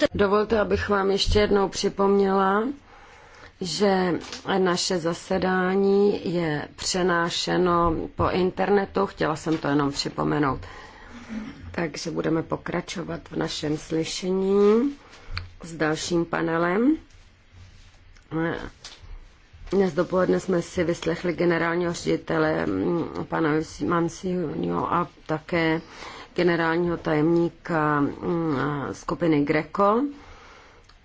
Mm, Dovolte, abych vám ještě jednou připomněla, že naše zasedání je přenášeno po internetu. Chtěla jsem to jenom připomenout. Takže budeme pokračovat v našem slyšení s dalším panelem. Dnes dopoledne jsme si vyslechli generálního ředitele mm, pana Mansiho a také generálního tajemníka mm, skupiny Greco.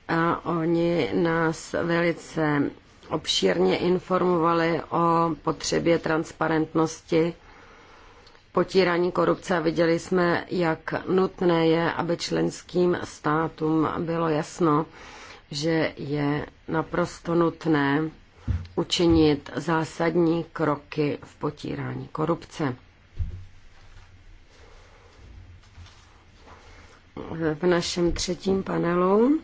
A oni nás velice obšírně informovali o potřebě transparentnosti potírání korupce a viděli jsme, jak nutné je, aby členským státům bylo jasno, že je naprosto nutné učinit zásadní kroky v potírání korupce. V našem třetím panelu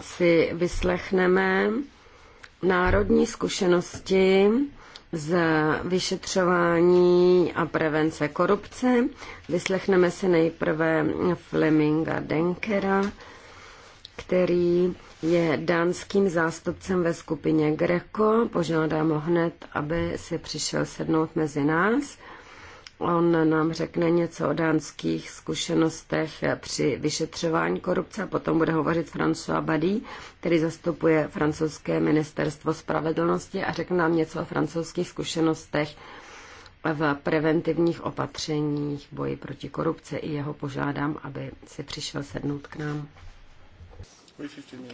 si vyslechneme národní zkušenosti z vyšetřování a prevence korupce. Vyslechneme si nejprve Fleminga Denkera, který je dánským zástupcem ve skupině Greco. Požádám ho hned, aby si přišel sednout mezi nás. On nám řekne něco o dánských zkušenostech při vyšetřování korupce a potom bude hovořit François Badí, který zastupuje francouzské ministerstvo spravedlnosti a řekne nám něco o francouzských zkušenostech v preventivních opatřeních boji proti korupci. I jeho požádám, aby si přišel sednout k nám. Wait 15 minutes.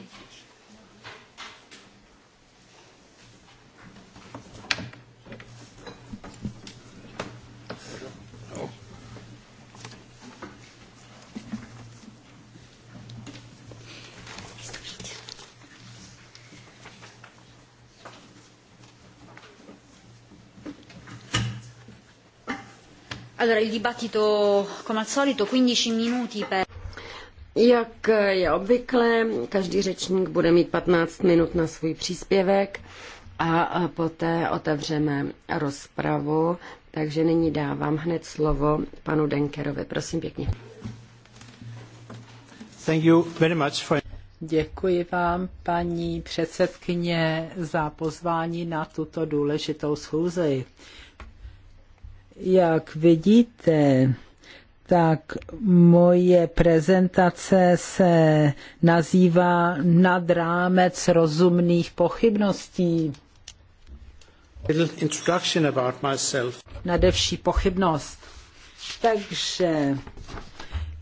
Allora, il dibattito come al solito 15 minuti per... Jak je obvyklé, každý řečník bude mít 15 minut na svůj příspěvek a poté otevřeme rozpravu. Takže nyní dávám hned slovo panu Denkerovi. Prosím pěkně. Thank you very much for... Děkuji vám, paní předsedkyně, za pozvání na tuto důležitou schůzi. Jak vidíte, tak moje prezentace se nazývá Nad rámec rozumných pochybností. Nadevší pochybnost. Takže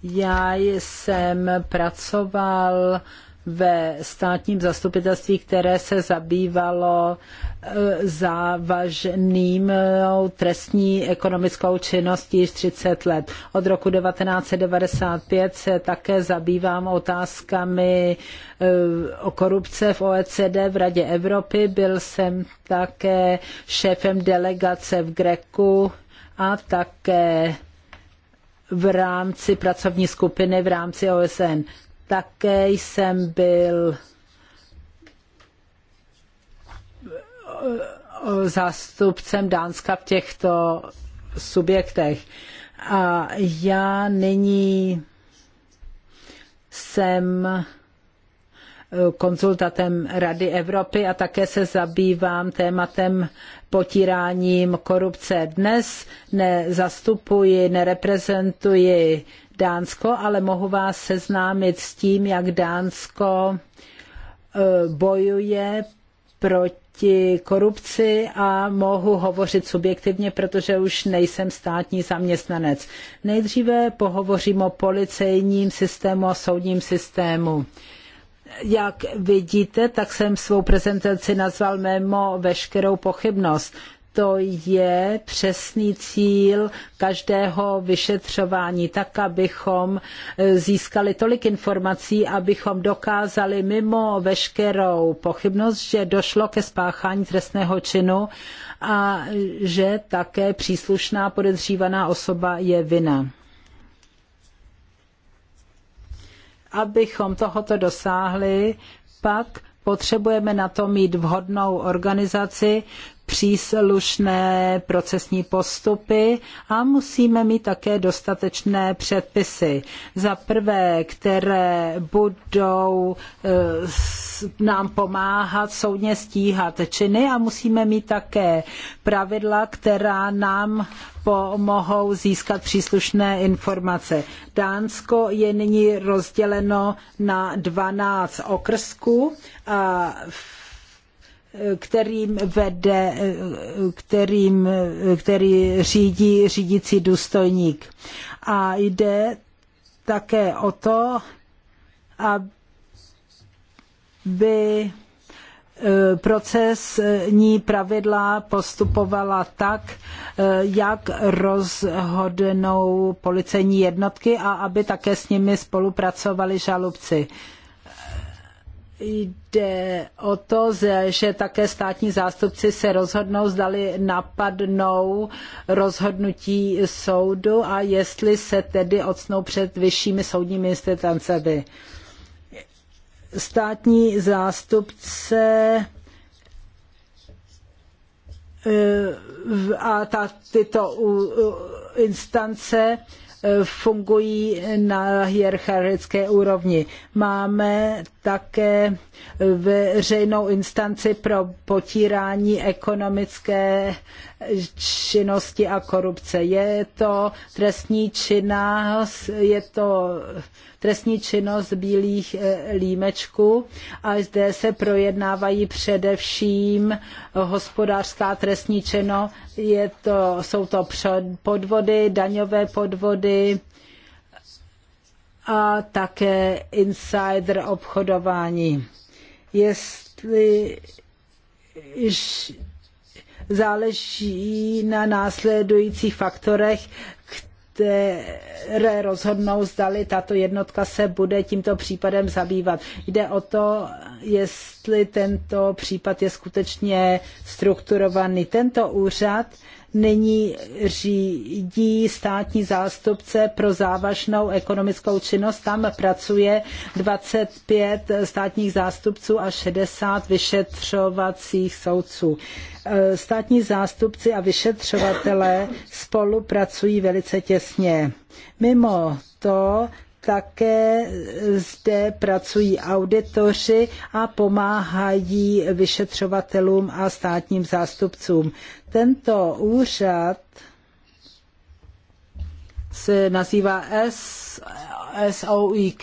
já jsem pracoval ve státním zastupitelství, které se zabývalo eh, závažným eh, trestní ekonomickou činností již 30 let. Od roku 1995 se také zabývám otázkami eh, o korupce v OECD v Radě Evropy. Byl jsem také šéfem delegace v Greku a také v rámci pracovní skupiny v rámci OSN. Také jsem byl eh, eh, zástupcem Dánska v těchto subjektech. A já nyní jsem eh, konzultantem Rady Evropy a také se zabývám tématem potíráním korupce. Dnes nezastupuji, nereprezentuji Dánsko, ale mohu vás seznámit s tím, jak Dánsko e, bojuje proti korupci a mohu hovořit subjektivně, protože už nejsem státní zaměstnanec. Nejdříve pohovořím o policejním systému a soudním systému jak vidíte, tak jsem svou prezentaci nazval mimo veškerou pochybnost to je přesný cíl každého vyšetřování, tak abychom eh, získali tolik informací, abychom dokázali mimo veškerou pochybnost, že došlo ke spáchání trestného činu a že také příslušná podezřívaná osoba je vinna. Abychom tohoto dosáhli, pak potřebujeme na to mít vhodnou organizaci, příslušné procesní postupy a musíme mít také dostatečné předpisy. Za prvé, které budou eh, nám pomáhat soudně stíhat činy a musíme mít také pravidla, která nám pomohou získat příslušné informace. Dánsko je nyní rozděleno na 12 okrsků a v kterým vede, kterým, který řídí řídící důstojník. A jde také o to, aby e, procesní pravidla postupovala tak, e, jak rozhodnou policejní jednotky a aby také s nimi spolupracovali žalobci jde o to, že také státní zástupci se rozhodnou, zdali napadnou rozhodnutí soudu a jestli se tedy ocnou před vyššími soudními instancemi. Státní zástupce eh, a ta, tyto instance fungují na hierarchické úrovni. Máme také veřejnou instanci pro potírání ekonomické činnosti a korupce. Je to trestní činnost, je to trestní činnost bílých eh, límečků a zde se projednávají především hospodářská trestní činnost, je to, jsou to podvody, daňové podvody, a také insider obchodování jestli záleží na následujících faktorech, které rozhodnou, zdali tato jednotka se bude tímto případem zabývat. Jde o to, jestli tento případ je skutečně strukturovaný. Tento úřad nyní řídí státní zástupce pro závažnou ekonomickou činnost. Tam pracuje 25 státních zástupců a 60 vyšetřovacích soudců. Státní zástupci a vyšetřovatelé spolupracují velice těsně. Mimo to také zde pracují auditoři a pomáhají vyšetřovatelům a státním zástupcům. Tento úřad se nazývá SOIK,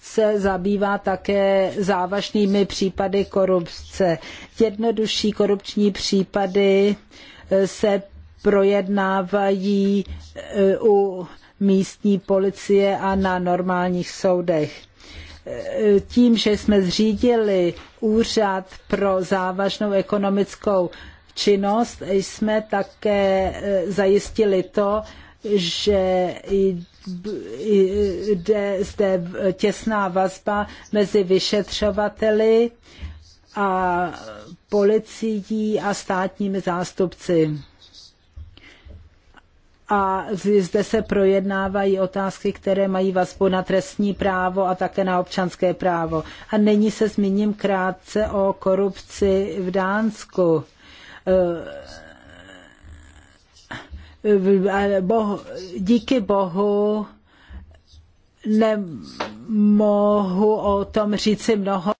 se zabývá také závažnými případy korupce. Jednodušší korupční případy se projednávají eh, u místní policie a na normálních soudech. Tím, že jsme zřídili úřad pro závažnou ekonomickou činnost, jsme také eh, zajistili to, že jde zde těsná vazba mezi vyšetřovateli a policií a státními zástupci a zde se projednávají otázky, které mají vazbu na trestní právo a také na občanské právo. A nyní se zmíním krátce o korupci v Dánsku. Eh, eh, bohu, díky bohu nemohu o tom říci mnoho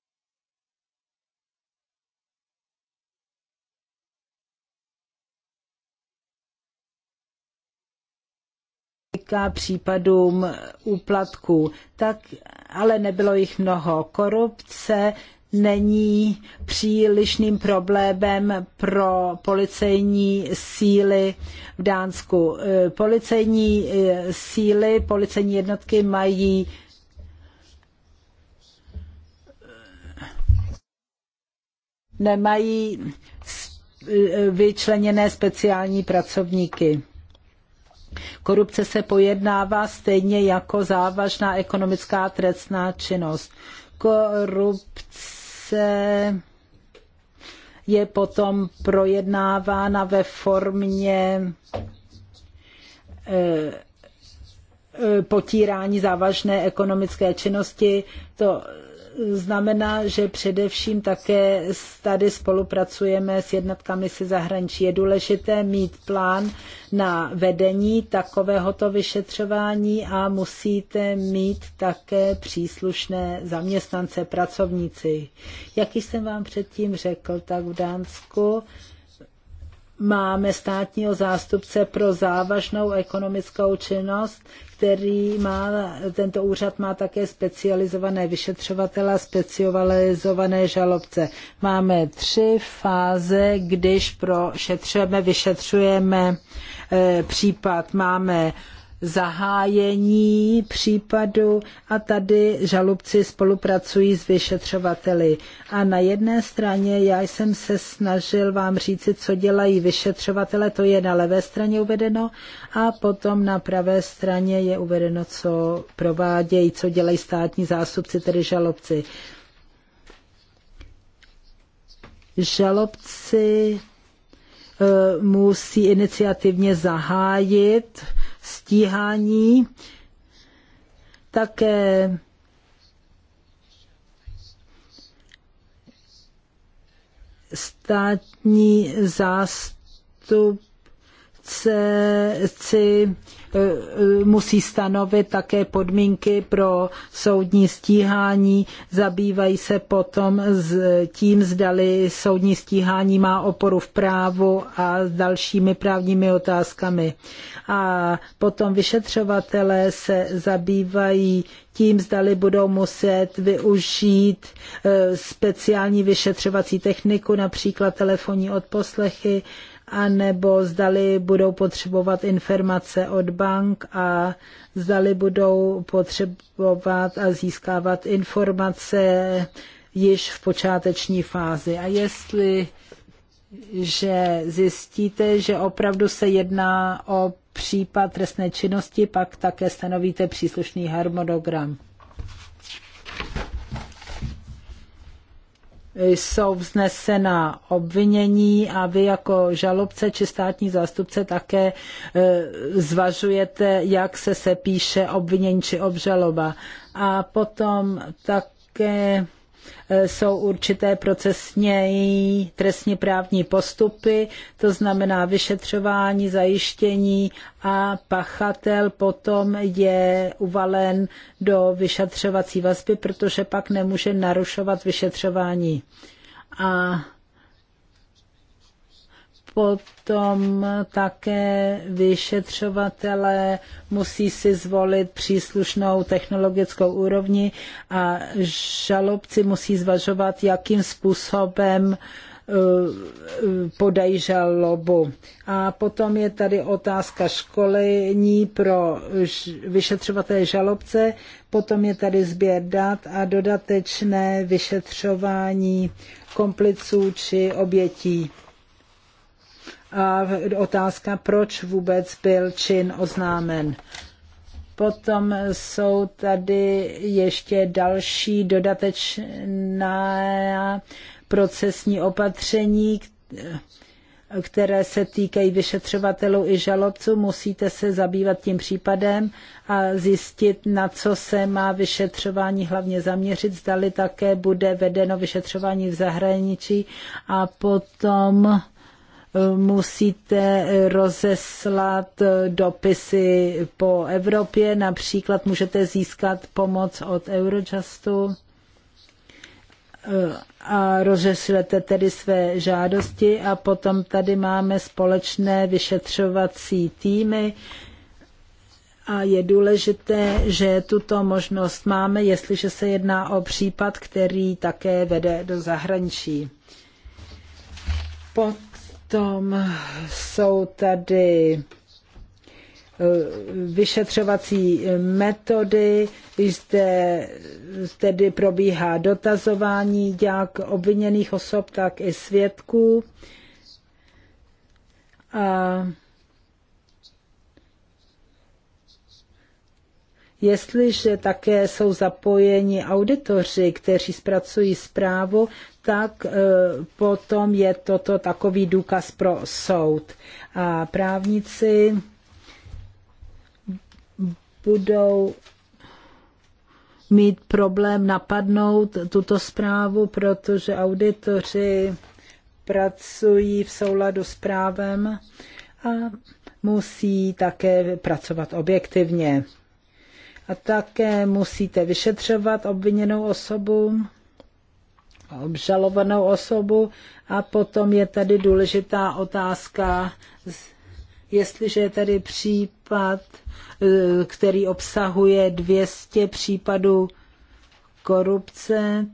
týká případům úplatků. Tak, ale nebylo jich mnoho. Korupce není přílišným problémem pro policejní síly v Dánsku. E, policejní e, síly, policejní jednotky mají nemají e, vyčleněné speciální pracovníky. Korupce se pojednává stejně jako závažná ekonomická trestná činnost. Korupce je potom projednávána ve formě eh, eh, potírání závažné ekonomické činnosti. To znamená, že především také tady spolupracujeme s jednotkami se zahraničí. Je důležité mít plán na vedení takovéhoto vyšetřování a musíte mít také příslušné zaměstnance, pracovníci. Jak jsem vám předtím řekl, tak v Dánsku máme státního zástupce pro závažnou ekonomickou činnost, který má, tento úřad má také specializované vyšetřovatele a specializované žalobce. Máme tři fáze, když prošetřujeme, vyšetřujeme e, případ. Máme e, zahájení případu a tady žalobci spolupracují s vyšetřovateli. A na jedné straně já jsem se snažil vám říci, co dělají vyšetřovatele, to je na levé straně uvedeno a potom na pravé straně je uvedeno, co provádějí, co dělají státní zástupci, tedy žalobci. Žalobci eh, musí iniciativně zahájit stíhání, také státní zástupci Eh, musí stanovit také podmínky pro soudní stíhání, zabývají se potom tím, zdali soudní stíhání má oporu v právu a dalšími právními otázkami. A potom vyšetřovatelé se zabývají tím, zdali budou muset využít eh, speciální vyšetřovací techniku, například telefonní odposlechy anebo zdali budou potřebovat informace od bank a zdali budou potřebovat a získávat informace již v počáteční fázi. A jestli že zjistíte, že opravdu se jedná o případ trestné činnosti, pak také stanovíte příslušný harmonogram jsou vznesena obvinění a vy jako žalobce či státní zástupce také e, zvažujete, jak se sepíše obvinění či obžaloba. A potom také Eh, jsou určité procesně trestně právní postupy, to znamená vyšetřování, zajištění a pachatel potom je uvalen do vyšetřovací vazby, protože pak nemůže narušovat vyšetřování. A potom také vyšetřovatelé musí si zvolit příslušnou technologickou úrovni a žalobci musí zvažovat, jakým způsobem uh, uh, podají žalobu. A potom je tady otázka školení pro vyšetřovatele žalobce, potom je tady sběr dat a dodatečné vyšetřování kompliců či obětí. A otázka, proč vůbec byl čin oznámen. Potom jsou tady ještě další dodatečná procesní opatření, které se týkají vyšetřovatelů i žalobců. Musíte se zabývat tím případem a zjistit, na co se má vyšetřování hlavně zaměřit. Zdali také bude vedeno vyšetřování v zahraničí a potom musíte rozeslat dopisy po Evropě, například můžete získat pomoc od Eurojustu a rozeslete tedy své žádosti a potom tady máme společné vyšetřovací týmy, a je důležité, že tuto možnost máme, jestliže se jedná o případ, který také vede do zahraničí. Potom Potom jsou tady eh, vyšetřovací metody, zde tedy probíhá dotazování jak obviněných osob, tak i svědků. A Jestliže také jsou zapojeni auditoři, kteří zpracují zprávu, tak eh, potom je toto takový důkaz pro soud. A právníci budou mít problém napadnout tuto zprávu, protože auditoři pracují v souladu s právem a musí také pracovat objektivně. A také musíte vyšetřovat obviněnou osobu, obžalovanou osobu a potom je tady důležitá otázka, jestliže je tady případ, eh, který obsahuje 200 případů korupce,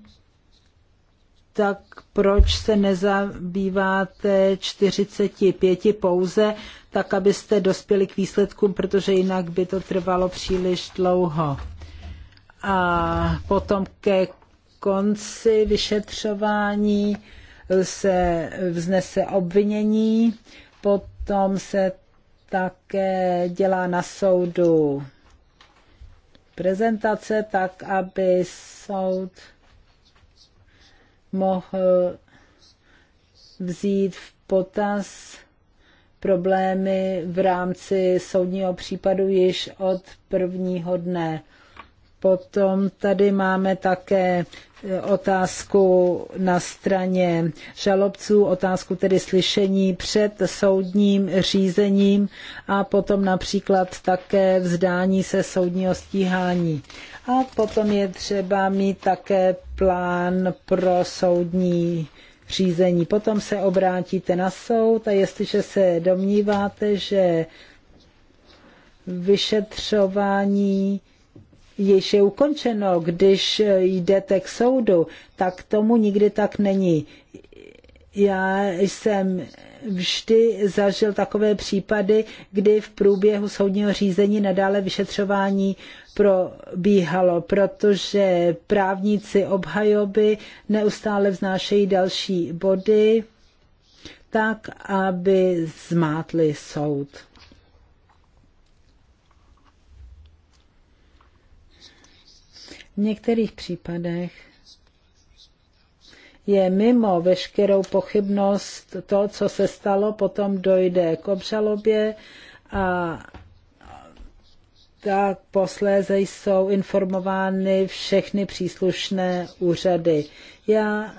tak proč se nezabýváte 45 pouze, tak abyste dospěli k výsledkům, protože jinak by to trvalo příliš dlouho. A potom ke konci vyšetřování se vznese obvinění, potom se také dělá na soudu prezentace, tak aby soud mohl eh, vzít v potaz problémy v rámci soudního případu již od prvního dne. Potom tady máme také e, otázku na straně žalobců, otázku tedy slyšení před soudním řízením a potom například také vzdání se soudního stíhání. A potom je třeba mít také plán pro soudní řízení. Potom se obrátíte na soud a jestliže se domníváte, že vyšetřování již je ukončeno, když jdete k soudu, tak tomu nikdy tak není. Já jsem vždy zažil takové případy, kdy v průběhu soudního řízení nadále vyšetřování probíhalo, protože právníci obhajoby neustále vznášejí další body, tak aby zmátli soud. V některých případech je mimo veškerou pochybnost to, co se stalo, potom dojde k obžalobě a tak posléze jsou informovány všechny příslušné úřady. Já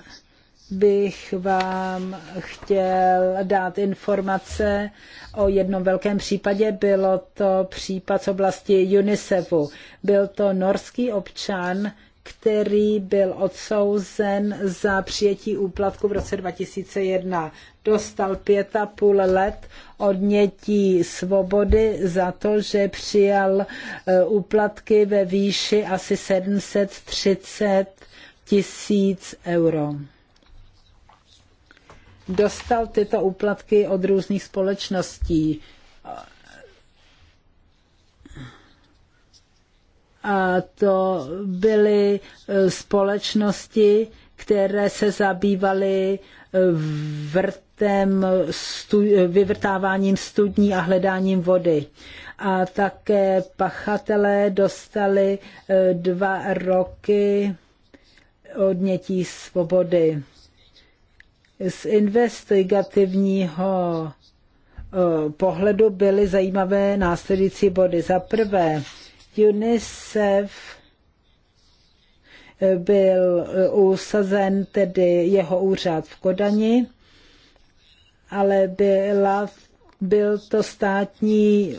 bych vám chtěl dát informace o jednom velkém případě. Bylo to případ z oblasti UNICEFu. Byl to norský občan, který byl odsouzen za přijetí úplatku v roce 2001. Dostal pět a půl let odnětí svobody za to, že přijal e, úplatky ve výši asi 730 tisíc euro dostal tyto úplatky od různých společností. A to byly eh, společnosti, které se zabývaly eh, vrtem, stu, eh, vyvrtáváním studní a hledáním vody. A také pachatelé dostali dva roky odnětí svobody z investigativního eh, pohledu byly zajímavé následující body. Za prvé, UNICEF eh, byl eh, usazen tedy jeho úřad v Kodani, ale byla, byl to státní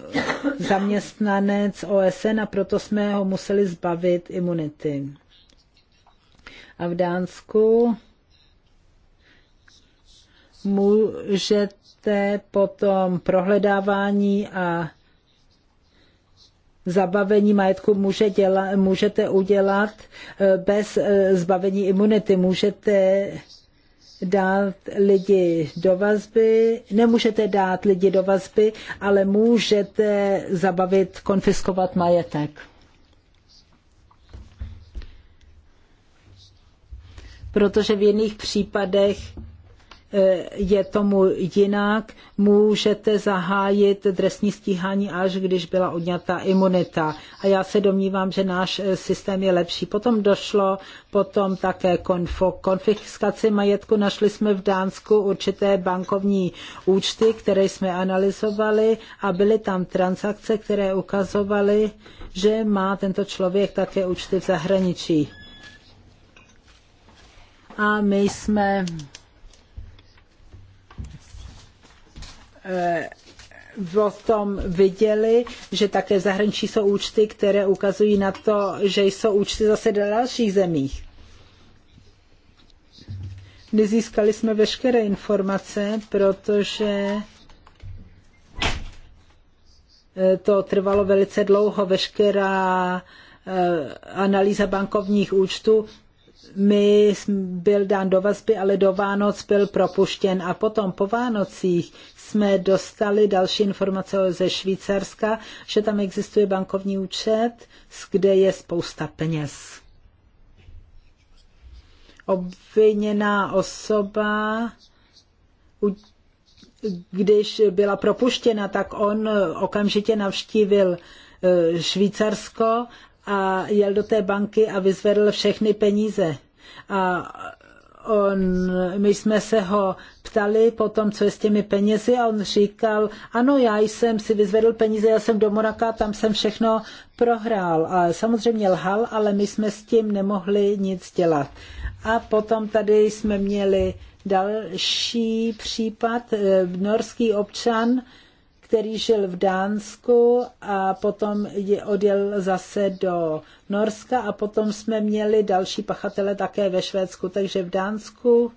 zaměstnanec OSN a proto jsme ho museli zbavit imunity. A v Dánsku můžete potom prohledávání a zabavení majetku může děla, můžete udělat eh, bez eh, zbavení imunity. Můžete dát lidi do vazby, nemůžete dát lidi do vazby, ale můžete zabavit, konfiskovat majetek. Protože v jiných případech Eh, je tomu jinak, můžete zahájit trestní stíhání, až když byla odňata imunita. A já se domnívám, že náš eh, systém je lepší. Potom došlo potom také konfiskaci majetku. Našli jsme v Dánsku určité bankovní účty, které jsme analyzovali a byly tam transakce, které ukazovaly, že má tento člověk také účty v zahraničí. A my jsme v eh, tom viděli, že také zahraničí jsou účty, které ukazují na to, že jsou účty zase do dalších zemích. Nezískali jsme veškeré informace, protože eh, to trvalo velice dlouho, veškerá eh, analýza bankovních účtů. My byl dán do vazby, ale do Vánoc byl propuštěn a potom po Vánocích jsme dostali další informace ze Švýcarska, že tam existuje bankovní účet, kde je spousta peněz. Obviněná osoba když byla propuštěna, tak on okamžitě navštívil e, Švýcarsko a jel do té banky a vyzvedl všechny peníze. A on, my jsme se ho ptali potom, co je s těmi penězi a on říkal, ano, já jsem si vyzvedl peníze, já jsem do Monaka, tam jsem všechno prohrál. A samozřejmě lhal, ale my jsme s tím nemohli nic dělat. A potom tady jsme měli další případ, eh, norský občan, který žil v Dánsku a potom odjel zase do Norska a potom jsme měli další pachatele také ve Švédsku, takže v Dánsku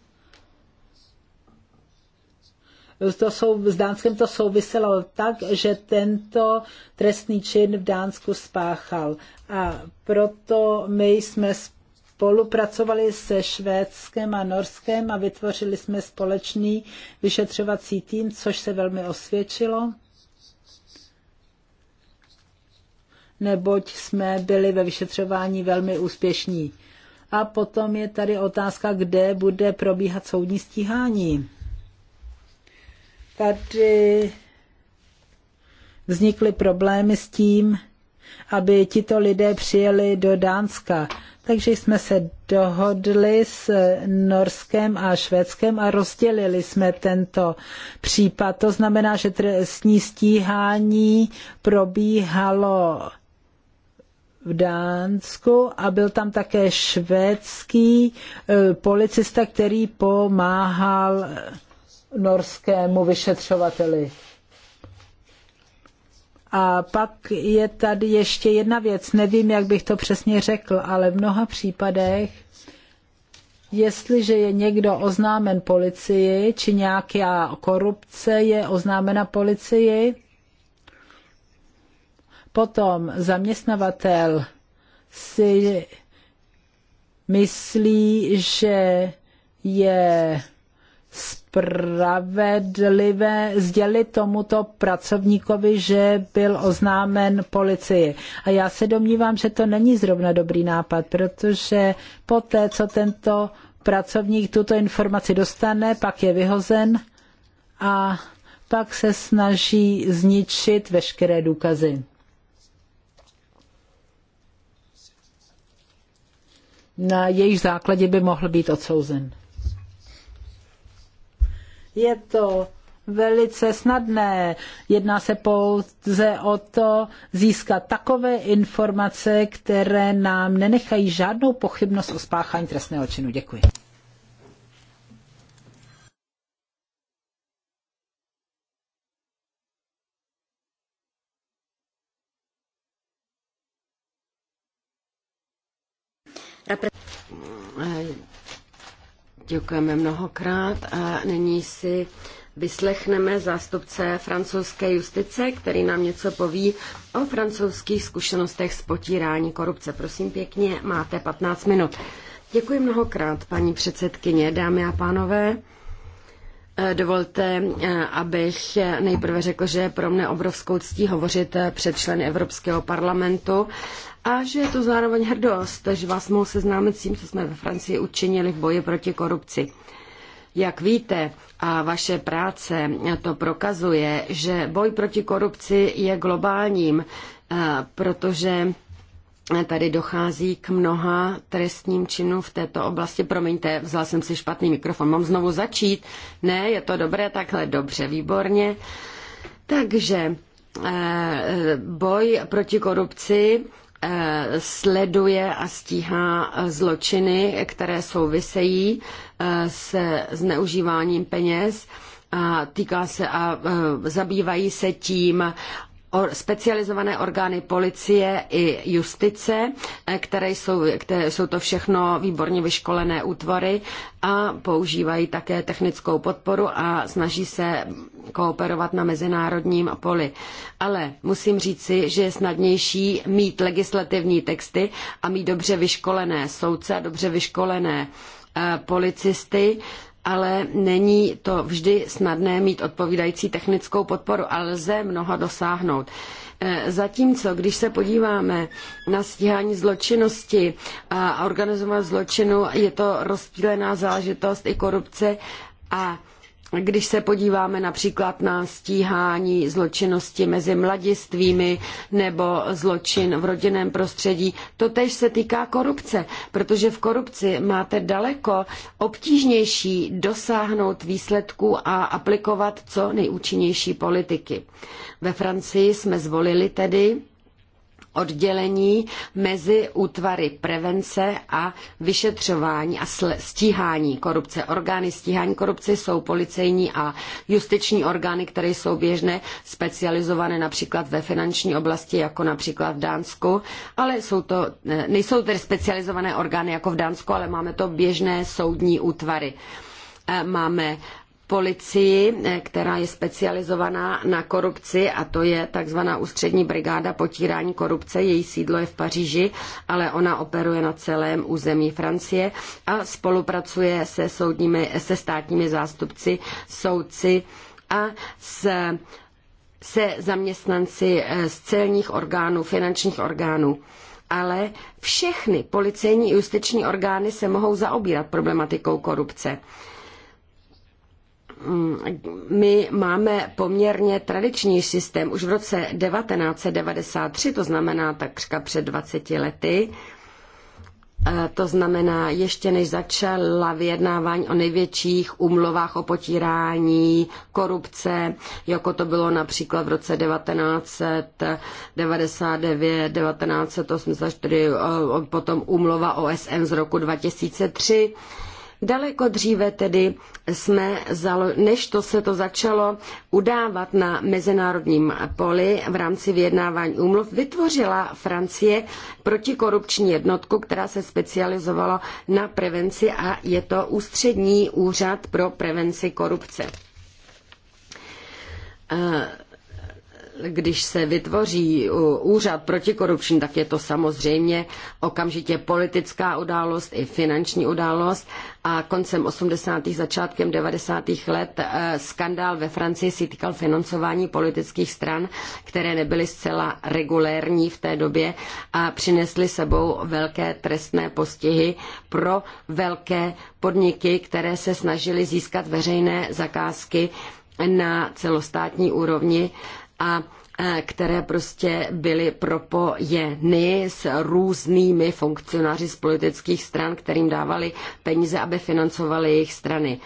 to sou, s Dánskem to souviselo tak, že tento trestný čin v Dánsku spáchal. A proto my jsme spolupracovali se Švédskem a Norskem a vytvořili jsme společný vyšetřovací tým, což se velmi osvědčilo. neboť jsme byli ve vyšetřování velmi úspěšní. A potom je tady otázka, kde bude probíhat soudní stíhání. Tady vznikly problémy s tím, aby tito lidé přijeli do Dánska takže jsme se dohodli s Norskem a Švédskem a rozdělili jsme tento případ. To znamená, že trestní stíhání probíhalo v Dánsku a byl tam také švédský e, policista, který pomáhal norskému vyšetřovateli. A pak je tady ještě jedna věc, nevím, jak bych to přesně řekl, ale v mnoha případech, jestliže je někdo oznámen policii, či nějaká korupce je oznámena policii, potom zaměstnavatel si myslí, že je spravedlivé sdělit tomuto pracovníkovi, že byl oznámen policii. A já se domnívám, že to není zrovna dobrý nápad, protože poté, co tento pracovník tuto informaci dostane, pak je vyhozen a pak se snaží zničit veškeré důkazy. Na jejich základě by mohl být odsouzen. Je to velice snadné. Jedná se pouze o to získat takové informace, které nám nenechají žádnou pochybnost o spáchání trestného činu. Děkuji. Děkujeme mnohokrát a nyní si vyslechneme zástupce francouzské justice, který nám něco poví o francouzských zkušenostech s potírání korupce. Prosím pěkně, máte 15 minut. Děkuji mnohokrát, paní předsedkyně, dámy a pánové. Eh, dovolte, eh, abych nejprve řekl, že je pro mne obrovskou ctí hovořit eh, před členy Evropského parlamentu a že je to zároveň hrdost, že vás mohu seznámit s tím, co jsme ve Francii učinili v boji proti korupci. Jak víte, a vaše práce to prokazuje, že boj proti korupci je globálním, protože tady dochází k mnoha trestním činům v této oblasti. Promiňte, vzal jsem si špatný mikrofon. Mám znovu začít? Ne, je to dobré, takhle dobře, výborně. Takže eh, boj proti korupci eh, sleduje a stíhá zločiny, které souvisejí eh, se zneužíváním peněz a týká se a zabývají se tím specializované orgány policie i justice, eh, které jsou, které jsou to všechno výborně vyškolené útvory a používají také technickou podporu a snaží se kooperovat na mezinárodním poli. Ale musím říci, že je snadnější mít legislativní texty a mít dobře vyškolené soudce a dobře vyškolené eh, policisty, ale není to vždy snadné mít odpovídající technickou podporu, ale lze mnoho dosáhnout. E, zatímco, když se podíváme na stíhání zločinnosti a organizovaného zločinu, je to rozptýlená záležitost i korupce a když se podíváme například na stíhání zločinnosti mezi mladistvými nebo zločin v rodinném prostředí, to tež se týká korupce, protože v korupci máte daleko obtížnější dosáhnout výsledků a aplikovat co nejúčinnější politiky. Ve Francii jsme zvolili tedy oddělení mezi útvary prevence a vyšetřování a stíhání korupce. Orgány stíhání korupce jsou policejní a justiční orgány, které jsou běžné specializované například ve finanční oblasti, jako například v Dánsku, ale jsou to, e, nejsou tedy specializované orgány jako v Dánsku, ale máme to běžné soudní útvary e, máme policii, eh, která je specializovaná na korupci a to je takzvaná ústřední brigáda potírání korupce. Její sídlo je v Paříži, ale ona operuje na celém území Francie a spolupracuje se, soudními, se státními zástupci, soudci a s se zaměstnanci eh, z celních orgánů, finančních orgánů ale všechny policejní i justiční orgány se mohou zaobírat problematikou korupce my máme poměrně tradiční systém. Už v roce 1993, to znamená takřka před 20 lety, e, to znamená, ještě než začala vyjednávání o největších umlovách o potírání korupce, jako to bylo například v roce 1999, 1984, e, potom umlova OSN z roku 2003, Daleko dříve tedy jsme, než to se to začalo udávat na mezinárodním poli v rámci vyjednávání úmluv, vytvořila Francie protikorupční jednotku, která se specializovala na prevenci a je to ústřední úřad pro prevenci korupce eh, když se vytvoří úřad protikorupční, tak je to samozřejmě okamžitě politická událost i finanční událost. A koncem 80. začátkem 90. let eh, skandál ve Francii si týkal financování politických stran, které nebyly zcela regulérní v té době a přinesly sebou velké trestné postihy pro velké podniky, které se snažily získat veřejné zakázky na celostátní úrovni a e, které prostě byly propojeny s různými funkcionáři z politických stran, kterým dávali peníze, aby financovali jejich strany.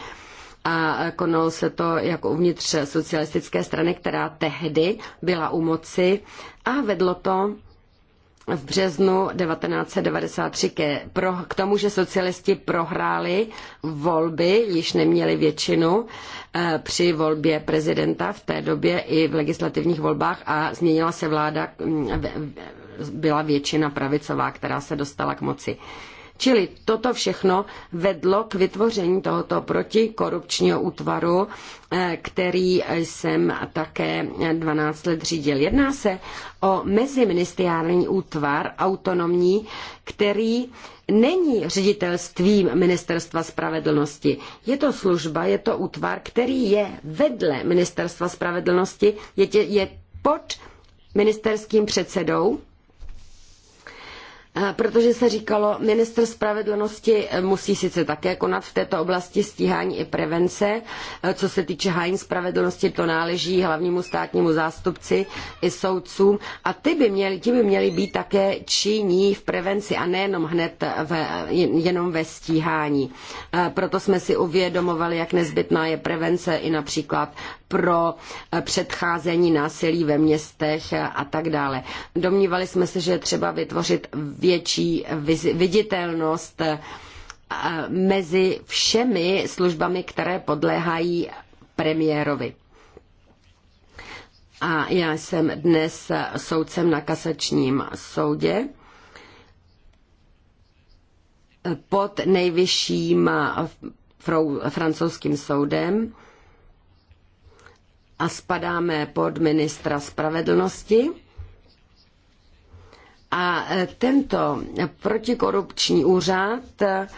A konalo se to jako uvnitř socialistické strany, která tehdy byla u moci a vedlo to v březnu 1993 ke, pro, k tomu, že socialisti prohráli volby, již neměli většinu Eh, při volbě prezidenta v té době i v legislativních volbách a změnila se vláda, mm, byla většina pravicová, která se dostala k moci. Čili toto všechno vedlo k vytvoření tohoto protikorupčního útvaru, eh, který jsem také 12 let řídil. Jedná se o meziministeriální útvar autonomní, který není ředitelstvím Ministerstva spravedlnosti. Je to služba, je to útvar, který je vedle Ministerstva spravedlnosti, je, tě, je pod ministerským předsedou protože se říkalo, minister spravedlnosti eh, musí sice také konat v této oblasti stíhání i prevence. Eh, co se týče hájení spravedlnosti, to náleží hlavnímu státnímu zástupci i soudcům. A ty by měli, ti by měli být také činní v prevenci a nejenom hned v, jenom ve stíhání. Eh, proto jsme si uvědomovali, jak nezbytná je prevence i například pro předcházení násilí ve městech a tak dále. Domnívali jsme se, že je třeba vytvořit větší viditelnost eh, mezi všemi službami, které podléhají premiérovi. A já jsem dnes soudcem na kasačním soudě pod nejvyšším eh, francouzským soudem a spadáme pod ministra spravedlnosti. A e, tento protikorupční úřad e,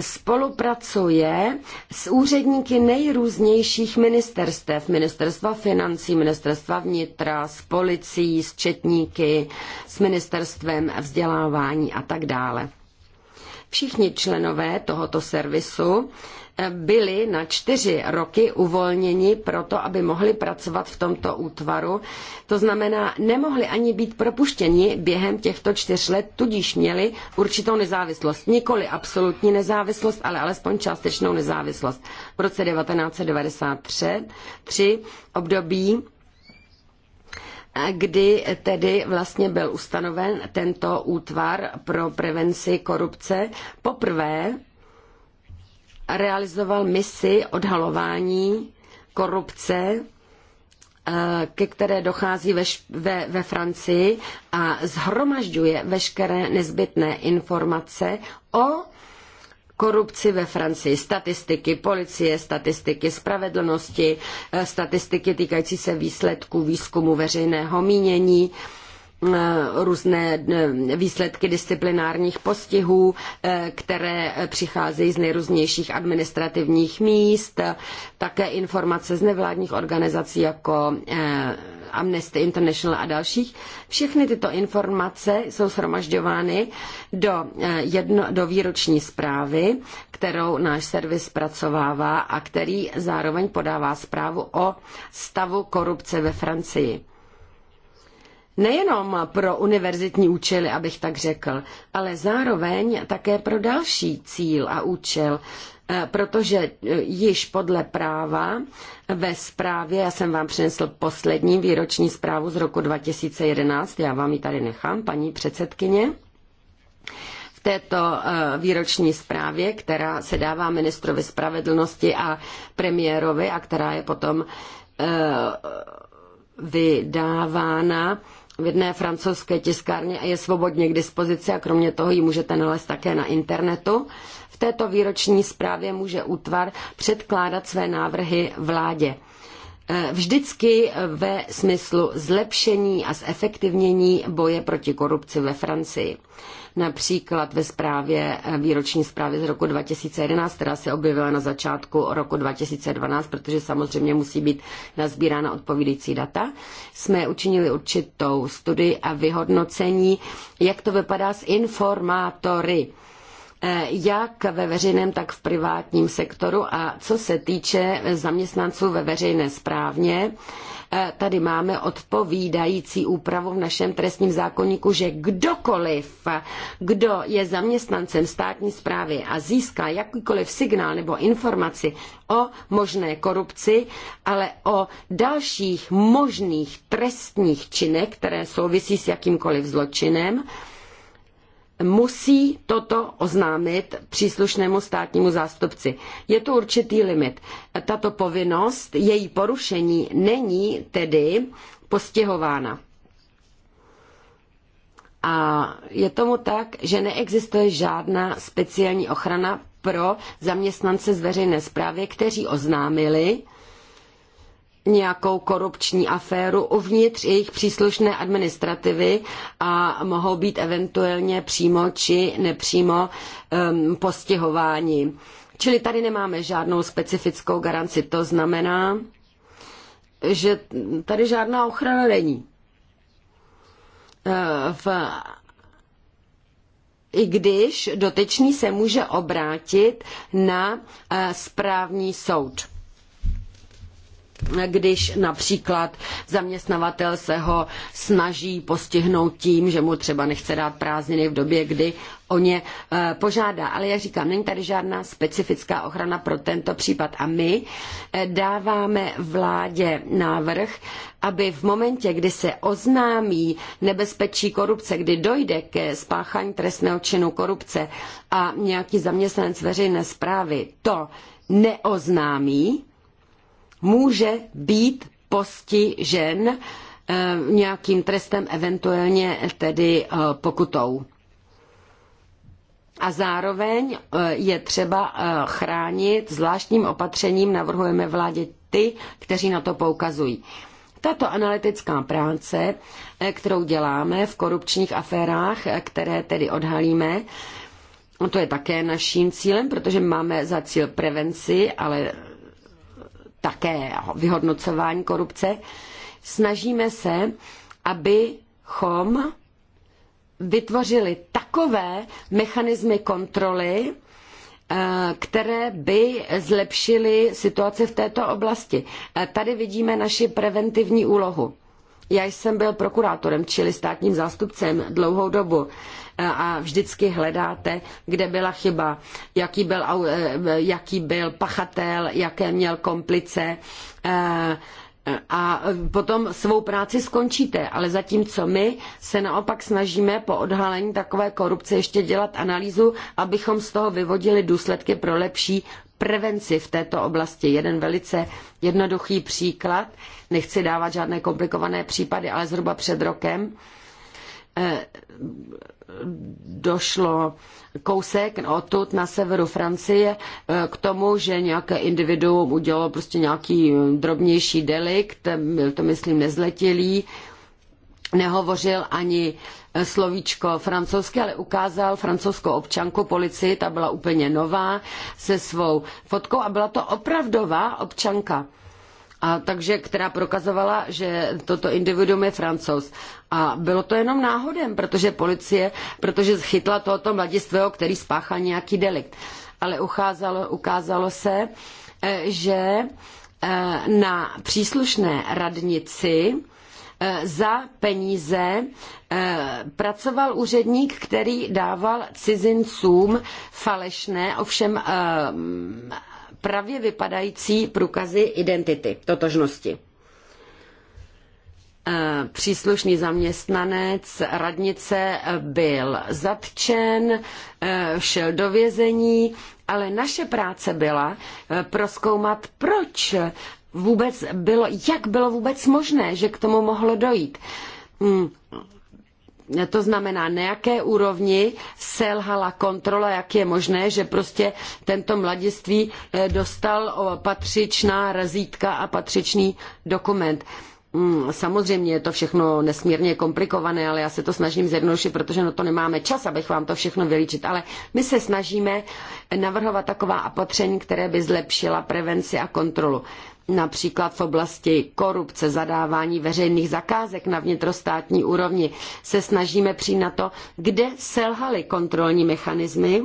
spolupracuje s úředníky nejrůznějších ministerstev, ministerstva financí, ministerstva vnitra, s policií, s četníky, s ministerstvem vzdělávání a tak dále. Všichni členové tohoto servisu byli na čtyři roky uvolněni proto, aby mohli pracovat v tomto útvaru. To znamená, nemohli ani být propuštěni během těchto čtyř let, tudíž měli určitou nezávislost. Nikoli absolutní nezávislost, ale alespoň částečnou nezávislost. V roce 1993 období kdy tedy vlastně byl ustanoven tento útvar pro prevenci korupce. Poprvé realizoval misi odhalování korupce, eh, ke které dochází ve, ve, ve Francii a zhromažďuje veškeré nezbytné informace o korupci ve Francii, statistiky policie, statistiky spravedlnosti, eh, statistiky týkající se výsledků výzkumu veřejného mínění, Eh, různé eh, výsledky disciplinárních postihů, eh, které přicházejí z nejrůznějších administrativních míst, také informace z nevládních organizací jako Amnesty International a dalších. Všechny tyto informace jsou shromažďovány do, jedno, do výroční zprávy, kterou náš servis zpracovává a který zároveň podává zprávu o stavu korupce ve Francii nejenom pro univerzitní účely, abych tak řekl, ale zároveň také pro další cíl a účel, eh, protože eh, již podle práva ve zprávě, já jsem vám přinesl poslední výroční zprávu z roku 2011, já vám ji tady nechám, paní předsedkyně, v této eh, výroční zprávě, která se dává ministrovi spravedlnosti a premiérovi a která je potom vydávána v jedné francouzské tiskárně a je svobodně k dispozici a kromě toho ji můžete nalézt také na internetu. V této výroční zprávě může útvar předkládat své návrhy vládě. E, vždycky ve smyslu zlepšení a zefektivnění boje proti korupci ve Francii například ve zprávě, eh, výroční zprávě z roku 2011, která se objevila na začátku roku 2012, protože samozřejmě musí být nazbírána odpovídající data, jsme učinili určitou studii a vyhodnocení, jak to vypadá s informátory Eh, jak ve veřejném, tak v privátním sektoru. A co se týče zaměstnanců ve veřejné správně, eh, tady máme odpovídající úpravu v našem trestním zákoníku, že kdokoliv, kdo je zaměstnancem státní správy a získá jakýkoliv signál nebo informaci o možné korupci, ale o dalších možných trestních činech, které souvisí s jakýmkoliv zločinem, musí toto oznámit příslušnému státnímu zástupci. Je tu určitý limit. Tato povinnost, její porušení není tedy postihována. A je tomu tak, že neexistuje žádná speciální ochrana pro zaměstnance z veřejné zprávy, kteří oznámili, nějakou korupční aféru uvnitř jejich příslušné administrativy a mohou být eventuálně přímo či nepřímo um, postihováni. Čili tady nemáme žádnou specifickou garanci. To znamená, že tady žádná ochrana není. Uh, v i když dotyčný se může obrátit na uh, správní soud když například zaměstnavatel se ho snaží postihnout tím, že mu třeba nechce dát prázdniny v době, kdy o ně eh, požádá. Ale já říkám, není tady žádná specifická ochrana pro tento případ. A my eh, dáváme vládě návrh, aby v momentě, kdy se oznámí nebezpečí korupce, kdy dojde ke spáchání trestného činu korupce a nějaký zaměstnanec veřejné zprávy to neoznámí, může být postižen eh, nějakým trestem, eventuálně tedy eh, pokutou. A zároveň eh, je třeba chránit zvláštním opatřením, navrhujeme vládě ty, kteří na to poukazují. Tato analytická práce, kterou děláme v korupčních aférách, které tedy odhalíme, no to je také naším cílem, protože máme za cíl prevenci, ale také vyhodnocování korupce, snažíme se, abychom vytvořili takové mechanismy kontroly, eh, které by zlepšily situaci v této oblasti. Eh, tady vidíme naši preventivní úlohu. Já jsem byl prokurátorem, čili státním zástupcem dlouhou dobu e, a vždycky hledáte, kde byla chyba, jaký byl, e, jaký byl pachatel, jaké měl komplice e, a potom svou práci skončíte, ale zatímco my se naopak snažíme po odhalení takové korupce ještě dělat analýzu, abychom z toho vyvodili důsledky pro lepší prevenci v této oblasti. Jeden velice jednoduchý příklad, nechci dávat žádné komplikované případy, ale zhruba před rokem eh, došlo kousek odtud na severu Francie eh, k tomu, že nějaké individuum udělalo prostě nějaký drobnější delikt, byl to myslím nezletilý, nehovořil ani eh, slovíčko francouzsky, ale ukázal francouzskou občanku policii, ta byla úplně nová, se svou fotkou a byla to opravdová občanka. A takže, která prokazovala, že toto individuum je francouz. A bylo to jenom náhodem, protože policie, protože schytla tohoto mladistvého, který spáchal nějaký delikt. Ale ucházalo, ukázalo se, eh, že eh, na příslušné radnici Eh, za peníze eh, pracoval úředník, který dával cizincům falešné, ovšem eh, pravě vypadající průkazy identity, totožnosti příslušný zaměstnanec radnice byl zatčen, šel do vězení, ale naše práce byla proskoumat, proč vůbec bylo, jak bylo vůbec možné, že k tomu mohlo dojít. Hmm. To znamená, na jaké úrovni selhala kontrola, jak je možné, že prostě tento mladiství eh, dostal patřičná razítka a patřičný dokument. Hmm, samozřejmě je to všechno nesmírně komplikované, ale já se to snažím zjednodušit, protože no to nemáme čas, abych vám to všechno vylíčit. Ale my se snažíme navrhovat taková opatření, které by zlepšila prevenci a kontrolu například v oblasti korupce, zadávání veřejných zakázek na vnitrostátní úrovni, se snažíme přijít na to, kde selhaly kontrolní mechanismy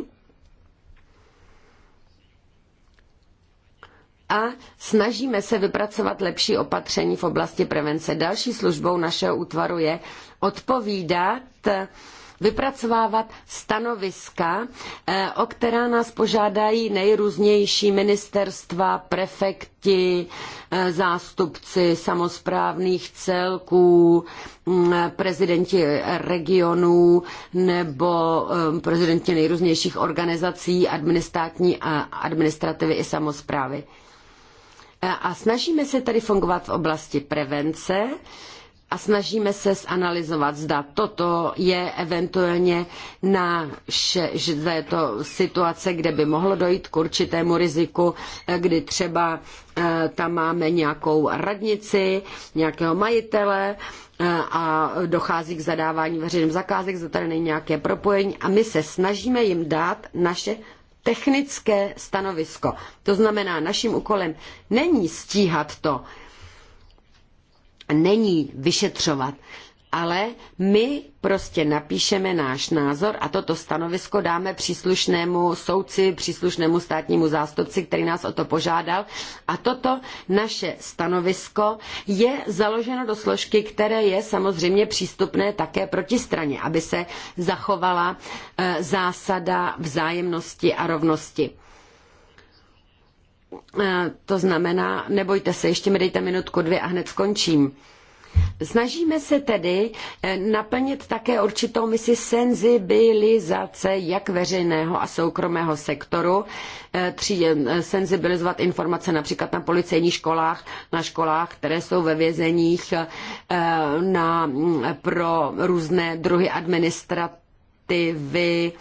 a snažíme se vypracovat lepší opatření v oblasti prevence. Další službou našeho útvaru je odpovídat vypracovávat stanoviska, eh, o která nás požádají nejrůznější ministerstva, prefekti, eh, zástupci samozprávných celků, mm, prezidenti regionů nebo eh, prezidenti nejrůznějších organizací administrativní a administrativy i samozprávy. A snažíme se tady fungovat v oblasti prevence, a snažíme se zanalizovat, zda toto je eventuálně naše, zda je to situace, kde by mohlo dojít k určitému riziku, eh, kdy třeba eh, tam máme nějakou radnici, nějakého majitele eh, a dochází k zadávání veřejných zakázek, zda tady není nějaké propojení a my se snažíme jim dát naše technické stanovisko. To znamená, naším úkolem není stíhat to, není vyšetřovat, ale my prostě napíšeme náš názor a toto stanovisko dáme příslušnému soudci, příslušnému státnímu zástupci, který nás o to požádal. A toto naše stanovisko je založeno do složky, které je samozřejmě přístupné také protistraně, aby se zachovala eh, zásada vzájemnosti a rovnosti. Eh, to znamená, nebojte se, ještě mi dejte minutku dvě a hned skončím. Snažíme se tedy eh, naplnit také určitou misi senzibilizace jak veřejného a soukromého sektoru, eh, tří, senzibilizovat informace například na policejních školách, na školách, které jsou ve vězeních na, mm, pro různé druhy administrativy,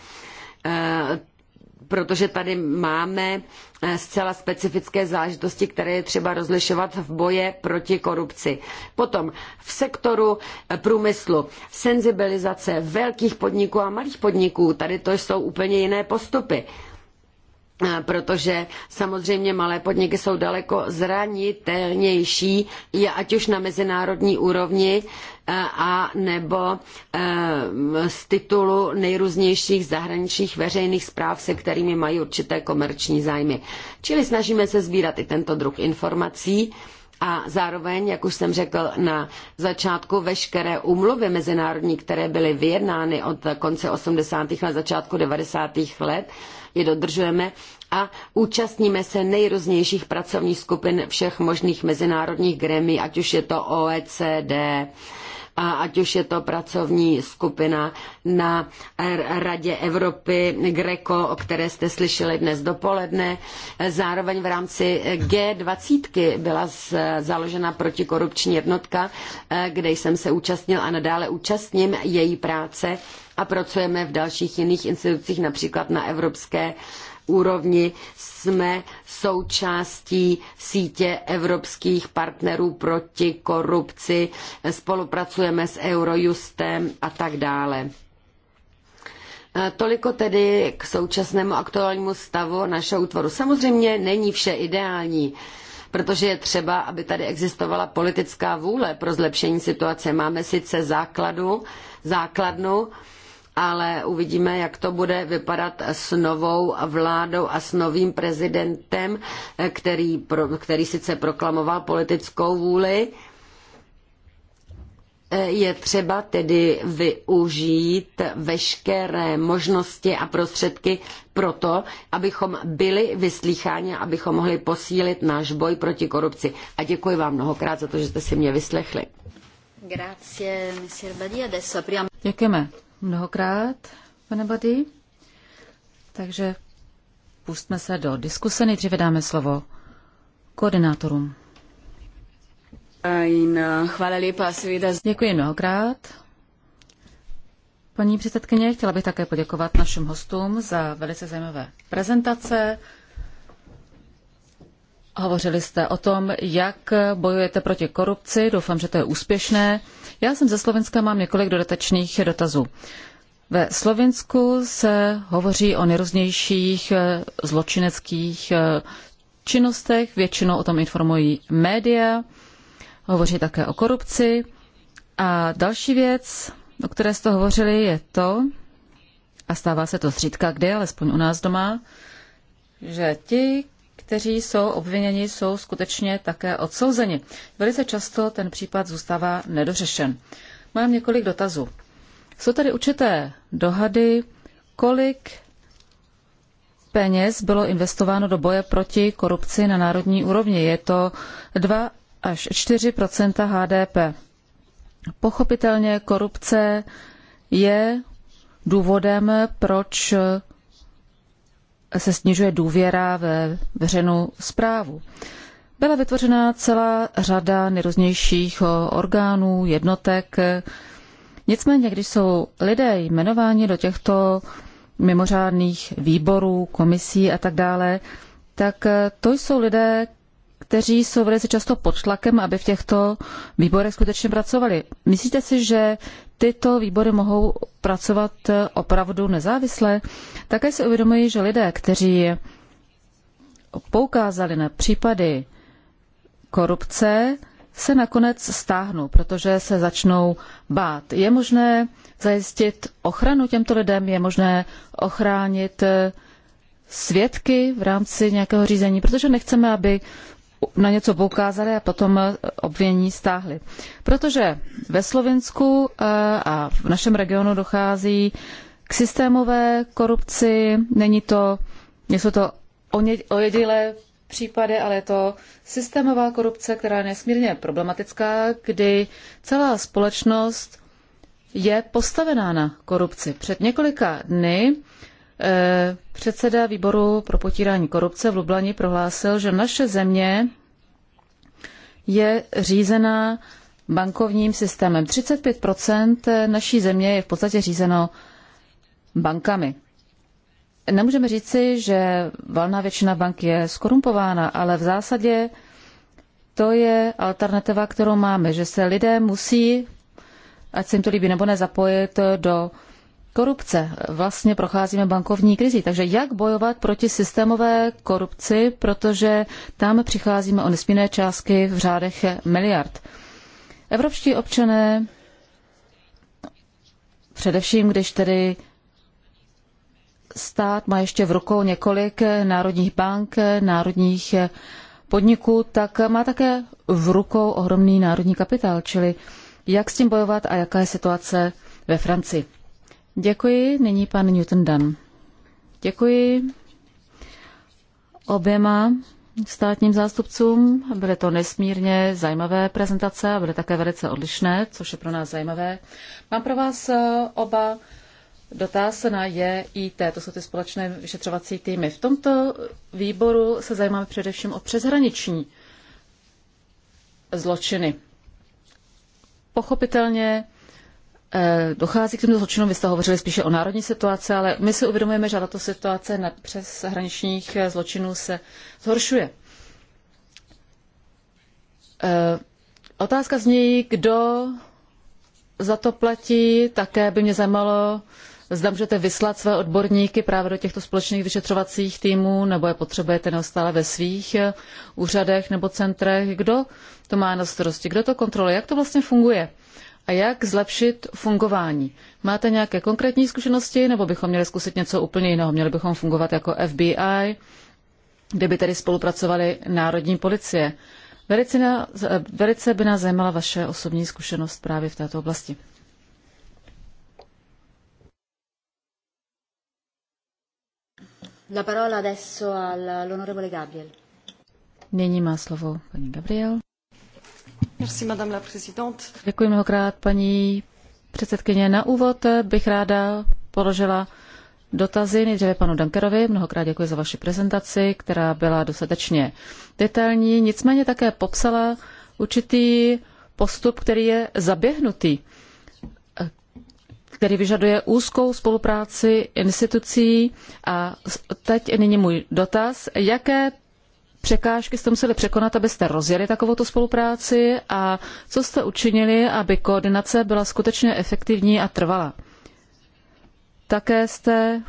protože tady máme eh, zcela specifické záležitosti, které je třeba rozlišovat v boji proti korupci. Potom v sektoru eh, průmyslu senzibilizace velkých podniků a malých podniků, tady to jsou úplně jiné postupy. Eh, protože samozřejmě malé podniky jsou daleko zranitelnější, ať už na mezinárodní úrovni, eh, a nebo eh, z titulu nejrůznějších zahraničních veřejných zpráv, se kterými mají určité komerční zájmy. Čili snažíme se sbírat i tento druh informací. A zároveň, jak už jsem řekl na začátku, veškeré úmluvy mezinárodní, které byly vyjednány od konce 80. let, začátku 90. let, je dodržujeme a účastníme se nejrůznějších pracovních skupin všech možných mezinárodních gremí, ať už je to OECD, a ať už je to pracovní skupina na Radě Evropy Greco, o které jste slyšeli dnes dopoledne. Zároveň v rámci G20 byla založena protikorupční jednotka, eh, kde jsem se účastnil a nadále účastním její práce a pracujeme v dalších jiných institucích, například na evropské úrovni jsme součástí sítě evropských partnerů proti korupci, spolupracujeme s Eurojustem a tak dále. E, toliko tedy k současnému aktuálnímu stavu našeho útvoru. Samozřejmě není vše ideální protože je třeba, aby tady existovala politická vůle pro zlepšení situace. Máme sice základu, základnu, ale uvidíme, jak to bude vypadat s novou vládou a s novým prezidentem, který, který sice proklamoval politickou vůli, je třeba tedy využít veškeré možnosti a prostředky pro to, abychom byli vyslýcháni, abychom mohli posílit náš boj proti korupci. A děkuji vám mnohokrát za to, že jste si mě vyslechli. Grazie, Badia. Adesso apriamo... Děkujeme mnohokrát, pane Badi. Takže pustme se do diskuse. Nejdříve dáme slovo koordinátorům. Děkuji mnohokrát. Paní předsedkyně, chtěla bych také poděkovat našim hostům za velice zajímavé prezentace. Hovořili jste o tom, jak bojujete proti korupci. Doufám, že to je úspěšné. Já jsem ze Slovenska, mám několik dodatečných dotazů. Ve Slovensku se hovoří o nejrůznějších eh, zločineckých eh, činnostech, většinou o tom informují média, hovoří také o korupci. A další věc, o které jste hovořili, je to, a stává se to zřídka kde, alespoň u nás doma, že ti, kteří jsou obviněni, jsou skutečně také odsouzeni. Velice často ten případ zůstává nedořešen. Mám několik dotazů. Jsou tady určité dohady, kolik peněz bylo investováno do boje proti korupci na národní úrovni. Je to 2 až 4 HDP. Pochopitelně korupce je důvodem, proč se snižuje důvěra ve veřejnou zprávu. Byla vytvořena celá řada nejrůznějších eh, orgánů, jednotek. Nicméně, když jsou lidé jmenováni do těchto mimořádných výborů, komisí a tak dále, tak eh, to jsou lidé, kteří jsou velice často pod tlakem, aby v těchto výborech skutečně pracovali. Myslíte si, že tyto výbory mohou pracovat eh, opravdu nezávisle? Také si uvědomuji, že lidé, kteří poukázali na případy korupce, se nakonec stáhnou, protože se začnou bát. Je možné zajistit ochranu těmto lidem, je možné ochránit eh, svědky v rámci nějakého řízení, protože nechceme, aby na něco poukázali a potom eh, obvinění stáhli. Protože ve Slovensku eh, a v našem regionu dochází k systémové korupci, není to, nejsou to ojedilé případy, ale je to systémová korupce, která je nesmírně problematická, kdy celá společnost je postavená na korupci. Před několika dny Eh, předseda výboru pro potírání korupce v Lublani prohlásil, že naše země je řízená bankovním systémem. 35 naší země je v podstatě řízeno bankami. Nemůžeme říci, že valná většina bank je skorumpována, ale v zásadě to je alternativa, kterou máme, že se lidé musí, ať se jim to líbí nebo zapojit do korupce. Vlastně procházíme bankovní krizi, takže jak bojovat proti systémové korupci, protože tam přicházíme o nesmírné částky v řádech miliard. Evropští občané, především když tedy stát má ještě v rukou několik národních bank, národních podniků, tak má také v rukou ohromný národní kapitál, čili jak s tím bojovat a jaká je situace ve Francii. Děkuji. Nyní pan Newton Dan. Děkuji oběma státním zástupcům. Byly to nesmírně zajímavé prezentace a byly také velice odlišné, což je pro nás zajímavé. Mám pro vás eh, oba dotaz na JIT, to jsou ty společné vyšetřovací týmy. V tomto výboru se zajímáme především o přeshraniční zločiny. Pochopitelně Eh, dochází k těmto zločinům. Vy jste hovořili spíše o národní situaci, ale my si uvědomujeme, že tato situace na přes hraničních eh, zločinů se zhoršuje. Eh, otázka zní, kdo za to platí. Také by mě zajímalo, zda můžete vyslat své odborníky právě do těchto společných vyšetřovacích týmů, nebo je potřebujete neustále ve svých úřadech nebo centrech. Kdo to má na starosti, kdo to kontroluje, jak to vlastně funguje? a jak zlepšit fungování. Máte nějaké konkrétní zkušenosti, nebo bychom měli zkusit něco úplně jiného? Měli bychom fungovat jako FBI, kde by tedy spolupracovali národní policie. Velice, na, velice by nás zajímala vaše osobní zkušenost právě v této oblasti. La parola adesso all'onorevole Gabriel. Nyní má slovo paní Gabriel la présidente. Děkuji mnohokrát, paní předsedkyně. Na úvod bych ráda položila dotazy nejdříve panu Dankerovi. Mnohokrát děkuji za vaši prezentaci, která byla dostatečně detailní, nicméně také popsala určitý postup, který je zaběhnutý, který vyžaduje úzkou spolupráci institucí. A teď nyní můj dotaz, jaké překážky jste museli překonat, abyste rozjeli takovouto spolupráci a co jste učinili, aby koordinace byla skutečně efektivní a trvala. Také jste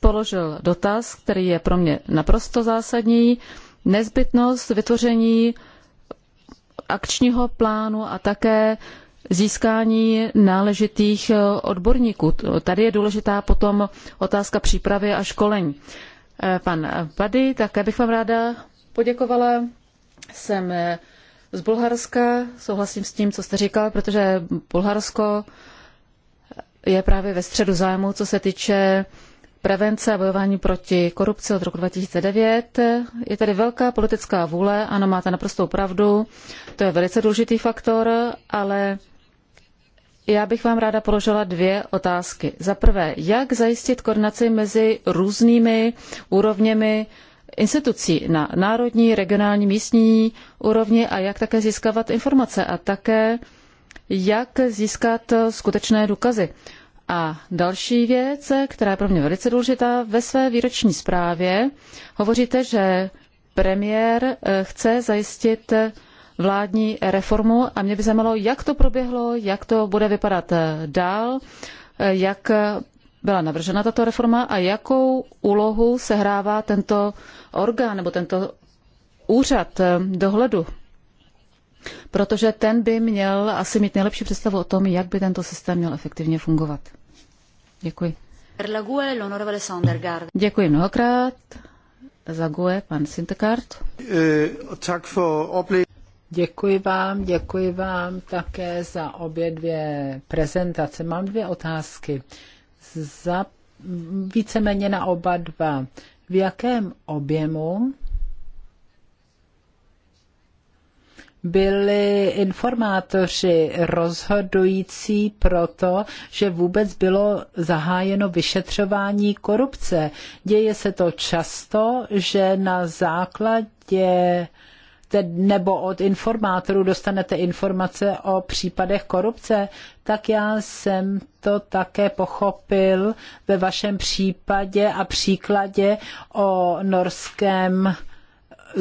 položil dotaz, který je pro mě naprosto zásadní, nezbytnost vytvoření akčního plánu a také získání náležitých odborníků. Tady je důležitá potom otázka přípravy a školení. Eh, pan Bady, také bych vám ráda poděkovala. Jsem eh, z Bulharska, souhlasím s tím, co jste říkal, protože Bulharsko eh, je právě ve středu zájmu, co se týče prevence a bojování proti korupci od roku 2009. Je tady velká politická vůle, ano, máte naprostou pravdu, to je velice důležitý faktor, ale já bych vám ráda položila dvě otázky. Za prvé, jak zajistit koordinaci mezi různými úrovněmi institucí na národní, regionální, místní úrovni a jak také získávat informace a také jak získat skutečné důkazy. A další věc, která je pro mě velice důležitá, ve své výroční zprávě hovoříte, že premiér eh, chce zajistit vládní reformu a mě by zajímalo, jak to proběhlo, jak to bude vypadat eh, dál, eh, jak byla navržena tato reforma a jakou úlohu sehrává tento orgán nebo tento úřad eh, dohledu. Protože ten by měl asi mít nejlepší představu o tom, jak by tento systém měl efektivně fungovat. Děkuji. Děkuji mnohokrát. Za GUE pan Sintekart. Tak for Děkuji vám, děkuji vám také za obě dvě prezentace. Mám dvě otázky. Za víceméně na oba dva. V jakém objemu byli informátoři rozhodující proto, že vůbec bylo zahájeno vyšetřování korupce. Děje se to často, že na základě nebo od informátorů dostanete informace o případech korupce, tak já jsem to také pochopil ve vašem případě a příkladě o norském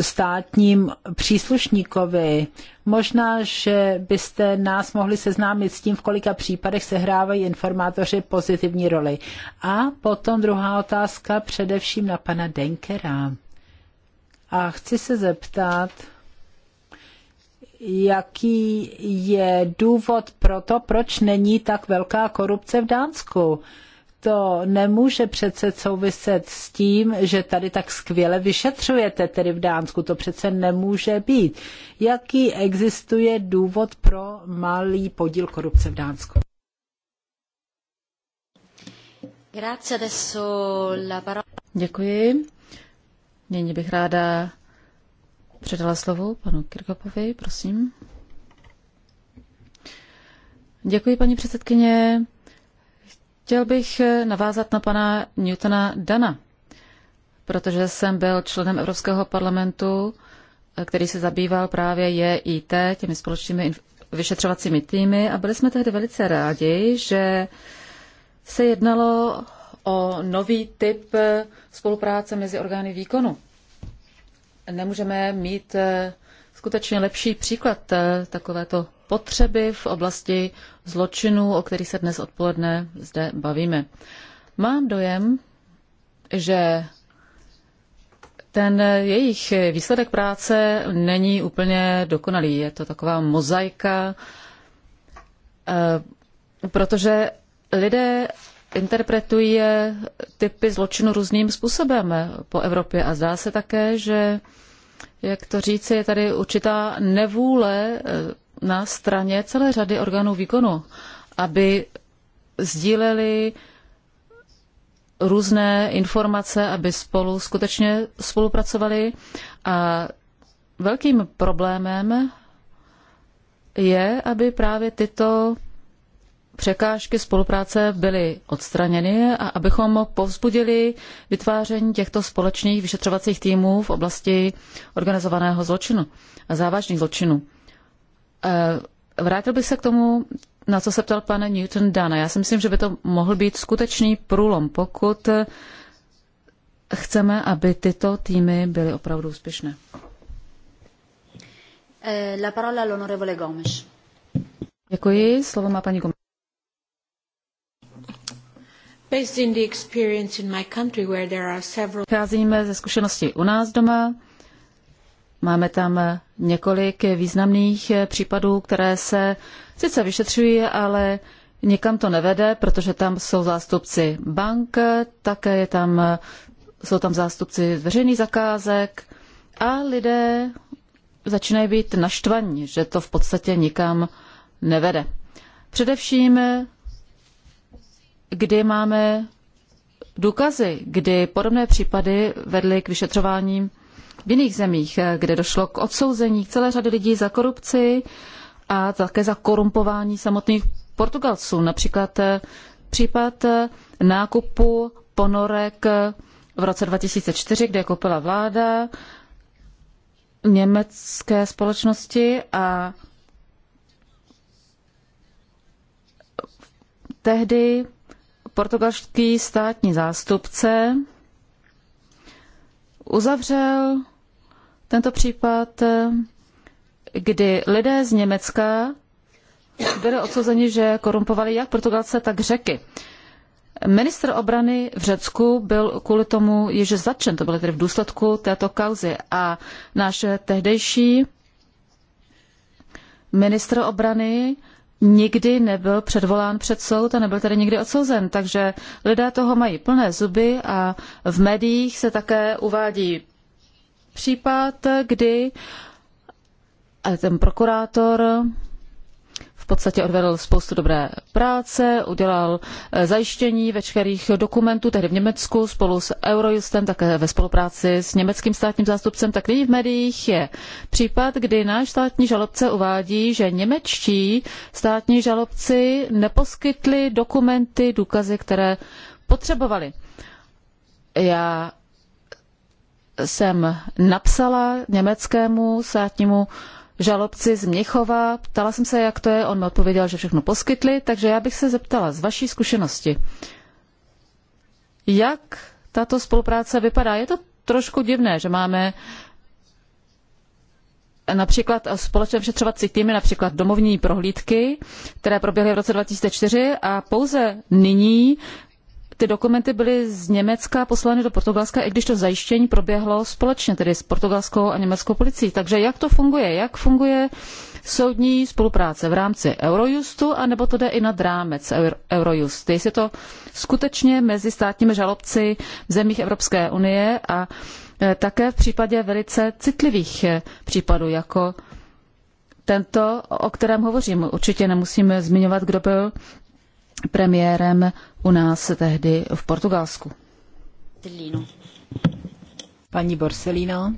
státním příslušníkovi. Možná, že byste nás mohli seznámit s tím, v kolika případech sehrávají informátoři pozitivní roli. A potom druhá otázka především na pana Denkera. A chci se zeptat, jaký je důvod pro to, proč není tak velká korupce v Dánsku. To nemůže přece souviset s tím, že tady tak skvěle vyšetřujete, tedy v Dánsku. To přece nemůže být. Jaký existuje důvod pro malý podíl korupce v Dánsku? Děkuji. Nyní bych ráda předala slovo panu Kirkopovi, prosím. Děkuji, paní předsedkyně. Chtěl bych navázat na pana Newtona Dana, protože jsem byl členem Evropského parlamentu, který se zabýval právě JIT, těmi společnými vyšetřovacími týmy a byli jsme tehdy velice rádi, že se jednalo o nový typ spolupráce mezi orgány výkonu nemůžeme mít eh, skutečně lepší příklad eh, takovéto potřeby v oblasti zločinů, o kterých se dnes odpoledne zde bavíme. Mám dojem, že ten jejich výsledek práce není úplně dokonalý. Je to taková mozaika, eh, protože lidé interpretuje typy zločinu různým způsobem po Evropě a zdá se také, že, jak to říci, je tady určitá nevůle eh, na straně celé řady orgánů výkonu, aby sdíleli různé informace, aby spolu skutečně spolupracovali. A velkým problémem je, aby právě tyto překážky spolupráce byly odstraněny a abychom povzbudili vytváření těchto společných vyšetřovacích týmů v oblasti organizovaného zločinu a závažných zločinů. Eh, vrátil bych se k tomu, na co se ptal pan Newton Dana. Já si myslím, že by to mohl být skutečný průlom, pokud chceme, aby tyto týmy byly opravdu úspěšné. Eh, la parola all'onorevole Gomes. Děkuji, slovo má paní Gomes. Vycházíme ze zkušenosti u nás doma. Máme tam několik významných případů, které se sice vyšetřují, ale nikam to nevede, protože tam jsou zástupci bank, také je tam, jsou tam zástupci veřejných zakázek a lidé začínají být naštvaní, že to v podstatě nikam nevede. Především kdy máme důkazy, kdy podobné případy vedly k vyšetřování v jiných zemích, kde došlo k odsouzení celé řady lidí za korupci a také za korumpování samotných Portugalců. Například eh, případ eh, nákupu ponorek v roce 2004, kde koupila vláda německé společnosti a tehdy portugalský státní zástupce uzavřel tento případ, kdy lidé z Německa byli odsouzeni, že korumpovali jak Portugalce, tak Řeky. Ministr obrany v Řecku byl kvůli tomu již zatčen, to bylo tedy v důsledku této kauzy. A náš tehdejší ministr obrany nikdy nebyl předvolán před soud a nebyl tedy nikdy odsouzen. Takže lidé toho mají plné zuby a v médiích se také uvádí případ, kdy ten prokurátor podstatě odvedl spoustu dobré práce, udělal eh, zajištění veškerých dokumentů tehdy v Německu spolu s Eurojustem, také ve spolupráci s německým státním zástupcem, tak nyní v médiích je případ, kdy náš státní žalobce uvádí, že němečtí státní žalobci neposkytli dokumenty, důkazy, které potřebovali. Já jsem napsala německému státnímu uh, žalobci z Měchova. Ptala jsem se, jak to je, on mi odpověděl, že všechno poskytli, takže já bych se zeptala z vaší zkušenosti, jak tato spolupráce vypadá. Je to trošku divné, že máme například společné vyšetřovací týmy, například domovní prohlídky, které proběhly v roce 2004 a pouze nyní ty dokumenty byly z Německa poslány do Portugalska, i když to zajištění proběhlo společně, tedy s portugalskou a německou policií. Takže jak to funguje? Jak funguje soudní spolupráce v rámci Eurojustu, anebo to jde i nad rámec Eurojust? Jestli to skutečně mezi státními žalobci v zemích Evropské unie a e, také v případě velice citlivých e, případů, jako tento, o kterém hovořím. Určitě nemusíme zmiňovat, kdo byl premiérem u nás tehdy v Portugalsku. Paní Borsellino.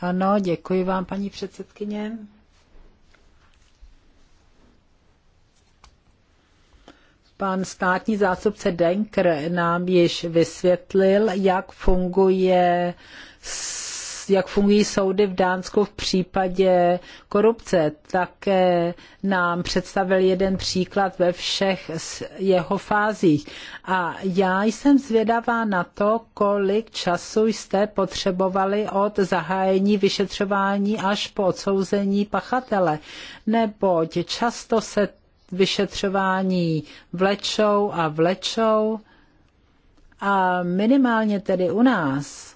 Ano, děkuji vám, paní předsedkyně. Pan státní zástupce Denker nám již vysvětlil, jak funguje s jak fungují soudy v Dánsku v případě korupce. Také nám představil jeden příklad ve všech jeho fázích. A já jsem zvědavá na to, kolik času jste potřebovali od zahájení vyšetřování až po odsouzení pachatele. Neboť často se vyšetřování vlečou a vlečou a minimálně tedy u nás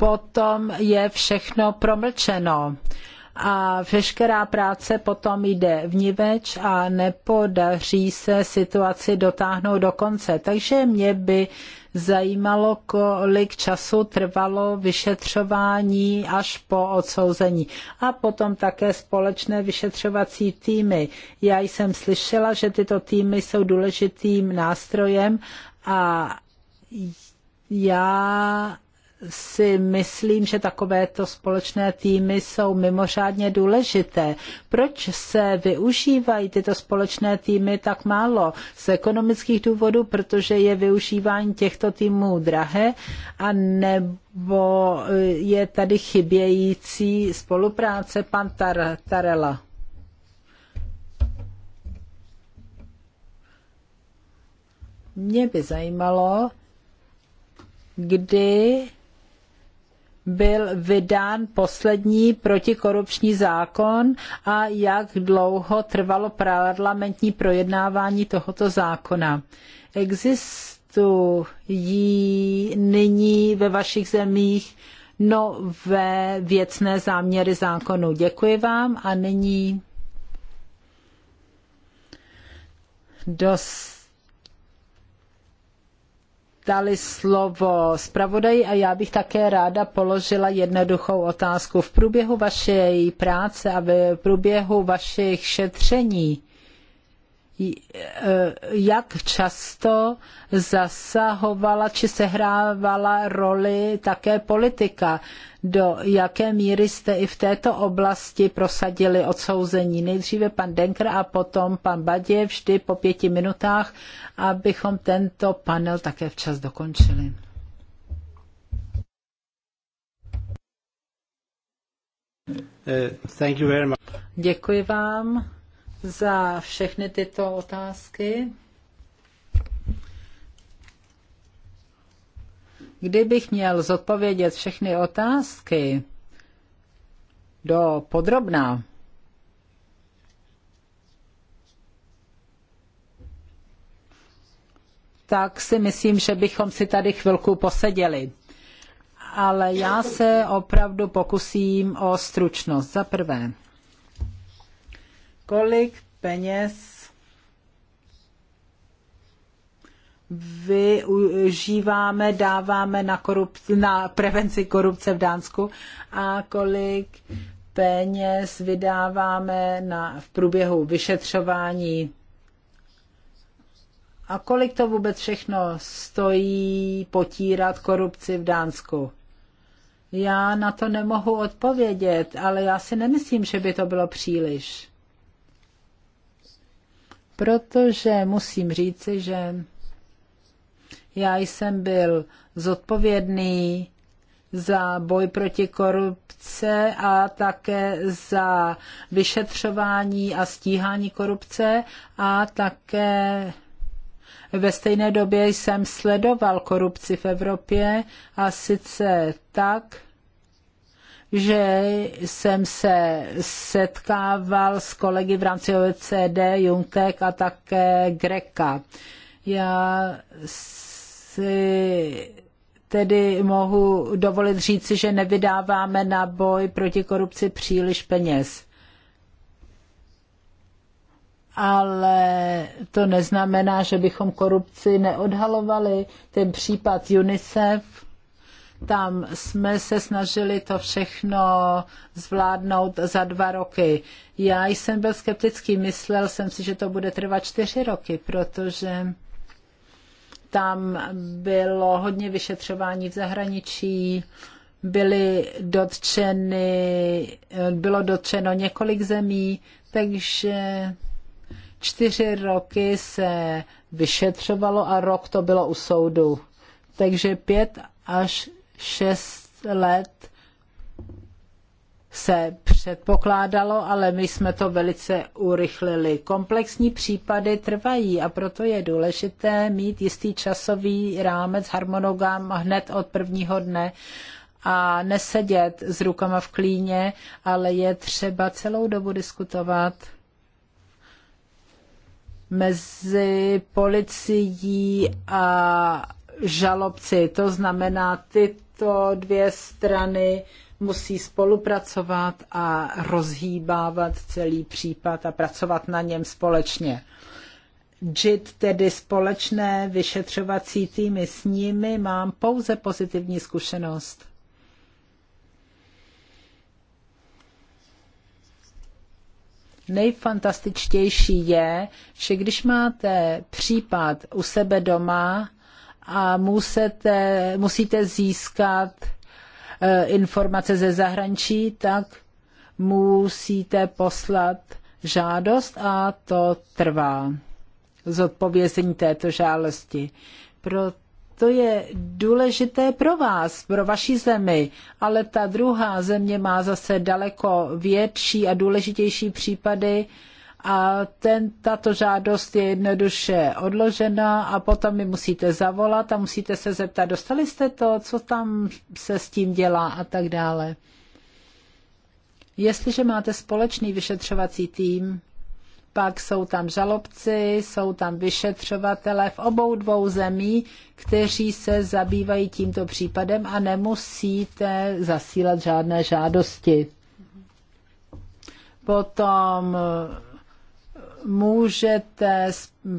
potom je všechno promlčeno a veškerá práce potom jde vniveč a nepodaří se situaci dotáhnout do konce. Takže mě by zajímalo, kolik času trvalo vyšetřování až po odsouzení. A potom také společné vyšetřovací týmy. Já jsem slyšela, že tyto týmy jsou důležitým nástrojem a já si myslím, že takovéto společné týmy jsou mimořádně důležité. Proč se využívají tyto společné týmy tak málo? Z ekonomických důvodů, protože je využívání těchto týmů drahé, a nebo eh, je tady chybějící spolupráce pan Tar- Tarela? Mě by zajímalo, kdy byl vydán poslední protikorupční zákon a jak dlouho trvalo parlamentní projednávání tohoto zákona. Existují nyní ve vašich zemích nové věcné záměry zákonu. Děkuji vám a nyní dost dali slovo zpravodaji a já bych také ráda položila jednoduchou otázku. V průběhu vaší práce a v průběhu vašich šetření Eh, jak často zasahovala či sehrávala roli také politika. Do jaké míry jste i v této oblasti prosadili odsouzení? Nejdříve pan Denker a potom pan Badě, vždy po pěti minutách, abychom tento panel také včas dokončili. Eh, Děkuji vám za všechny tyto otázky. Kdybych měl zodpovědět všechny otázky do podrobná, tak si myslím, že bychom si tady chvilku poseděli. Ale já se opravdu pokusím o stručnost. Za prvé, kolik peněz využíváme, dáváme na, korupci, na prevenci korupce v Dánsku a kolik peněz vydáváme na, v průběhu vyšetřování a kolik to vůbec všechno stojí potírat korupci v Dánsku? Já na to nemohu odpovědět, ale já si nemyslím, že by to bylo příliš protože musím říci, že já jsem byl zodpovědný za boj proti korupce a také za vyšetřování a stíhání korupce a také ve stejné době jsem sledoval korupci v Evropě a sice tak, že jsem se setkával s kolegy v rámci OECD, Juntek a také Greka. Já si tedy mohu dovolit říci, že nevydáváme na boj proti korupci příliš peněz. Ale to neznamená, že bychom korupci neodhalovali. Ten případ UNICEF tam jsme se snažili to všechno zvládnout za dva roky. Já jsem byl skeptický, myslel jsem si, že to bude trvat čtyři roky, protože tam bylo hodně vyšetřování v zahraničí, byly dotčeny, bylo dotčeno několik zemí, takže čtyři roky se vyšetřovalo a rok to bylo u soudu. Takže pět až šest let se předpokládalo, ale my jsme to velice urychlili. Komplexní případy trvají a proto je důležité mít jistý časový rámec harmonogram hned od prvního dne a nesedět s rukama v klíně, ale je třeba celou dobu diskutovat mezi policií a žalobci. To znamená, ty to dvě strany musí spolupracovat a rozhýbávat celý případ a pracovat na něm společně. JIT, tedy společné vyšetřovací týmy, s nimi mám pouze pozitivní zkušenost. Nejfantastičtější je, že když máte případ u sebe doma, a musíte, musíte získat eh, informace ze zahraničí, tak musíte poslat žádost a to trvá zodpovězení této žádosti. Proto je důležité pro vás, pro vaši zemi, ale ta druhá země má zase daleko větší a důležitější případy, a ten, tato žádost je jednoduše odložena a potom mi musíte zavolat a musíte se zeptat, dostali jste to, co tam se s tím dělá a tak dále. Jestliže máte společný vyšetřovací tým, pak jsou tam žalobci, jsou tam vyšetřovatele v obou dvou zemí, kteří se zabývají tímto případem a nemusíte zasílat žádné žádosti. Potom můžete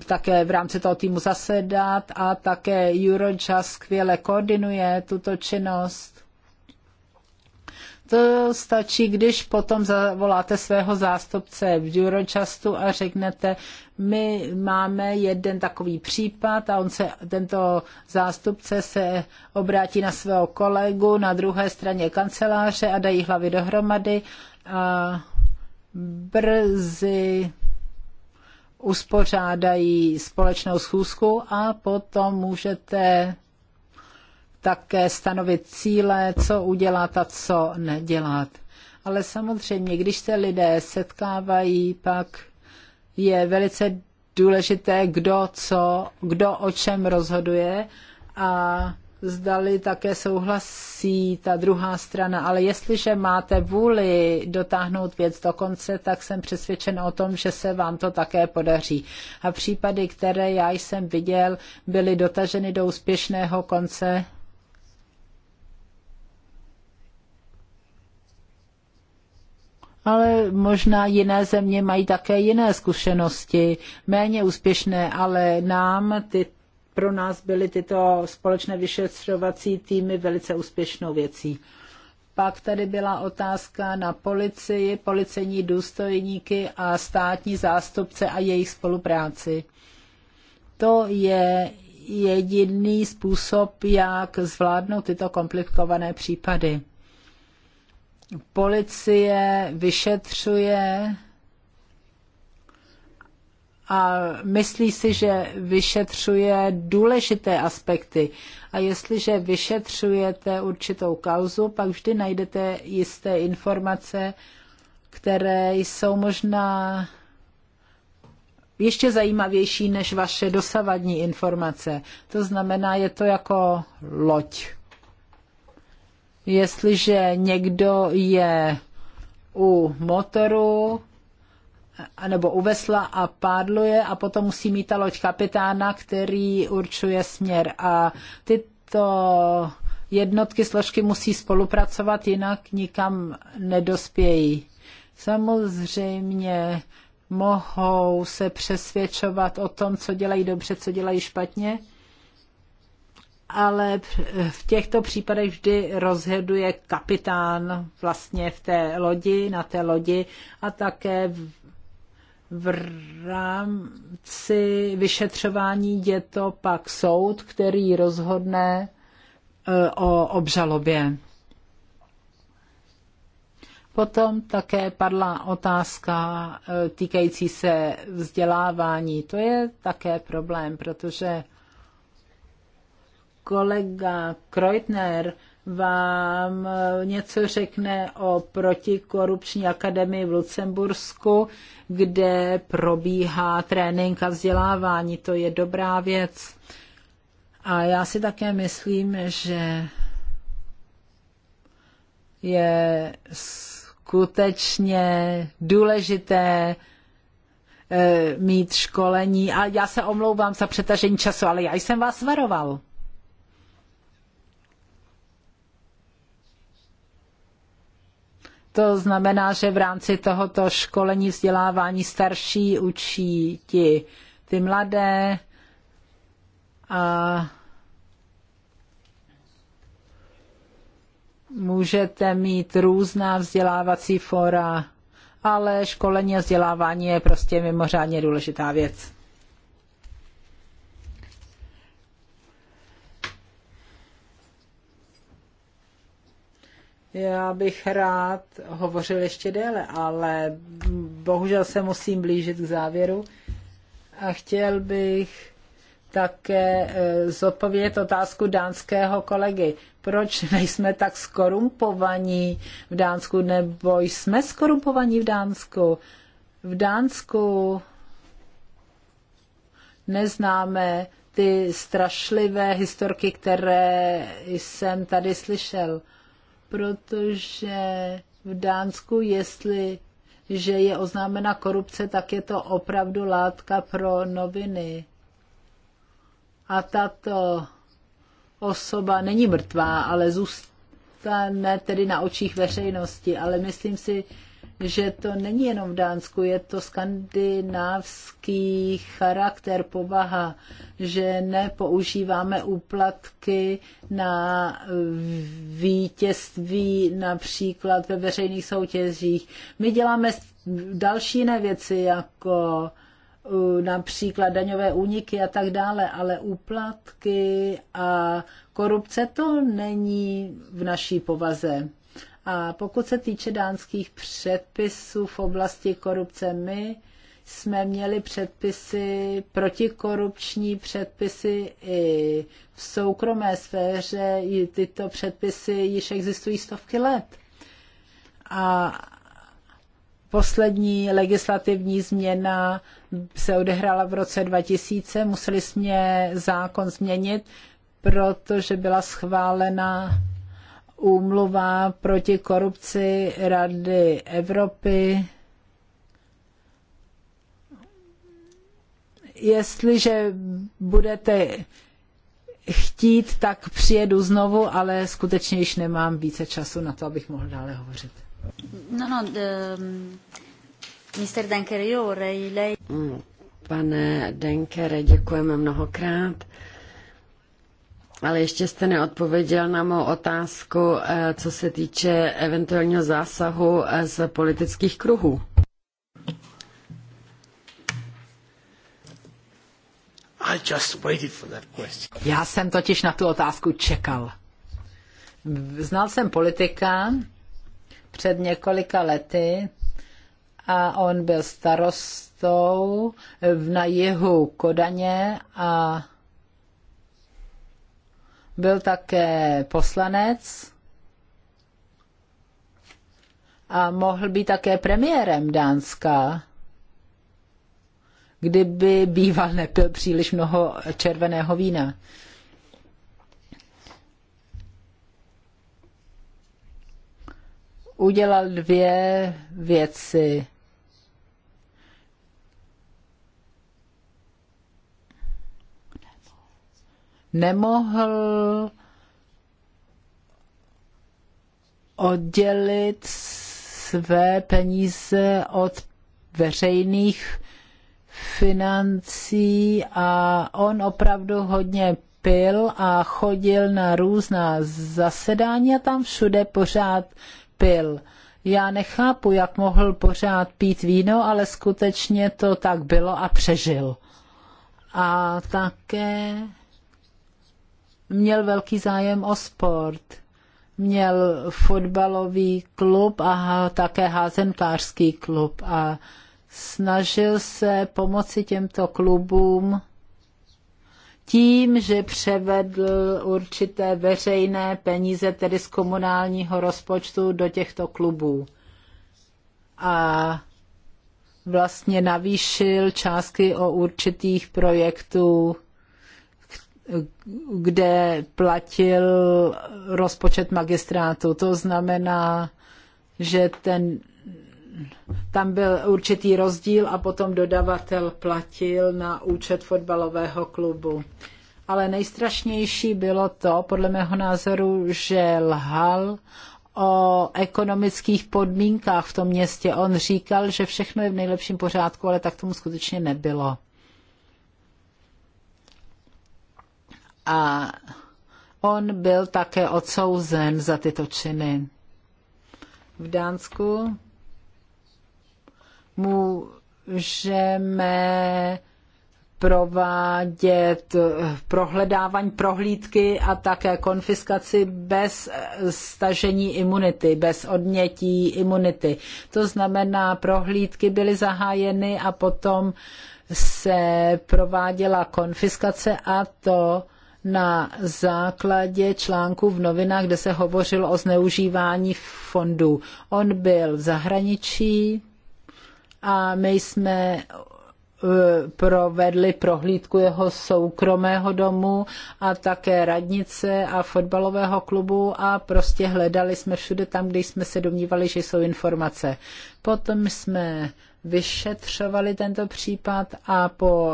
také v rámci toho týmu zasedat a také Eurojust skvěle koordinuje tuto činnost. To stačí, když potom zavoláte svého zástupce v Eurojustu a řeknete, my máme jeden takový případ a on se, tento zástupce se obrátí na svého kolegu na druhé straně kanceláře a dají hlavy dohromady a brzy uspořádají společnou schůzku a potom můžete také stanovit cíle, co udělat a co nedělat. Ale samozřejmě, když se lidé setkávají, pak je velice důležité, kdo co, kdo o čem rozhoduje a zdali také souhlasí ta druhá strana, ale jestliže máte vůli dotáhnout věc do konce, tak jsem přesvědčen o tom, že se vám to také podaří. A případy, které já jsem viděl, byly dotaženy do úspěšného konce. ale možná jiné země mají také jiné zkušenosti, méně úspěšné, ale nám tyto pro nás byly tyto společné vyšetřovací týmy velice úspěšnou věcí. Pak tady byla otázka na policii, policejní důstojníky a státní zástupce a jejich spolupráci. To je jediný způsob, jak zvládnout tyto komplikované případy. Policie vyšetřuje a myslí si, že vyšetřuje důležité aspekty. A jestliže vyšetřujete určitou kauzu, pak vždy najdete jisté informace, které jsou možná ještě zajímavější než vaše dosavadní informace. To znamená, je to jako loď. Jestliže někdo je u motoru, nebo u vesla a pádluje a potom musí mít ta loď kapitána, který určuje směr. A tyto jednotky složky musí spolupracovat, jinak nikam nedospějí. Samozřejmě mohou se přesvědčovat o tom, co dělají dobře, co dělají špatně, ale v těchto případech vždy rozhoduje kapitán vlastně v té lodi, na té lodi a také v rámci vyšetřování je to pak soud, který rozhodne e, o obžalobě. Potom také padla otázka e, týkající se vzdělávání. To je také problém, protože kolega Kreutner vám e, něco řekne o protikorupční akademii v Lucembursku, kde probíhá trénink a vzdělávání. To je dobrá věc. A já si také myslím, že je skutečně důležité eh, mít školení. A já se omlouvám za přetažení času, ale já jsem vás varoval. To znamená, že v rámci tohoto školení vzdělávání starší učí ti ty mladé a můžete mít různá vzdělávací fora, ale školení a vzdělávání je prostě mimořádně důležitá věc. Já bych rád hovořil ještě déle, ale bohužel se musím blížit k závěru. A chtěl bych také eh, zodpovědět otázku dánského kolegy. Proč nejsme tak skorumpovaní v Dánsku, nebo jsme skorumpovaní v Dánsku? V Dánsku neznáme ty strašlivé historky, které jsem tady slyšel protože v Dánsku, jestli že je oznámena korupce, tak je to opravdu látka pro noviny. A tato osoba není mrtvá, ale zůstane tedy na očích veřejnosti. Ale myslím si, že to není jenom v Dánsku, je to skandinávský charakter, povaha, že nepoužíváme úplatky na vítězství například ve veřejných soutěžích. My děláme další jiné věci, jako například daňové úniky a tak dále, ale úplatky a korupce to není v naší povaze. A pokud se týče dánských předpisů v oblasti korupce, my jsme měli předpisy, protikorupční předpisy i v soukromé sféře, i tyto předpisy již existují stovky let. A poslední legislativní změna se odehrála v roce 2000, museli jsme zákon změnit, protože byla schválena úmluva proti korupci Rady Evropy. Jestliže budete chtít, tak přijedu znovu, ale skutečně již nemám více času na to, abych mohl dále hovořit. No, no, de, um, Mr. Denker, jo, rej, lej. Mm, pane Denker, děkujeme mnohokrát. Ale ještě jste neodpověděl na mou otázku, eh, co se týče eventuálního zásahu eh, z politických kruhů. Já jsem totiž na tu otázku čekal. Znal jsem politika před několika lety a on byl starostou na jihu Kodaně a byl také poslanec a mohl být také premiérem Dánska, kdyby býval nepil příliš mnoho červeného vína. Udělal dvě věci nemohl oddělit své peníze od veřejných financí a on opravdu hodně pil a chodil na různá zasedání a tam všude pořád pil. Já nechápu, jak mohl pořád pít víno, ale skutečně to tak bylo a přežil. A také měl velký zájem o sport. Měl fotbalový klub a také házenkářský klub a snažil se pomoci těmto klubům tím, že převedl určité veřejné peníze, tedy z komunálního rozpočtu, do těchto klubů. A vlastně navýšil částky o určitých projektů kde platil rozpočet magistrátu. To znamená, že ten, tam byl určitý rozdíl a potom dodavatel platil na účet fotbalového klubu. Ale nejstrašnější bylo to, podle mého názoru, že lhal o ekonomických podmínkách v tom městě. On říkal, že všechno je v nejlepším pořádku, ale tak tomu skutečně nebylo. a on byl také odsouzen za tyto činy. V Dánsku můžeme provádět prohledávání, prohlídky a také konfiskaci bez stažení imunity, bez odnětí imunity. To znamená, prohlídky byly zahájeny a potom se prováděla konfiskace a to na základě článku v novinách, kde se hovořilo o zneužívání fondů. On byl v zahraničí a my jsme e, provedli prohlídku jeho soukromého domu a také radnice a fotbalového klubu a prostě hledali jsme všude tam, kde jsme se domnívali, že jsou informace. Potom jsme vyšetřovali tento případ a po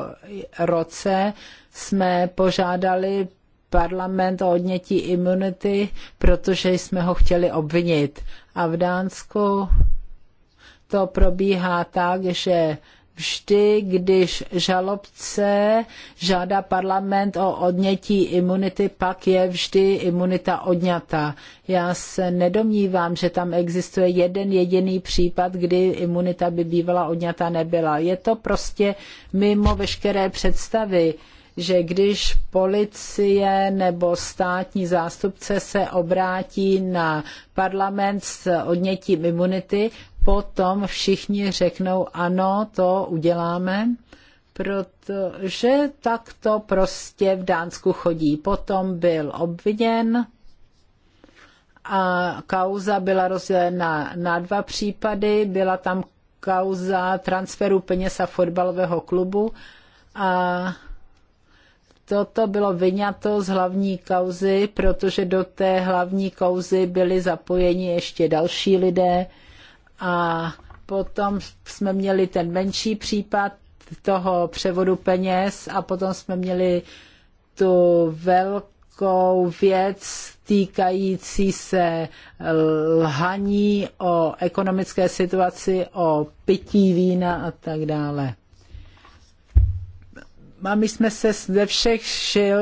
roce jsme požádali parlament o odnětí imunity, protože jsme ho chtěli obvinit. A v Dánsku to probíhá tak, že vždy, když žalobce žádá parlament o odnětí imunity, pak je vždy imunita odňata. Já se nedomnívám, že tam existuje jeden jediný případ, kdy imunita by bývala odňata nebyla. Je to prostě mimo veškeré představy že když policie nebo státní zástupce se obrátí na parlament s odnětím imunity, potom všichni řeknou ano, to uděláme, protože tak to prostě v Dánsku chodí. Potom byl obviněn a kauza byla rozdělena na dva případy. Byla tam kauza transferu peněz a fotbalového klubu a toto bylo vyňato z hlavní kauzy, protože do té hlavní kauzy byli zapojeni ještě další lidé a potom jsme měli ten menší případ toho převodu peněz a potom jsme měli tu velkou věc týkající se lhaní o ekonomické situaci, o pití vína a tak dále a my jsme se ze všech šil,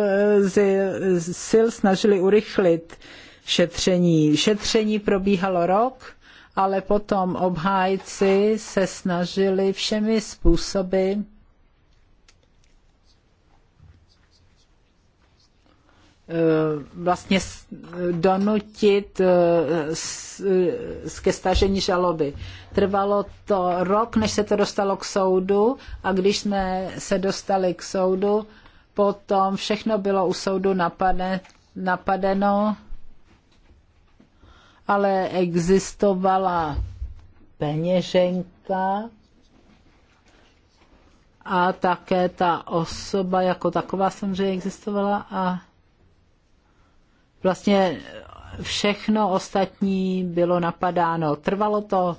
sil snažili urychlit šetření. Šetření probíhalo rok, ale potom obhájci se snažili všemi způsoby Eh, vlastně eh, donutit eh, ke stažení žaloby. Trvalo to rok, než se to dostalo k soudu a když jsme se dostali k soudu, potom všechno bylo u soudu napade, napadeno, ale existovala peněženka a také ta osoba jako taková samozřejmě existovala a vlastně všechno ostatní bylo napadáno. Trvalo to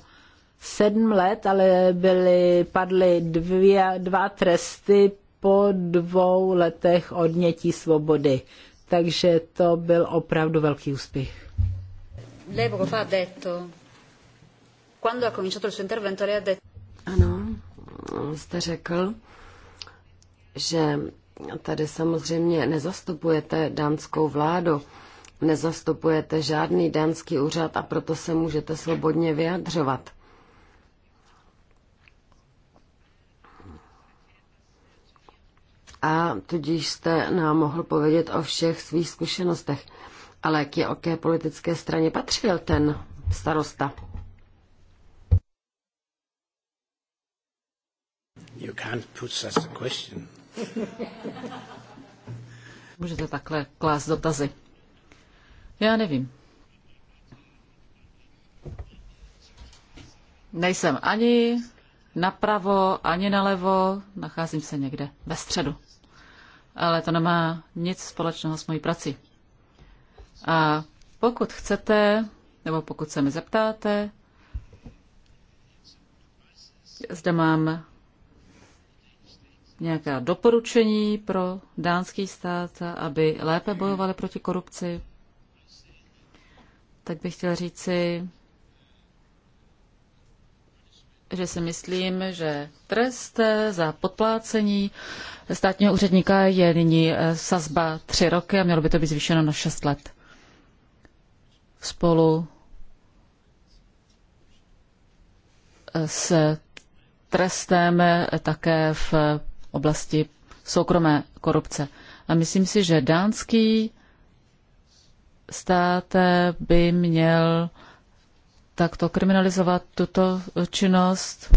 sedm let, ale byly, padly dvě, dva tresty po dvou letech odnětí svobody. Takže to byl opravdu velký úspěch. L'epoca ha detto, quando ha cominciato il suo intervento, lei ha detto... Ano, jste řekl, že tady samozřejmě nezastupujete dánskou vládu, nezastupujete žádný dánský úřad a proto se můžete svobodně vyjadřovat. A tudíž jste nám mohl povědět o všech svých zkušenostech. Ale k jaké politické straně patřil ten starosta? You can't put such a question. Můžete takhle klást dotazy. Já nevím. Nejsem ani napravo, ani nalevo, nacházím se někde ve středu. Ale to nemá nic společného s mojí prací. A pokud chcete, nebo pokud se mi zeptáte, zde mám nějaká doporučení pro dánský stát, aby lépe bojovali proti korupci, tak bych chtěl říci, že si myslím, že trest za podplácení státního úředníka je nyní eh, sazba tři roky a mělo by to být zvýšeno na šest let. Spolu eh, s trestem eh, také v oblasti soukromé korupce. A myslím si, že dánský stát eh, by měl takto kriminalizovat tuto činnost.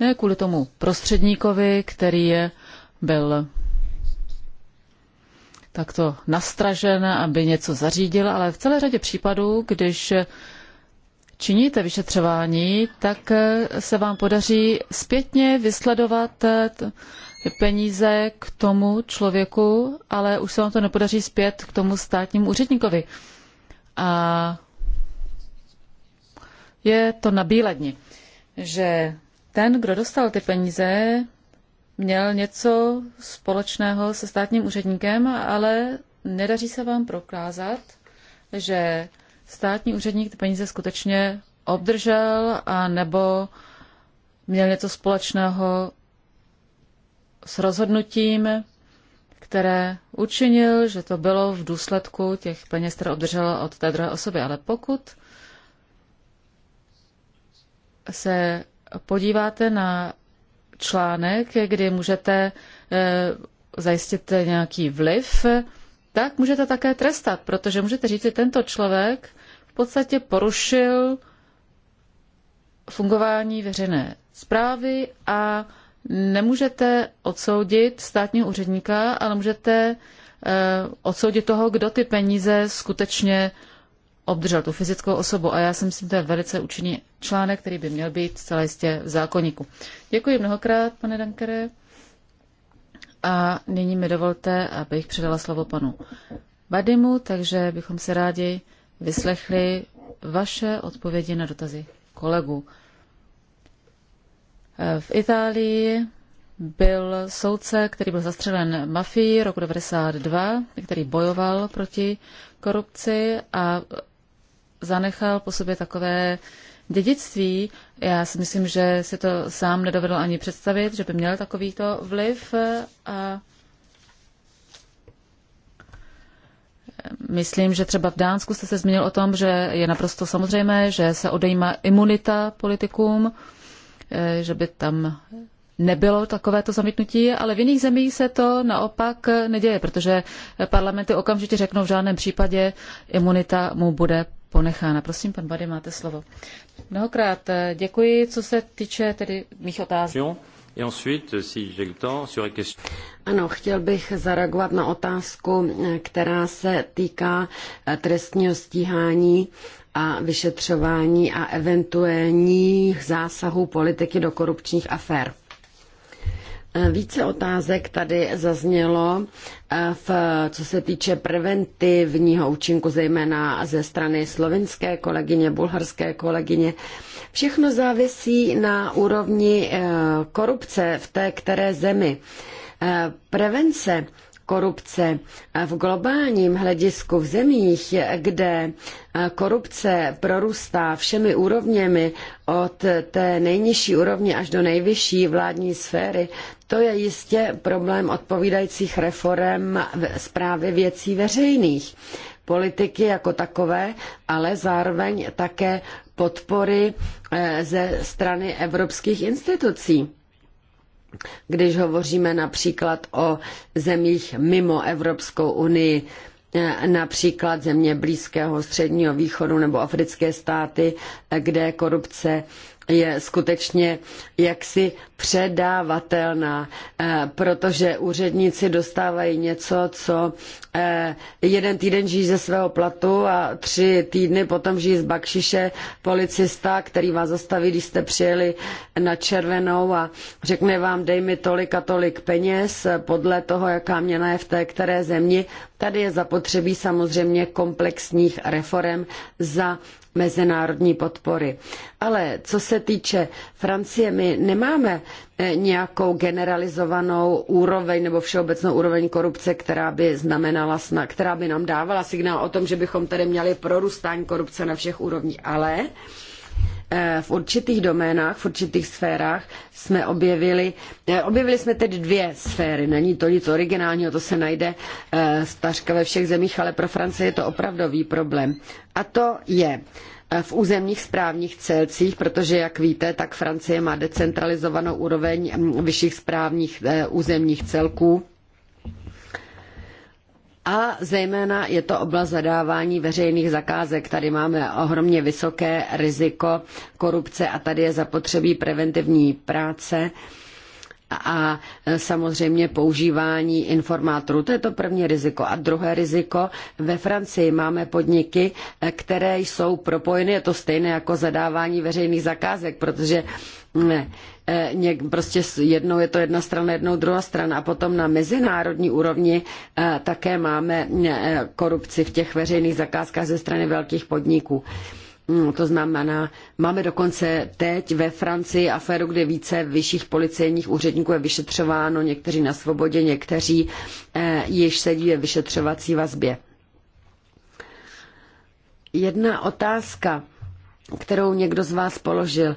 Ne kvůli tomu prostředníkovi, který je byl takto nastražen, aby něco zařídil, ale v celé řadě případů, když činíte vyšetřování, tak eh, se vám podaří zpětně vysledovat eh, peníze k tomu člověku, ale už se vám to nepodaří zpět k tomu státnímu úředníkovi. A je to na bíledni, že ten, kdo dostal ty peníze, měl něco společného se státním úředníkem, ale nedaří se vám prokázat, že státní úředník ty peníze skutečně obdržel a nebo měl něco společného s rozhodnutím, které učinil, že to bylo v důsledku těch peněz, které obdržel od té druhé osoby. Ale pokud se podíváte na článek, kdy můžete eh, zajistit nějaký vliv, tak můžete také trestat, protože můžete říct, že tento člověk v podstatě porušil fungování veřejné zprávy a nemůžete odsoudit státního úředníka, ale můžete eh, odsoudit toho, kdo ty peníze skutečně obdržel, tu fyzickou osobu. A já si myslím, že to je velice účinný článek, který by měl být celé jistě v zákonníku. Děkuji mnohokrát, pane Dankere. A nyní mi dovolte, abych předala slovo panu Badimu, takže bychom se rádi vyslechli vaše odpovědi na dotazy kolegů. V Itálii byl soudce, který byl zastřelen mafií roku 92, který bojoval proti korupci a zanechal po sobě takové dědictví. Já si myslím, že si to sám nedovedl ani představit, že by měl takovýto vliv a Myslím, že třeba v Dánsku jste se zmínil o tom, že je naprosto samozřejmé, že se odejímá imunita politikům. Eh, že by tam nebylo takovéto zamítnutí, ale v jiných zemích se to naopak neděje, protože parlamenty okamžitě řeknou v žádném případě imunita mu bude ponechána. Prosím, pan Bady, máte slovo. Mnohokrát eh, děkuji, co se týče tedy mých otázek. Ano, chtěl bych zareagovat na otázku, eh, která se týká trestního stíhání a vyšetřování a eventuálních zásahů politiky do korupčních afér. Eh, více otázek tady zaznělo, eh, v, co se týče preventivního účinku, zejména ze strany slovinské kolegyně, bulharské kolegyně. Všechno závisí na úrovni eh, korupce v té které zemi. Prevence korupce. V globálním hledisku v zemích, kde korupce prorůstá všemi úrovněmi od té nejnižší úrovně až do nejvyšší vládní sféry, to je jistě problém odpovídajících reform zprávy věcí veřejných politiky jako takové, ale zároveň také podpory eh, ze strany evropských institucí když hovoříme například o zemích mimo Evropskou unii, eh, například země Blízkého středního východu nebo africké státy, eh, kde korupce je skutečně jaksi předávatelná, eh, protože úředníci dostávají něco, co eh, jeden týden žijí ze svého platu a tři týdny potom žijí z bakšiše policista, který vás zastaví, když jste přijeli na červenou a řekne vám, dej mi tolik a tolik peněz podle toho, jaká měna je v té které zemi. Tady je zapotřebí samozřejmě komplexních reforem za mezinárodní podpory. Ale co se týče Francie, my nemáme eh, nějakou generalizovanou úroveň nebo všeobecnou úroveň korupce, která by znamenala, která by nám dávala signál o tom, že bychom tady měli prorůstání korupce na všech úrovních. Ale v určitých doménách, v určitých sférách jsme objevili, eh, objevili jsme tedy dvě sféry, není to nic originálního, to se najde stařka eh, ve všech zemích, ale pro Francii je to opravdový problém. A to je eh, v územních správních celcích, protože, jak víte, tak Francie má decentralizovanou úroveň mm, vyšších správních územních celků a zejména je to oblast zadávání veřejných zakázek. Tady máme ohromně vysoké riziko korupce a tady je zapotřebí preventivní práce a samozřejmě používání informátorů. To je to první riziko. A druhé riziko, ve Francii máme podniky, které jsou propojeny, je to stejné jako zadávání veřejných zakázek, protože Eh, něk, prostě jednou je to jedna strana, jednou druhá strana a potom na mezinárodní úrovni eh, také máme eh, korupci v těch veřejných zakázkách ze strany velkých podniků. Mm, to znamená, máme dokonce teď ve Francii aféru, kde více vyšších policejních úředníků je vyšetřováno, někteří na svobodě, někteří již sedí ve vyšetřovací vazbě. Jedna otázka, kterou někdo z vás položil.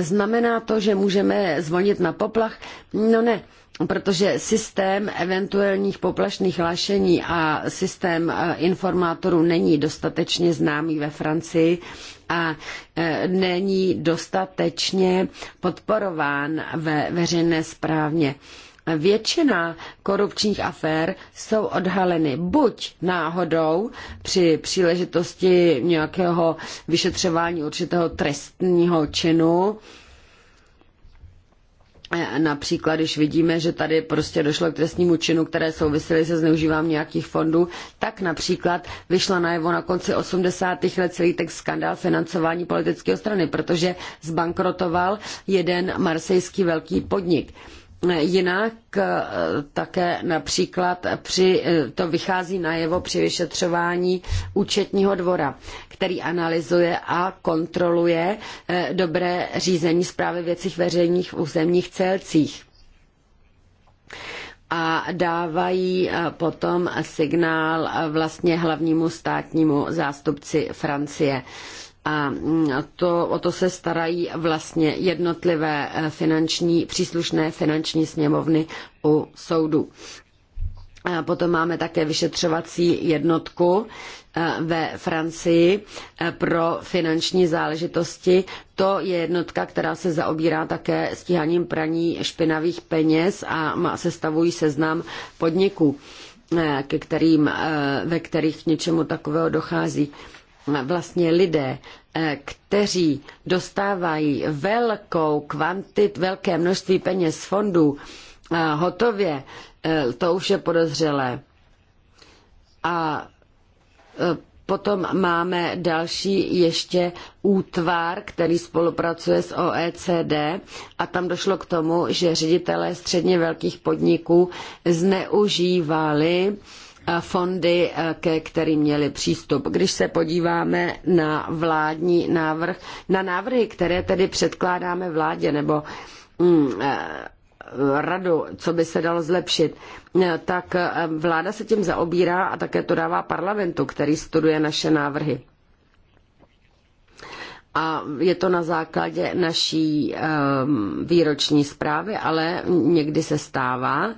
Znamená to, že můžeme zvonit na poplach? No ne, protože systém eventuálních poplašných hlášení a systém eh, informátorů není dostatečně známý ve Francii a eh, není dostatečně podporován ve veřejné správně. Většina korupčních afér jsou odhaleny buď náhodou při příležitosti nějakého vyšetřování určitého trestního činu, Například, když vidíme, že tady prostě došlo k trestnímu činu, které souvisely se zneužíváním nějakých fondů, tak například vyšla najevo na konci 80. let celý ten skandál financování politické strany, protože zbankrotoval jeden marsejský velký podnik Jinak eh, také například při, eh, to vychází najevo při vyšetřování účetního dvora, který analyzuje a kontroluje eh, dobré řízení zprávy věcí veřejných v územních celcích a dávají potom signál vlastně hlavnímu státnímu zástupci Francie a to, o to se starají vlastně jednotlivé eh, finanční, příslušné finanční sněmovny u soudu. A potom máme také vyšetřovací jednotku eh, ve Francii eh, pro finanční záležitosti. To je jednotka, která se zaobírá také stíháním praní špinavých peněz a má, sestavují seznam podniků, ke kterým, ve kterých k něčemu takového dochází vlastně lidé, eh, kteří dostávají velkou kvantit, velké množství peněz z fondů eh, hotově, eh, to už je podezřelé. A Potom máme další ještě útvar, který spolupracuje s OECD a tam došlo k tomu, že ředitelé středně velkých podniků zneužívali Eh, fondy, eh, ke kterým měli přístup. Když se podíváme na vládní návrh, na návrhy, které tedy předkládáme vládě nebo mm, eh, radu, co by se dalo zlepšit, tak vláda se tím zaobírá a také to dává parlamentu, který studuje naše návrhy. A je to na základě naší um, výroční zprávy, ale někdy se stává,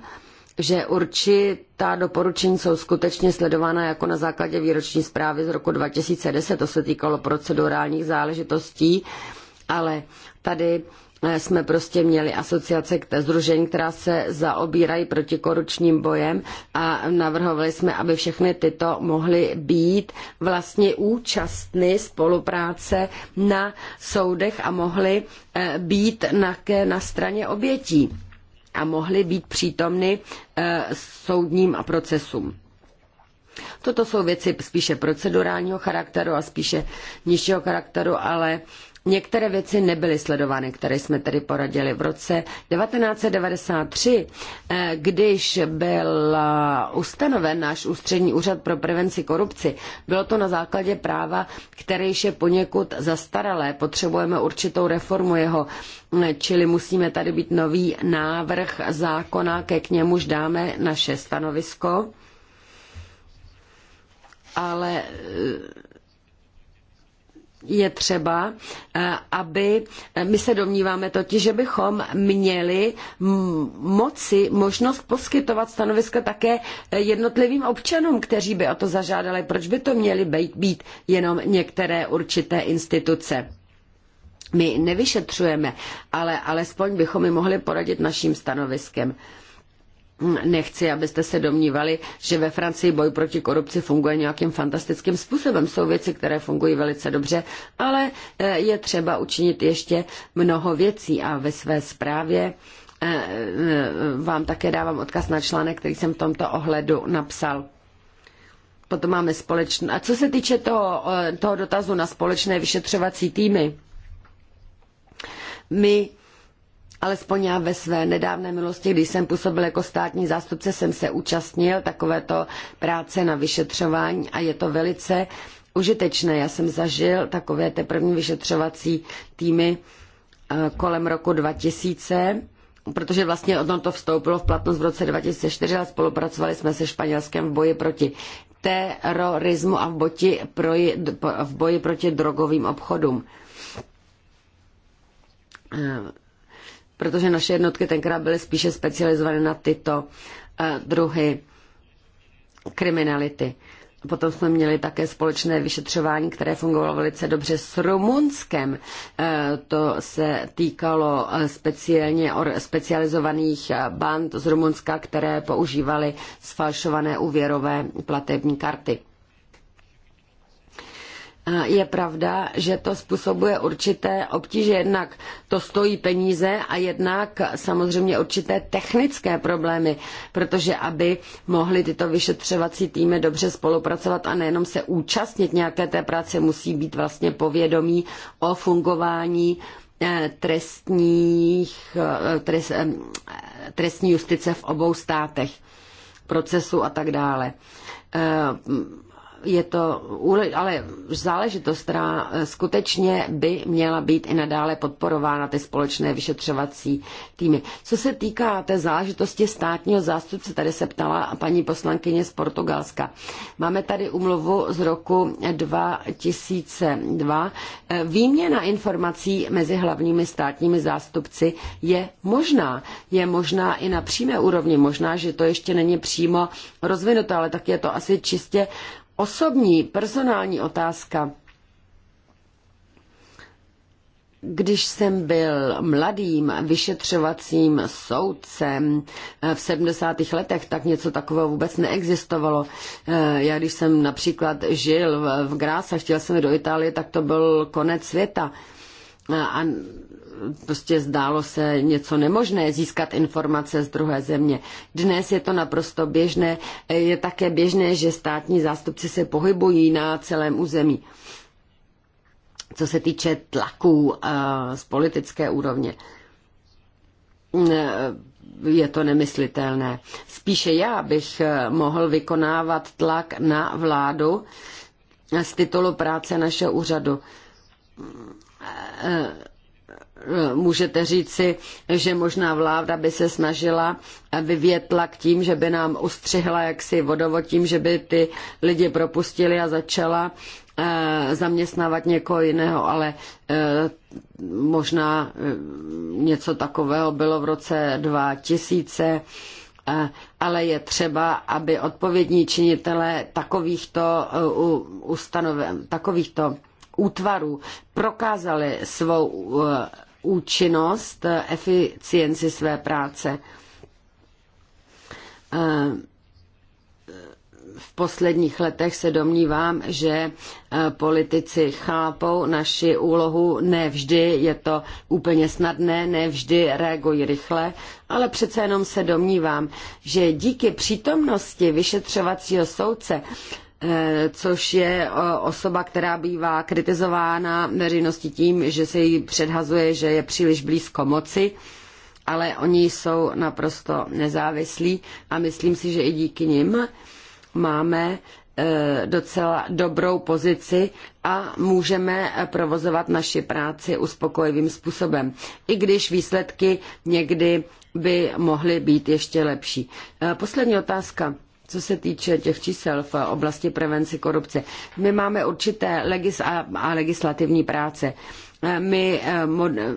že určitá doporučení jsou skutečně sledována jako na základě výroční zprávy z roku 2010, to se týkalo procedurálních záležitostí, ale tady eh, jsme prostě měli asociace k združení, která se zaobírají protikorupčním bojem a navrhovali jsme, aby všechny tyto mohly být vlastně účastny spolupráce na soudech a mohly eh, být na, na straně obětí a mohly být přítomny eh, soudním procesům. Toto jsou věci spíše procedurálního charakteru a spíše nižšího charakteru, ale Některé věci nebyly sledovány, které jsme tedy poradili. V roce 1993, eh, když byl eh, ustanoven náš ústřední úřad pro prevenci korupci, bylo to na základě práva, které již je poněkud zastaralé. Potřebujeme určitou reformu jeho, eh, čili musíme tady být nový návrh zákona, ke k němuž dáme naše stanovisko ale je třeba, eh, aby eh, my se domníváme totiž, že bychom měli moci možnost poskytovat stanoviska také eh, jednotlivým občanům, kteří by o to zažádali. Proč by to měly být, jenom některé určité instituce? My nevyšetřujeme, ale alespoň bychom mi mohli poradit naším stanoviskem. Nechci, abyste se domnívali, že ve Francii boj proti korupci funguje nějakým fantastickým způsobem. Jsou věci, které fungují velice dobře, ale eh, je třeba učinit ještě mnoho věcí a ve své zprávě eh, eh, vám také dávám odkaz na článek, který jsem v tomto ohledu napsal. Potom máme společné. A co se týče toho, toho dotazu na společné vyšetřovací týmy, my Alespoň já ve své nedávné milosti, když jsem působil jako státní zástupce, jsem se účastnil takovéto práce na vyšetřování a je to velice užitečné. Já jsem zažil takové ty první vyšetřovací týmy eh, kolem roku 2000, protože vlastně ono to vstoupilo v platnost v roce 2004 a spolupracovali jsme se Španělskem v boji proti terorismu a v, boti, v boji proti drogovým obchodům. Eh, protože naše jednotky tenkrát byly spíše specializované na tyto eh, druhy kriminality. Potom jsme měli také společné vyšetřování, které fungovalo velice dobře s Rumunskem. Eh, to se týkalo eh, speciálně specializovaných band z Rumunska, které používaly sfalšované úvěrové platební karty je pravda, že to způsobuje určité obtíže. Jednak to stojí peníze a jednak samozřejmě určité technické problémy, protože aby mohly tyto vyšetřovací týmy dobře spolupracovat a nejenom se účastnit nějaké té práce, musí být vlastně povědomí o fungování eh, trestních, eh, trest, eh, trestní justice v obou státech, procesu a tak dále je to ale záležitost, která eh, skutečně by měla být i nadále podporována ty společné vyšetřovací týmy. Co se týká té záležitosti státního zástupce, tady se ptala paní poslankyně z Portugalska. Máme tady umluvu z roku 2002. Eh, výměna informací mezi hlavními státními zástupci je možná. Je možná i na přímé úrovni. Možná, že to ještě není přímo rozvinuto, ale tak je to asi čistě osobní, personální otázka. Když jsem byl mladým vyšetřovacím soudcem eh, v 70. letech, tak něco takového vůbec neexistovalo. Eh, Já když jsem například žil v Gráse, chtěl jsem do Itálie, tak to byl konec světa. Eh, a prostě zdálo se něco nemožné získat informace z druhé země. Dnes je to naprosto běžné. Je také běžné, že státní zástupci se pohybují na celém území. Co se týče tlaků eh, z politické úrovně, eh, je to nemyslitelné. Spíše já bych eh, mohl vykonávat tlak na vládu z titulu práce našeho úřadu Eh, můžete říci, že možná vláda by se snažila eh, vyvět tlak tím, že by nám ustřihla jaksi vodovod tím, že by ty lidi propustili a začala eh, zaměstnávat někoho jiného, ale možná něco takového bylo v roce 2000, ale je třeba, aby odpovědní činitelé takovýchto, takovýchto útvarů prokázali svou účinnost, eh, eficienci své práce. Eh, v posledních letech se domnívám, že eh, politici chápou naši úlohu. nevždy je to úplně snadné, nevždy reagují rychle, ale přece jenom se domnívám, že díky přítomnosti vyšetřovacího soudce Eh, což je eh, osoba, která bývá kritizována veřejností tím, že se jí předhazuje, že je příliš blízko moci, ale oni jsou naprosto nezávislí a myslím si, že i díky nim máme eh, docela dobrou pozici a můžeme provozovat naši práci uspokojivým způsobem, i když výsledky někdy by mohly být ještě lepší. Poslední otázka co se týče těch čísel v oblasti prevence korupce, my máme určité legis a legislativní práce. Eh, my eh,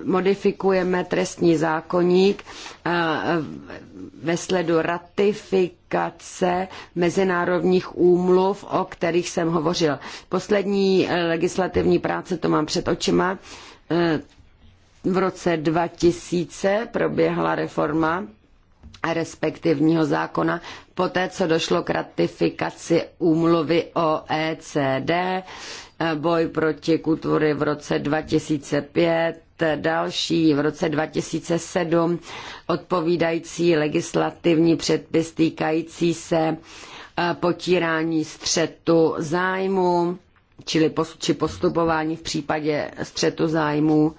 modifikujeme trestní zákoník eh, ve sledu ratifikace mezinárodních úmluv, o kterých jsem hovořil. Poslední legislativní práce, to mám před očima, v roce 2000 proběhla reforma respektivního zákona, poté co došlo k ratifikaci úmluvy o ECD, boj proti kultury v roce 2005, další v roce 2007 odpovídající legislativní předpis týkající se eh, potírání střetu zájmu, čili postupování v případě střetu zájmu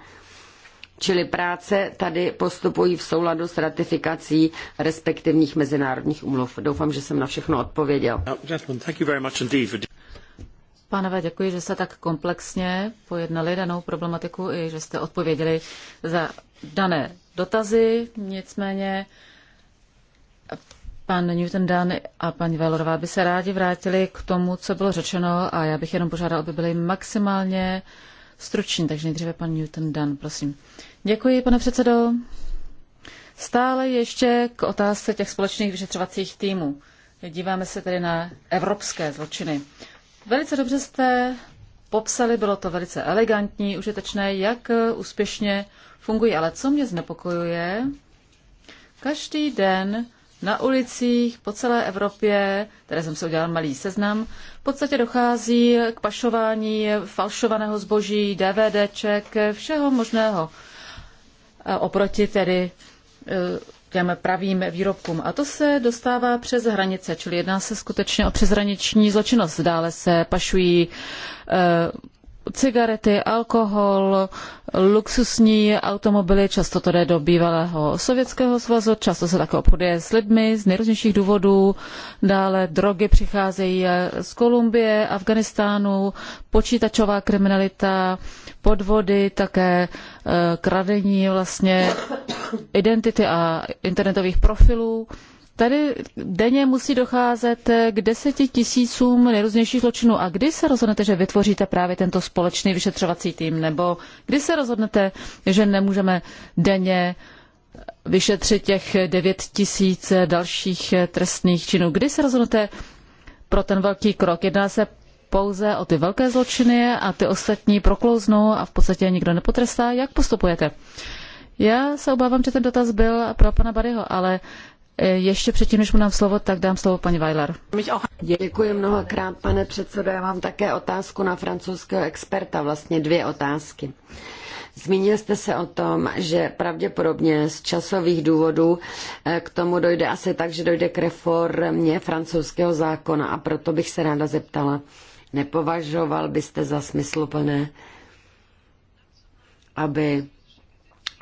Čili práce tady postupují v souladu s ratifikací respektivních mezinárodních umluv. Doufám, že jsem na všechno odpověděl. No, Pánové, děkuji, že jste tak komplexně pojednali danou problematiku i že jste odpověděli za dané dotazy. Nicméně pan Newton Dan a paní Valorová by se rádi vrátili k tomu, co bylo řečeno a já bych jenom požádal, aby byli maximálně struční. Takže nejdříve pan Newton Dan, prosím. Uh, Děkuji, pane předsedo. Stále ještě k otázce těch společných vyšetřovacích týmů. Díváme se tedy na evropské zločiny. Velice dobře jste popsali, bylo to velice elegantní, užitečné, jak úspěšně fungují. Ale co mě znepokojuje, každý den na ulicích po celé Evropě, které jsem si udělal malý seznam, v podstatě dochází k pašování falšovaného zboží, DVDček, všeho možného. Eh, oproti tedy eh, těm pravým výrobkům. A to se dostává přes hranice, čili jedná se skutečně o přeshraniční zločinnost. Dále se pašují eh, cigarety, alkohol, luxusní automobily, často to jde do bývalého sovětského svazu, často se také obchoduje s lidmi z nejrůznějších důvodů. Dále drogy přicházejí z Kolumbie, Afganistánu, počítačová kriminalita, podvody, také eh, kradení vlastně identity a internetových profilů. Tady denně musí docházet eh, k deseti tisícům nejrůznějších zločinů. A kdy se rozhodnete, že vytvoříte právě tento společný vyšetřovací tým? Nebo kdy se rozhodnete, že nemůžeme denně vyšetřit těch devět tisíc dalších eh, trestných činů? Kdy se rozhodnete pro ten velký krok? Jedná se pouze o ty velké zločiny a ty ostatní proklouznou a v podstatě nikdo nepotrestá. Jak postupujete? Já se obávám, že ten dotaz byl pro pana Baryho, ale eh, ještě předtím, než mu dám slovo, tak dám slovo paní Weiler. Děkuji mnohokrát, pane předsedo. Já mám také otázku na francouzského experta, vlastně dvě otázky. Zmínil jste se o tom, že pravděpodobně z časových důvodů eh, k tomu dojde asi tak, že dojde k reformě francouzského zákona a proto bych se ráda zeptala, Nepovažoval byste za smysluplné, aby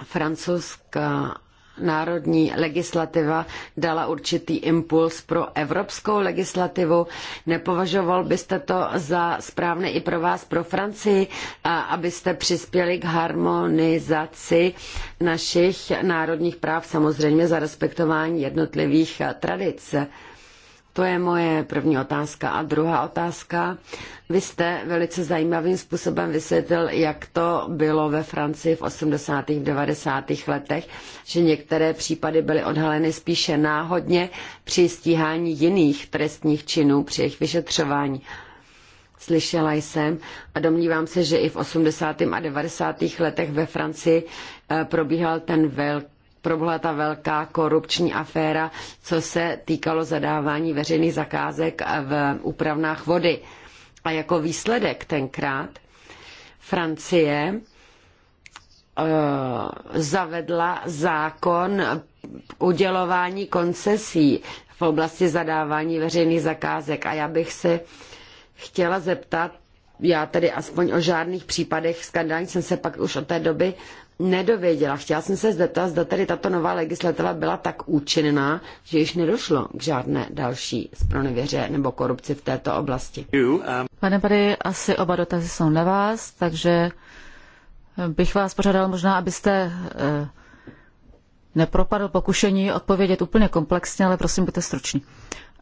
francouzská národní legislativa dala určitý impuls pro evropskou legislativu. Nepovažoval byste to za správné i pro vás, pro Francii, a abyste přispěli k harmonizaci našich národních práv, samozřejmě za respektování jednotlivých tradic. To je moje první otázka. A druhá otázka. Vy jste velice zajímavým způsobem vysvětlil, jak to bylo ve Francii v 80. a 90. letech, že některé případy byly odhaleny spíše náhodně při stíhání jiných trestních činů, při jejich vyšetřování. Slyšela jsem a domnívám se, že i v 80. a 90. letech ve Francii eh, probíhal ten velký proběhla ta velká korupční aféra, co se týkalo zadávání veřejných zakázek v úpravnách vody. A jako výsledek tenkrát Francie eh, zavedla zákon udělování koncesí v oblasti zadávání veřejných zakázek. A já bych se chtěla zeptat, já tedy aspoň o žádných případech skandálních jsem se pak už od té doby nedověděla. Chtěla jsem se zeptat, zda tady tato nová legislativa byla tak účinná, že již nedošlo k žádné další spronevěře nebo korupci v této oblasti. Pane Pady, asi oba dotazy jsou na vás, takže bych vás požádal možná, abyste eh, nepropadl pokušení odpovědět úplně komplexně, ale prosím, buďte struční.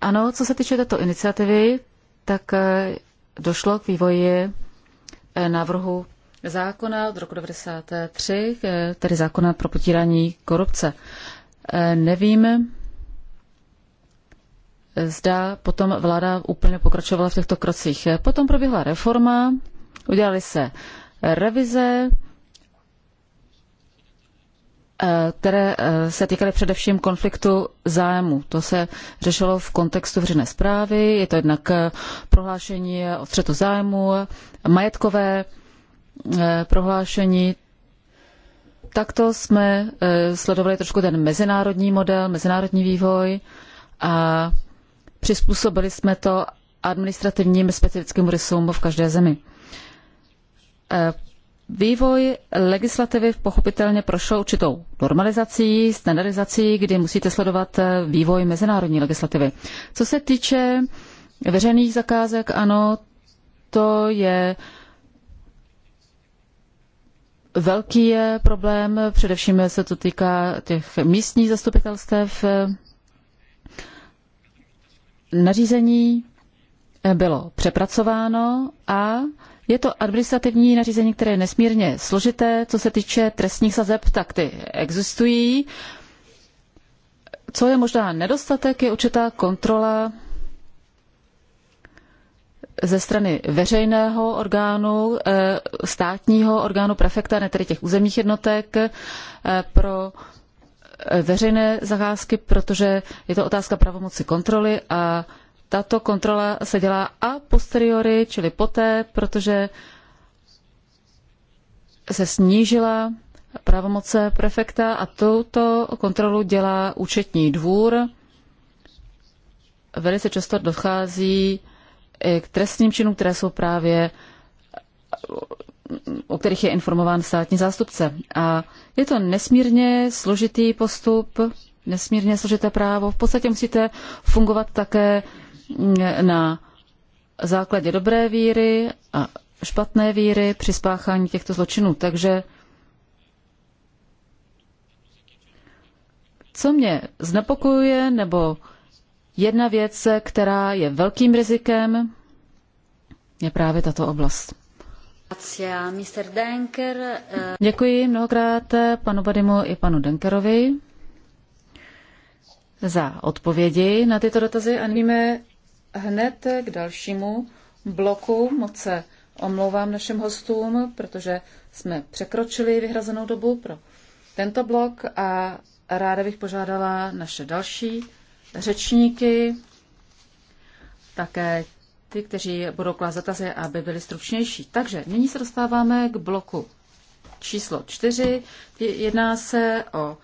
Ano, co se týče této iniciativy, tak eh, došlo k vývoji eh, návrhu zákona od roku 1993, eh, tedy zákona pro potírání korupce. Eh, nevím, zda potom vláda úplně pokračovala v těchto krocích. Eh, potom proběhla reforma, udělali se revize, které se týkaly především konfliktu zájmu. To se řešilo v kontextu veřejné zprávy, je to jednak prohlášení o střetu zájmu, majetkové Eh, prohlášení. Takto jsme eh, sledovali trošku ten mezinárodní model, mezinárodní vývoj a přizpůsobili jsme to administrativním specifickým rysům v každé zemi. Eh, vývoj legislativy pochopitelně prošel určitou normalizací, standardizací, kdy musíte sledovat vývoj mezinárodní legislativy. Co se týče veřejných zakázek, ano, to je velký je problém, především se to týká těch místních zastupitelstev. Nařízení bylo přepracováno a je to administrativní nařízení, které je nesmírně složité. Co se týče trestních sazeb, tak ty existují. Co je možná nedostatek, je určitá kontrola ze strany veřejného orgánu, eh, státního orgánu prefekta, ne tedy těch územních jednotek, eh, pro eh, veřejné zakázky, protože je to otázka pravomoci kontroly a tato kontrola se dělá a posteriori, čili poté, protože se snížila pravomoce prefekta a tuto kontrolu dělá účetní dvůr. Velice často dochází k trestním činům, které jsou právě o kterých je informován státní zástupce. A je to nesmírně složitý postup, nesmírně složité právo. V podstatě musíte fungovat také na základě dobré víry a špatné víry při spáchání těchto zločinů. Takže co mě znepokojuje nebo Jedna věc, která je velkým rizikem, je právě tato oblast. Eh, Děkuji mnohokrát panu Badimu i panu Denkerovi za odpovědi na tyto dotazy a víme hned k dalšímu bloku. Moc se omlouvám našim hostům, protože jsme překročili vyhrazenou dobu pro tento blok a ráda bych požádala naše další řečníky, také ty, kteří budou klást dotazy, aby byli stručnější. Takže nyní se dostáváme k bloku číslo čtyři. Jedná se o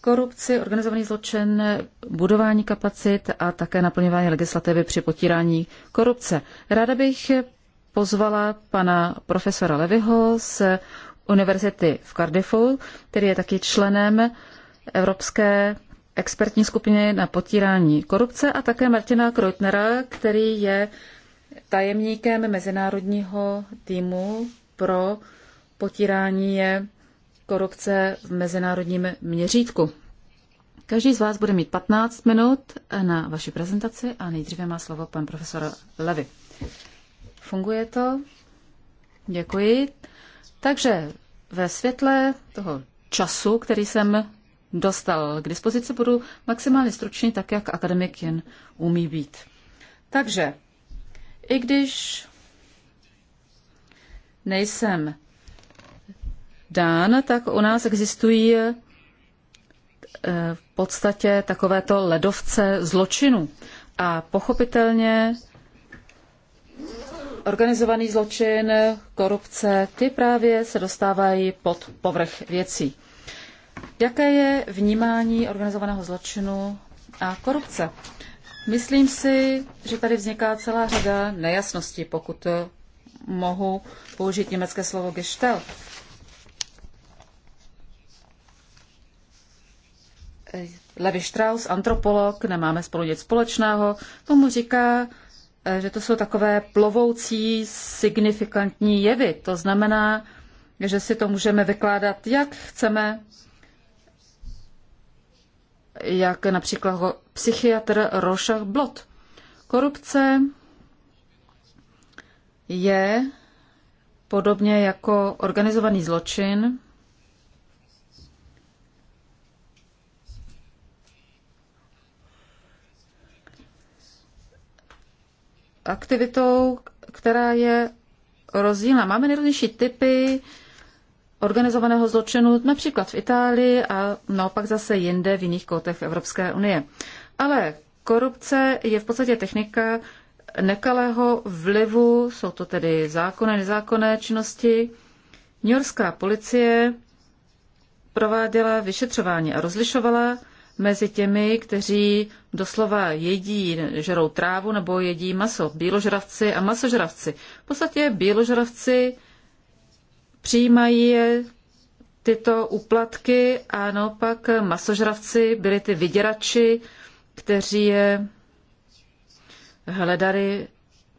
korupci, organizovaný zločin, budování kapacit a také naplňování legislativy při potírání korupce. Ráda bych pozvala pana profesora Levyho z Univerzity v Cardiffu, který je taky členem Evropské expertní skupiny na potírání korupce a také Martina Kreutnera, který je tajemníkem mezinárodního týmu pro potírání korupce v mezinárodním měřítku. Každý z vás bude mít 15 minut na vaši prezentaci a nejdříve má slovo pan profesor Levy. Funguje to? Děkuji. Takže ve světle toho času, který jsem dostal k dispozici, budu maximálně stručný, tak jak akademik jen umí být. Takže, i když nejsem dán, tak u nás existují e, v podstatě takovéto ledovce zločinu. A pochopitelně organizovaný zločin, korupce, ty právě se dostávají pod povrch věcí. Jaké je vnímání organizovaného zločinu a korupce? Myslím si, že tady vzniká celá řada nejasností, pokud mohu použít německé slovo gestel. Levi Strauss, antropolog, nemáme spolu nic společného, tomu říká, že to jsou takové plovoucí signifikantní jevy. To znamená, že si to můžeme vykládat, jak chceme, jak například psychiatr Rošach Blot. Korupce je podobně jako organizovaný zločin aktivitou, která je rozdílná. Máme nejrůznější typy organizovaného zločinu, například v Itálii a naopak zase jinde v jiných koutech Evropské unie. Ale korupce je v podstatě technika nekalého vlivu, jsou to tedy zákonné, nezákonné činnosti. New Yorkská policie prováděla vyšetřování a rozlišovala mezi těmi, kteří doslova jedí, žerou trávu nebo jedí maso, bíložravci a masožravci. V podstatě bíložravci přijímají tyto úplatky a naopak masožravci byli ty vyděrači, kteří je hledali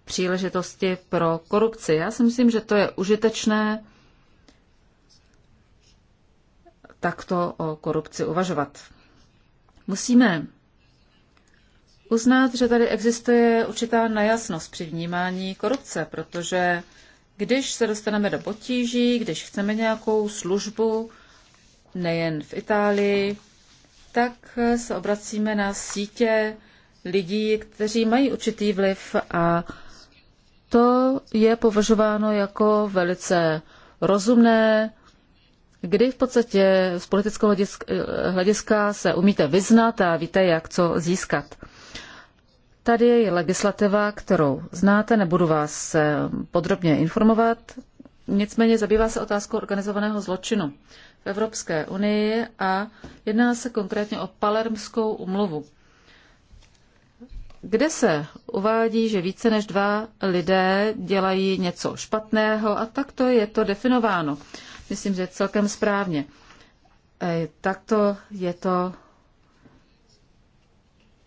příležitosti pro korupci. Já si myslím, že to je užitečné takto o korupci uvažovat. Musíme uznat, že tady existuje určitá nejasnost při vnímání korupce, protože když se dostaneme do potíží, když chceme nějakou službu, nejen v Itálii, tak se obracíme na sítě lidí, kteří mají určitý vliv a to je považováno jako velice rozumné, kdy v podstatě z politického hlediska se umíte vyznat a víte, jak co získat. Tady je legislativa, kterou znáte, nebudu vás eh, podrobně informovat. Nicméně zabývá se otázkou organizovaného zločinu v Evropské unii a jedná se konkrétně o Palermskou umluvu, kde se uvádí, že více než dva lidé dělají něco špatného a takto je to definováno. Myslím, že celkem správně. Eh, takto je to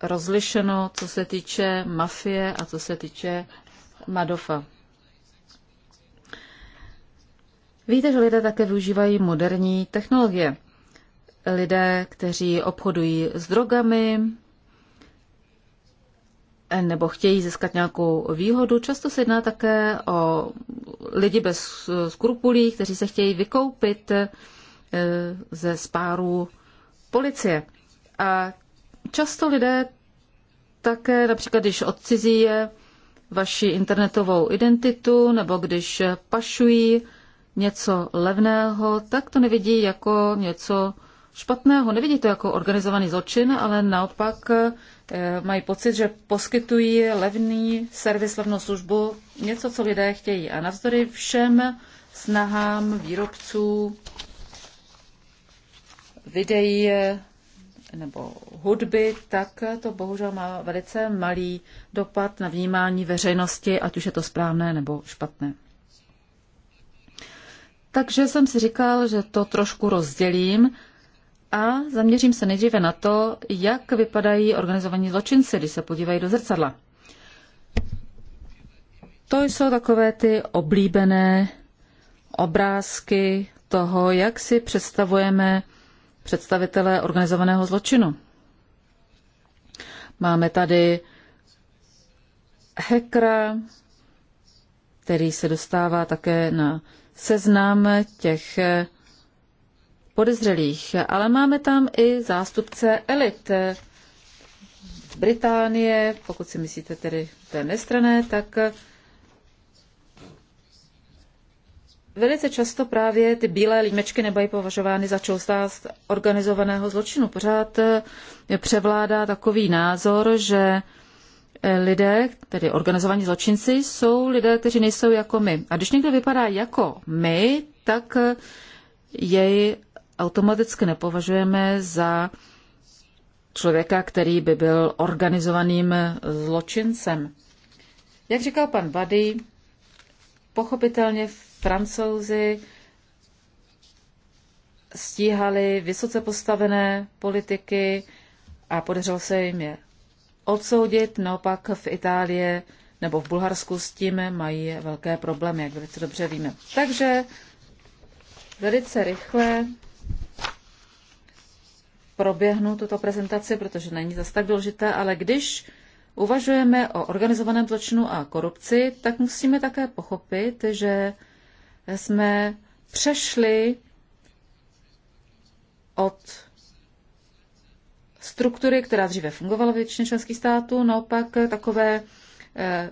rozlišeno, co se týče mafie a co se týče Madofa. Víte, že lidé také využívají moderní technologie. Lidé, kteří obchodují s drogami nebo chtějí získat nějakou výhodu, často se jedná také o lidi bez skrupulí, kteří se chtějí vykoupit eh, ze spáru policie. A Často lidé také, například když odcizí je vaši internetovou identitu nebo když pašují něco levného, tak to nevidí jako něco špatného. Nevidí to jako organizovaný zločin, ale naopak eh, mají pocit, že poskytují levný servis, levnou službu, něco, co lidé chtějí. A navzdory všem snahám výrobců videí, eh, nebo hudby, tak to bohužel má velice malý dopad na vnímání veřejnosti, ať už je to správné nebo špatné. Takže jsem si říkal, že to trošku rozdělím a zaměřím se nejdříve na to, jak vypadají organizovaní zločinci, když se podívají do zrcadla. To jsou takové ty oblíbené obrázky toho, jak si představujeme představitelé organizovaného zločinu. Máme tady hackera, který se dostává také na seznam těch podezřelých. Ale máme tam i zástupce elit Británie, pokud si myslíte tedy té nestrané, tak Velice často právě ty bílé límečky nebají považovány za část organizovaného zločinu. Pořád eh, převládá takový názor, že eh, lidé, tedy organizovaní zločinci, jsou lidé, kteří nejsou jako my. A když někdo vypadá jako my, tak eh, jej automaticky nepovažujeme za člověka, který by byl organizovaným zločincem. Jak říkal pan Vady, pochopitelně francouzi stíhali vysoce postavené politiky a podařilo se jim je odsoudit, naopak v Itálii nebo v Bulharsku s tím mají velké problémy, jak velice dobře víme. Takže velice rychle proběhnu tuto prezentaci, protože není zas tak důležité, ale když uvažujeme o organizovaném zločinu a korupci, tak musíme také pochopit, že jsme přešli od struktury, která dříve fungovala většině členských států, naopak takové eh,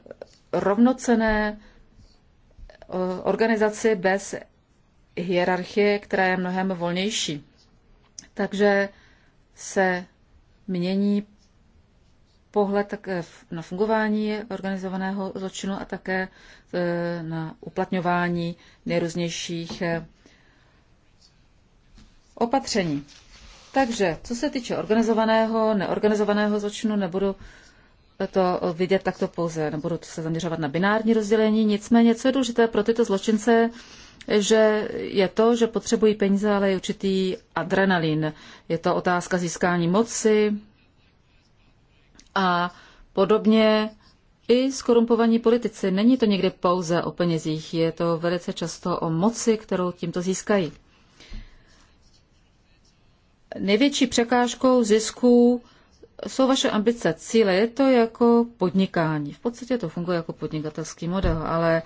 rovnocené eh, organizaci bez hierarchie, která je mnohem volnější. Takže se mění pohled také eh, na fungování organizovaného zločinu a také eh, na uplatňování nejrůznějších eh, opatření. Takže, co se týče organizovaného, neorganizovaného zločinu, nebudu to vidět takto pouze, nebudu to se zaměřovat na binární rozdělení, nicméně, co je důležité pro tyto zločince, že je to, že potřebují peníze, ale i určitý adrenalin. Je to otázka získání moci, a podobně i skorumpovaní politici. Není to někdy pouze o penězích, je to velice často o moci, kterou tímto získají. Největší překážkou zisků jsou vaše ambice, cíle. Je to jako podnikání. V podstatě to funguje jako podnikatelský model, ale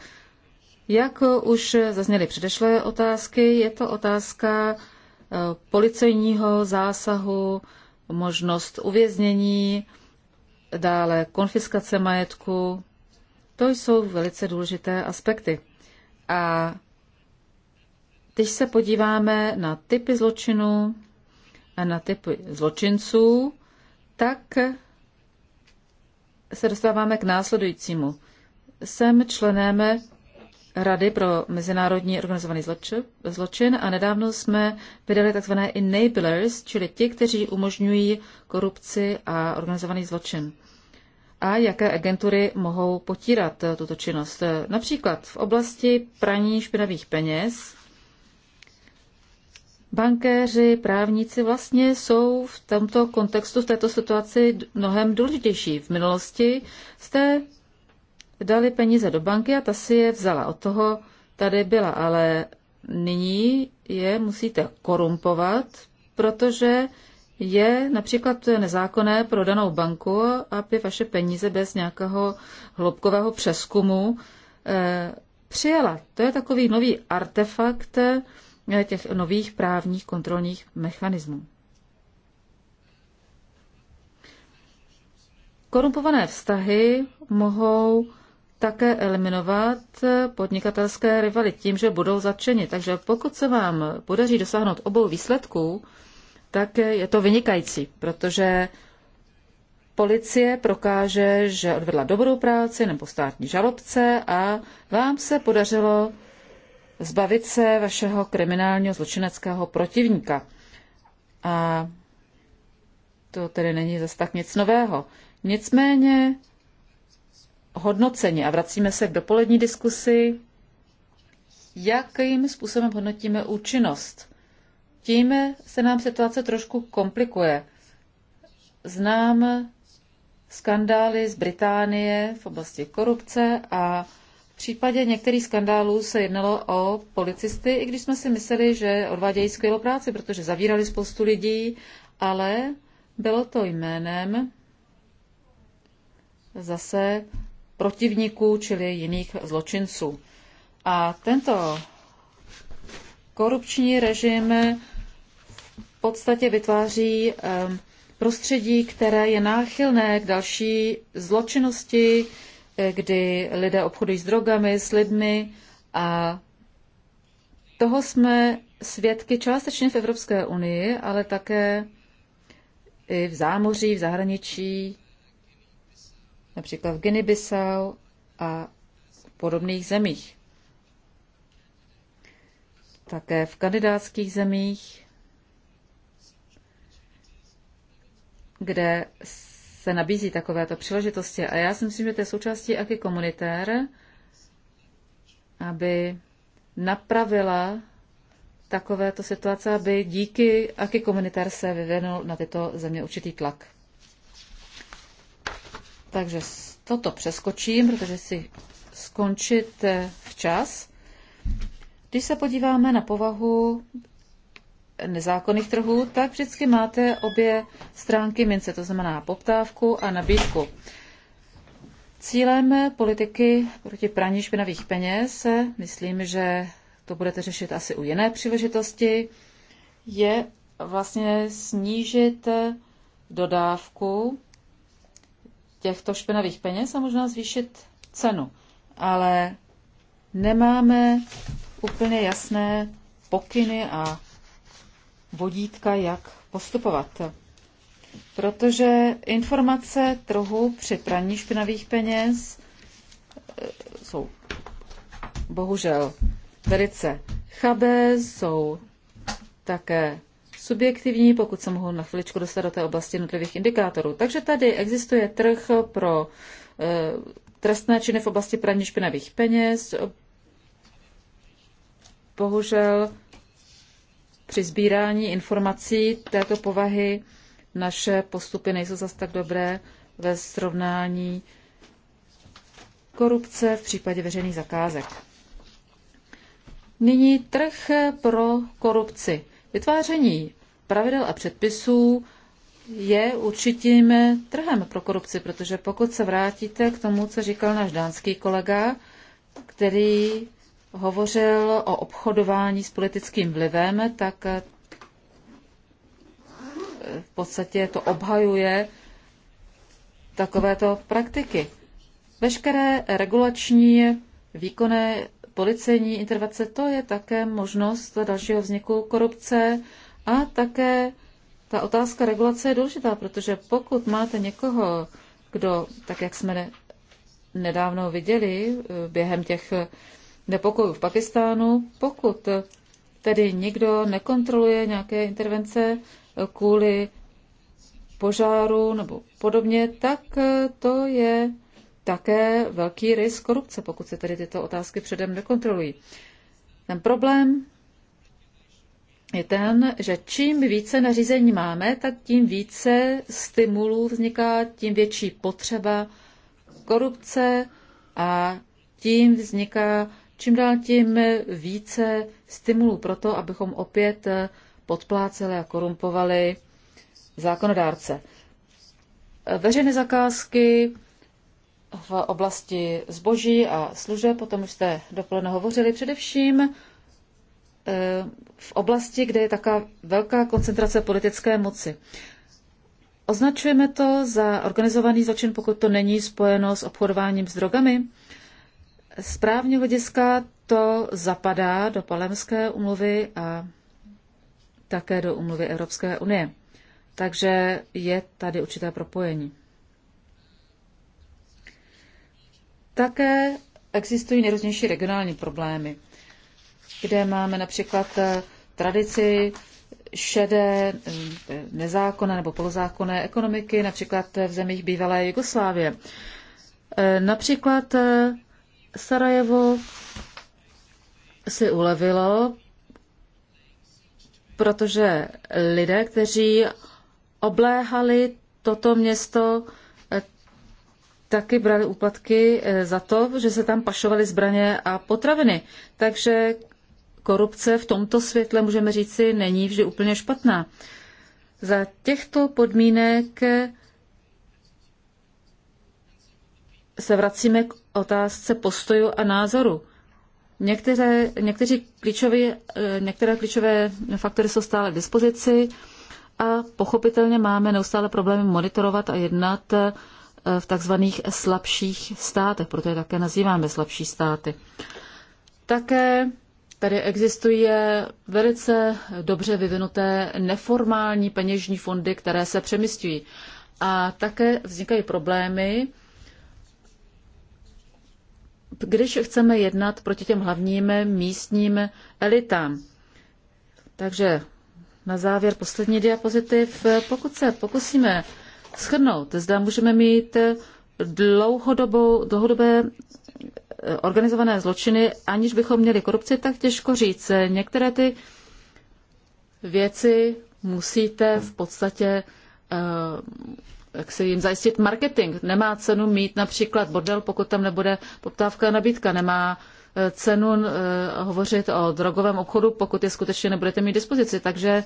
jak už zazněly předešlé otázky, je to otázka eh, policejního zásahu, možnost uvěznění, dále konfiskace majetku. To jsou velice důležité aspekty. A když se podíváme na typy zločinů a na typy zločinců, tak se dostáváme k následujícímu. Jsem členem Rady pro mezinárodní organizovaný zločin, a nedávno jsme vydali tzv. enablers, čili ti, kteří umožňují korupci a organizovaný zločin a jaké agentury mohou potírat eh, tuto činnost. Eh, například v oblasti praní špinavých peněz bankéři, právníci vlastně jsou v tomto kontextu, v této situaci mnohem důležitější. V minulosti jste dali peníze do banky a ta si je vzala. Od toho tady byla, ale nyní je musíte korumpovat, protože je například nezákonné pro danou banku, aby vaše peníze bez nějakého hloubkového přeskumu eh, přijela. To je takový nový artefakt eh, těch nových právních kontrolních mechanismů. Korumpované vztahy mohou také eliminovat podnikatelské rivaly tím, že budou zatčeni. Takže pokud se vám podaří dosáhnout obou výsledků, tak je to vynikající, protože policie prokáže, že odvedla dobrou práci nebo státní žalobce a vám se podařilo zbavit se vašeho kriminálního zločineckého protivníka. A to tedy není zase tak nic nového. Nicméně hodnocení, a vracíme se k dopolední diskusi, jakým způsobem hodnotíme účinnost tím se nám situace trošku komplikuje. Znám skandály z Británie v oblasti korupce a v případě některých skandálů se jednalo o policisty, i když jsme si mysleli, že odvádějí skvělou práci, protože zavírali spoustu lidí, ale bylo to jménem zase protivníků, čili jiných zločinců. A tento korupční režim podstatě vytváří ehm, prostředí, které je náchylné k další zločinnosti, eh, kdy lidé obchodují s drogami, s lidmi a toho jsme svědky částečně v Evropské unii, ale také i v zámoří, v zahraničí, například v Guinea-Bissau a v podobných zemích. Také v kandidátských zemích kde se nabízí takovéto příležitosti. A já si myslím, že to je součástí aky komunitér, aby napravila takovéto situace, aby díky aky komunitér se vyvinul na tyto země určitý tlak. Takže toto přeskočím, protože si skončit eh, včas. Když se podíváme na povahu nezákonných trhů, tak vždycky máte obě stránky mince, to znamená poptávku a nabídku. Cílem politiky proti praní špinavých peněz, myslím, že to budete řešit asi u jiné příležitosti, je vlastně snížit dodávku těchto špinavých peněz a možná zvýšit cenu. Ale nemáme úplně jasné pokyny a vodítka, jak postupovat. Protože informace trhu při praní špinavých peněz eh, jsou bohužel velice chabé, jsou také subjektivní, pokud se mohu na chviličku dostat do té oblasti nutlivých indikátorů. Takže tady existuje trh pro e, trestné činy v oblasti praní špinavých peněz. Bohužel při sbírání informací této povahy naše postupy nejsou zas tak dobré ve srovnání korupce v případě veřejných zakázek. Nyní trh pro korupci. Vytváření pravidel a předpisů je určitým trhem pro korupci, protože pokud se vrátíte k tomu, co říkal náš dánský kolega, který hovořil o obchodování s politickým vlivem, tak eh, v podstatě to obhajuje takovéto praktiky. Veškeré regulační výkonné policejní intervence, to je také možnost dalšího vzniku korupce a také ta otázka regulace je důležitá, protože pokud máte někoho, kdo, tak jak jsme nedávno viděli eh, během těch nepokojů v Pakistánu, pokud tedy nikdo nekontroluje nějaké intervence kvůli požáru nebo podobně, tak to je také velký risk korupce, pokud se tedy tyto otázky předem nekontrolují. Ten problém je ten, že čím více nařízení máme, tak tím více stimulů vzniká, tím větší potřeba korupce a tím vzniká čím dál tím více stimulů pro to, abychom opět podpláceli a korumpovali zákonodárce. Veřejné zakázky v oblasti zboží a služeb, potom už jste dopoledne hovořili, především eh, v oblasti, kde je taká velká koncentrace politické moci. Označujeme to za organizovaný zločin, pokud to není spojeno s obchodováním s drogami. Z právního hlediska to zapadá do Palemské umluvy a také do umluvy Evropské unie. Takže je tady určité propojení. Také existují nejrůznější regionální problémy, kde máme například eh, tradici šedé, eh, nezákonné nebo polozákonné ekonomiky, například v zemích bývalé Jugoslávie. Eh, například Sarajevo si ulevilo, protože lidé, kteří obléhali toto město, eh, taky brali úplatky eh, za to, že se tam pašovaly zbraně a potraviny. Takže korupce v tomto světle, můžeme říci, není vždy úplně špatná. Za těchto podmínek se vracíme k otázce postoju a názoru. Některé, někteří klíčoví, eh, některé klíčové faktory jsou stále k dispozici a pochopitelně máme neustále problémy monitorovat a jednat eh, v takzvaných slabších státech, proto je také nazýváme slabší státy. Také tady existuje velice dobře vyvinuté neformální peněžní fondy, které se přemysťují. A také vznikají problémy, když chceme jednat proti těm hlavním místním elitám. Takže na závěr poslední diapozitiv. Pokud se pokusíme schrnout, zda můžeme mít dlouhodobou, dlouhodobé eh, organizované zločiny, aniž bychom měli korupci, tak těžko říct. Některé ty věci musíte v podstatě eh, jak si jim zajistit marketing. Nemá cenu mít například bordel, pokud tam nebude poptávka a nabídka. Nemá eh, cenu eh, hovořit o drogovém obchodu, pokud je skutečně nebudete mít dispozici. Takže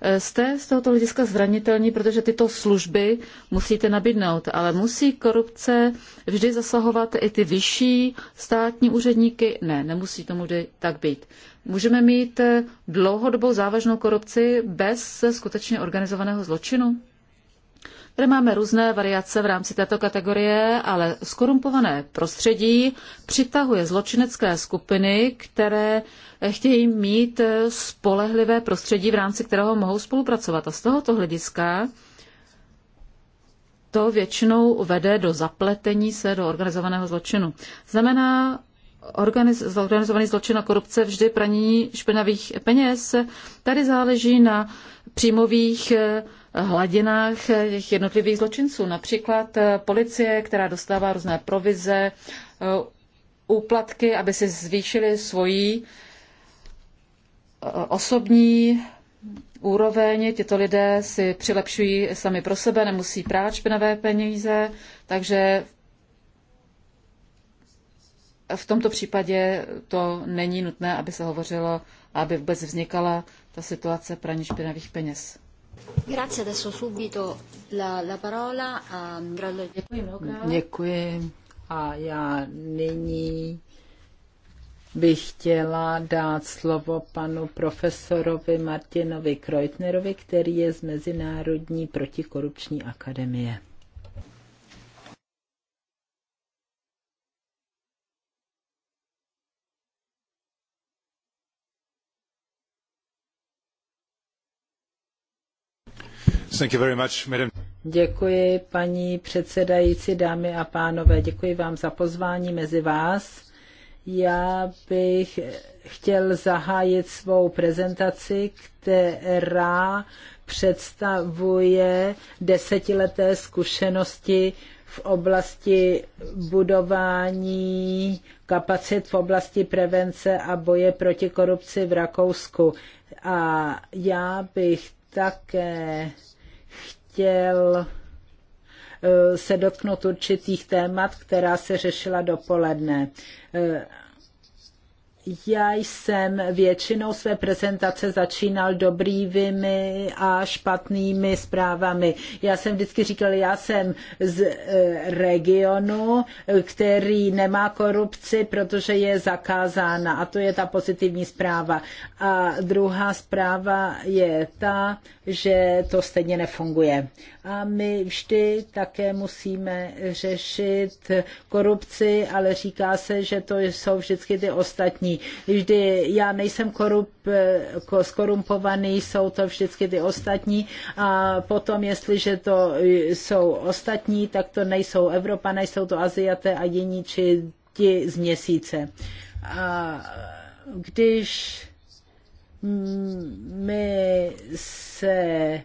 eh, jste z tohoto hlediska zranitelní, protože tyto služby musíte nabídnout, ale musí korupce vždy zasahovat i ty vyšší státní úředníky? Ne, nemusí tomu vždy tak být. Můžeme mít dlouhodobou závažnou korupci bez skutečně organizovaného zločinu? Tady máme různé variace v rámci této kategorie, ale skorumpované prostředí přitahuje zločinecké skupiny, které chtějí mít spolehlivé prostředí, v rámci kterého mohou spolupracovat. A z tohoto hlediska to většinou vede do zapletení se do organizovaného zločinu. Znamená, organiz, organizovaný zločin a korupce vždy praní špinavých peněz. Tady záleží na příjmových hladinách těch jednotlivých zločinců. Například eh, policie, která dostává různé provize, eh, úplatky, aby si zvýšili svoji eh, osobní úroveň. Tito lidé si přilepšují sami pro sebe, nemusí prát špinavé peníze, takže v tomto případě to není nutné, aby se hovořilo, aby vůbec vznikala ta situace praní špinavých peněz. Grazie adesso subito la, la parola a Děkuji Děkuji. A já nyní bych chtěla dát slovo panu profesorovi Martinovi Kreutnerovi, který je z Mezinárodní protikorupční akademie. Děkuji, paní předsedající, dámy a pánové. Děkuji vám za pozvání mezi vás. Já bych chtěl zahájit svou prezentaci, která představuje desetileté zkušenosti v oblasti budování kapacit v oblasti prevence a boje proti korupci v Rakousku. A já bych také chtěl eh, se dotknout určitých témat, která se řešila dopoledne. Eh, já jsem většinou své prezentace začínal dobrými a špatnými zprávami. Já jsem vždycky říkal, já jsem z e, regionu, který nemá korupci, protože je zakázána. A to je ta pozitivní zpráva. A druhá zpráva je ta, že to stejně nefunguje a my vždy také musíme řešit korupci, ale říká se, že to jsou vždycky ty ostatní. Vždy já nejsem korup, skorumpovaný, jsou to vždycky ty ostatní a potom, jestliže to jsou ostatní, tak to nejsou Evropané, nejsou to Aziaté a jiní či ti z měsíce. A když my se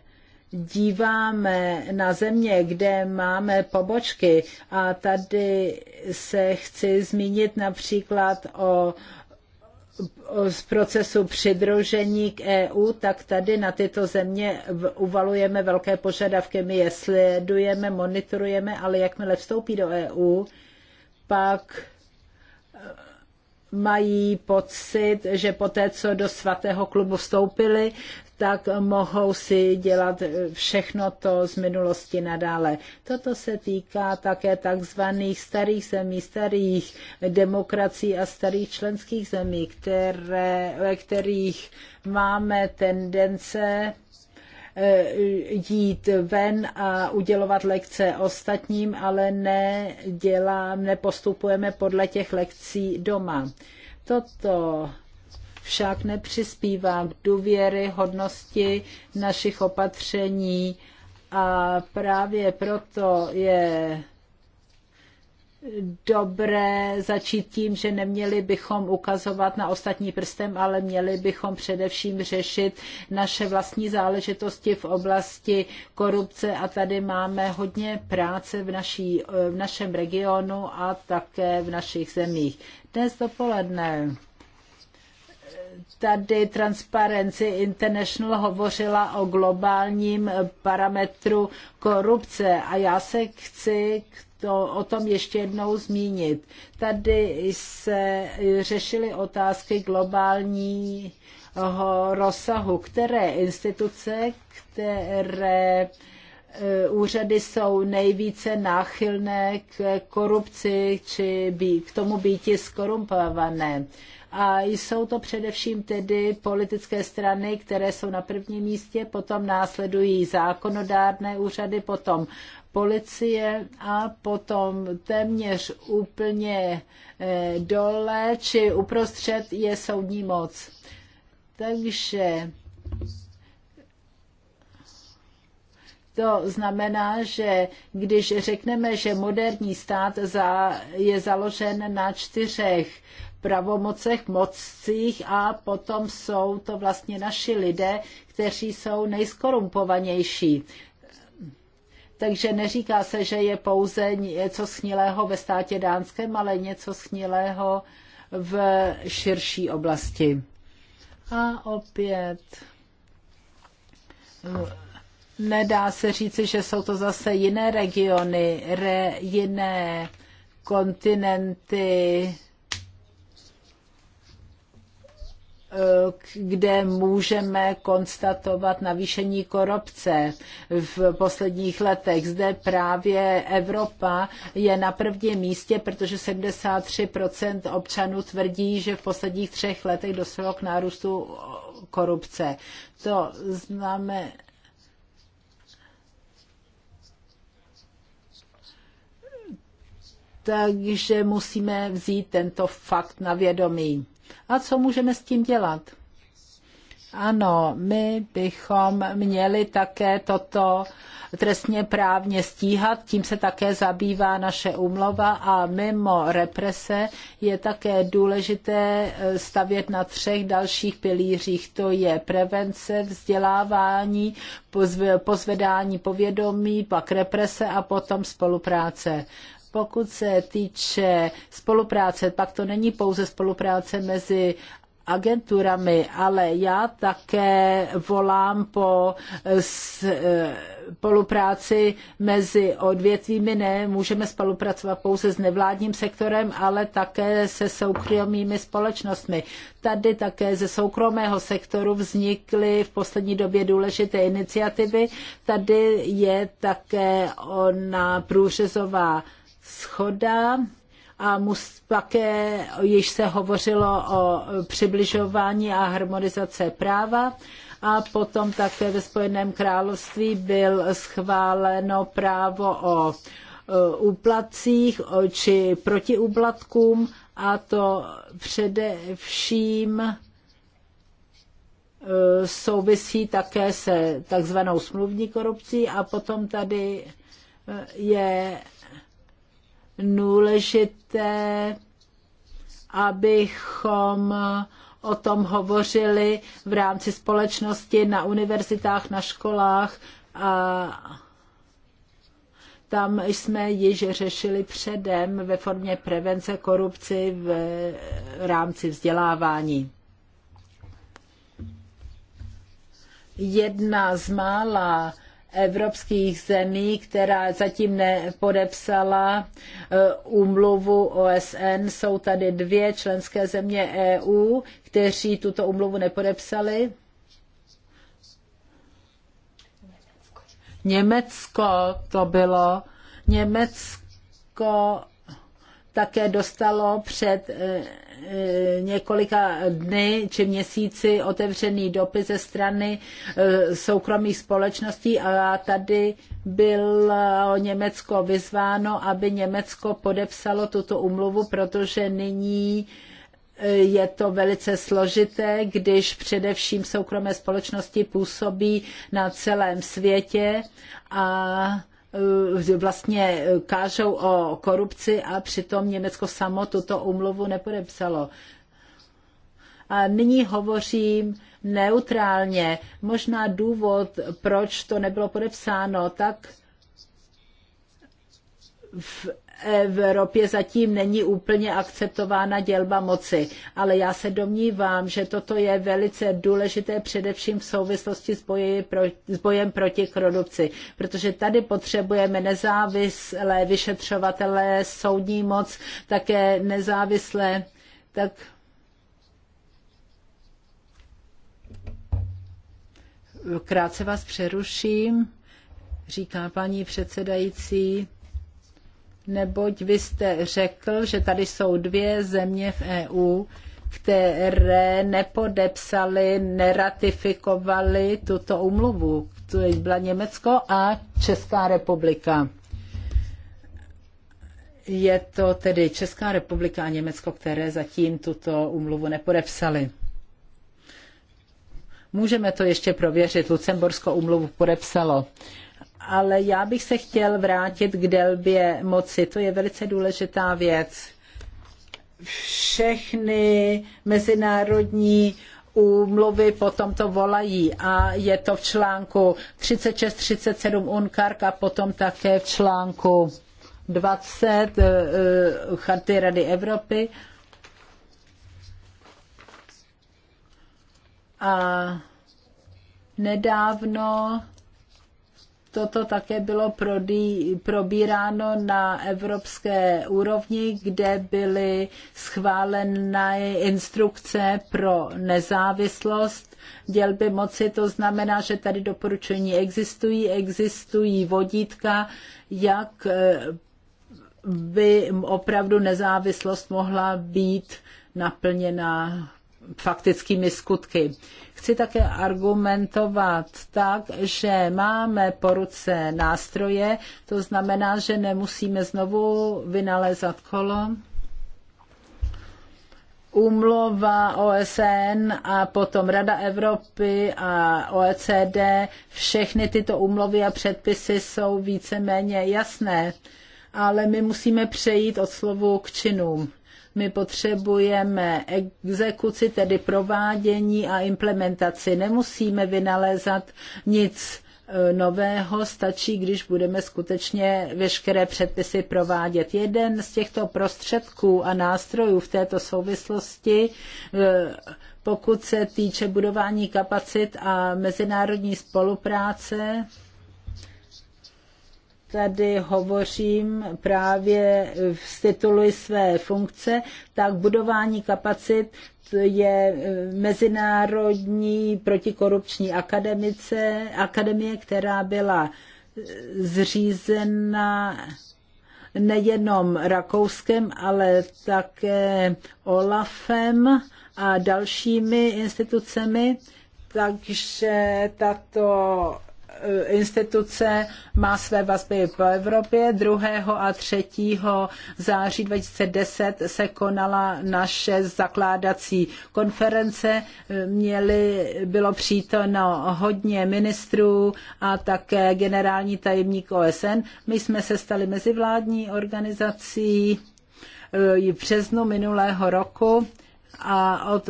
díváme na země, kde máme pobočky a tady se chci zmínit například o z procesu přidružení k EU, tak tady na tyto země uvalujeme velké požadavky. My je sledujeme, monitorujeme, ale jakmile vstoupí do EU, pak eh, mají pocit, že po té, co do svatého klubu vstoupili, tak mohou si dělat všechno to z minulosti nadále. Toto se týká také takzvaných starých zemí, starých demokracií a starých členských zemí, které, ve kterých máme tendence eh, jít ven a udělovat lekce ostatním, ale ne dělám, nepostupujeme podle těch lekcí doma. Toto však nepřispívá k hodnosti našich opatření a právě proto je dobré začít tím, že neměli bychom ukazovat na ostatní prstem, ale měli bychom především řešit naše vlastní záležitosti v oblasti korupce a tady máme hodně práce v, naší, v našem regionu a také v našich zemích. Dnes dopoledne tady Transparency International hovořila o globálním parametru korupce a já se chci k to, o tom ještě jednou zmínit. Tady se řešily otázky globálního rozsahu, které instituce, které eh, úřady jsou nejvíce náchylné k korupci či k tomu býti skorumpované. A jsou to především tedy politické strany, které jsou na prvním místě, potom následují zákonodárné úřady, potom policie a potom téměř úplně eh, dole či uprostřed je soudní moc. Takže To znamená, že když řekneme, že moderní stát je založen na čtyřech pravomocech, mocích a potom jsou to vlastně naši lidé, kteří jsou nejskorumpovanější. Takže neříká se, že je pouze něco snilého ve státě dánském, ale něco snilého v širší oblasti. A opět nedá se říci, že jsou to zase jiné regiony, re, jiné kontinenty, Eh, kde můžeme konstatovat navýšení korupce v posledních letech. Zde právě Evropa je na prvním místě, protože 73% občanů tvrdí, že v posledních třech letech došlo k nárůstu korupce. To známe. takže musíme vzít tento fakt na vědomí. A co můžeme s tím dělat? Ano, my bychom měli také toto trestně právně stíhat, tím se také zabývá naše umlova a mimo represe je také důležité eh, stavět na třech dalších pilířích, to je prevence, vzdělávání, pozvedání povědomí, pak represe a potom spolupráce pokud se týče spolupráce, pak to není pouze spolupráce mezi agenturami, ale já také volám po eh, spolupráci mezi odvětvími. Ne, můžeme spolupracovat pouze s nevládním sektorem, ale také se soukromými společnostmi. Tady také ze soukromého sektoru vznikly v poslední době důležité iniciativy. Tady je také ona průřezová schoda a mus, také již se hovořilo o přibližování a harmonizace práva a potom také ve Spojeném království byl schváleno právo o úplacích či protiúplatkům a to především e, souvisí také se takzvanou smluvní korupcí a potom tady e, je důležité, abychom o tom hovořili v rámci společnosti na univerzitách, na školách a tam jsme již řešili předem ve formě prevence korupci v rámci vzdělávání. Jedna z mála evropských zemí, která zatím nepodepsala eh, úmluvu OSN. Jsou tady dvě členské země EU, kteří tuto úmluvu nepodepsali. Německo to bylo. Německo také dostalo před eh, Eh, několika dny či měsíci otevřený dopis ze strany eh, soukromých společností a tady bylo Německo vyzváno, aby Německo podepsalo tuto umluvu, protože nyní eh, je to velice složité, když především soukromé společnosti působí na celém světě a Eh, vlastně eh, kážou o korupci a přitom Německo samo tuto umluvu nepodepsalo. A nyní hovořím neutrálně. Možná důvod, proč to nebylo podepsáno, tak v Evropě zatím není úplně akceptována dělba moci, ale já se domnívám, že toto je velice důležité především v souvislosti s, pro, s bojem proti korupci, protože tady potřebujeme nezávislé vyšetřovatele, soudní moc, také nezávislé, tak krátce vás přeruším, říká paní předsedající neboť vy jste řekl, že tady jsou dvě země v EU, které nepodepsaly, neratifikovaly tuto umluvu. To byla Německo a Česká republika. Je to tedy Česká republika a Německo, které zatím tuto umluvu nepodepsali. Můžeme to ještě prověřit. Lucembursko umluvu podepsalo ale já bych se chtěl vrátit k delbě moci. To je velice důležitá věc. Všechny mezinárodní úmluvy potom to volají a je to v článku 36, 37 UNCARC a potom také v článku 20 eh, eh, Charty Rady Evropy. A nedávno Toto také bylo probíráno na evropské úrovni, kde byly schváleny instrukce pro nezávislost dělby moci. To znamená, že tady doporučení existují, existují vodítka, jak eh, by opravdu nezávislost mohla být naplněna faktickými skutky chci také argumentovat tak, že máme po ruce nástroje, to znamená, že nemusíme znovu vynalézat kolo. Úmluva OSN a potom Rada Evropy a OECD, všechny tyto úmluvy a předpisy jsou víceméně jasné, ale my musíme přejít od slovu k činům my potřebujeme exekuci, tedy provádění a implementaci. Nemusíme vynalézat nic e, nového stačí, když budeme skutečně veškeré předpisy provádět. Jeden z těchto prostředků a nástrojů v této souvislosti e, pokud se týče budování kapacit a mezinárodní spolupráce, tady hovořím právě z titulu své funkce, tak budování kapacit je eh, Mezinárodní protikorupční akademice, akademie, která byla eh, zřízena nejenom Rakouskem, ale také Olafem a dalšími institucemi. Takže tato Eh, instituce má své vazby v Evropě. 2. a 3. září 2010 se konala naše zakládací konference. Měli, bylo přítomno hodně ministrů a také generální tajemník OSN. My jsme se stali mezivládní organizací eh, v březnu minulého roku a od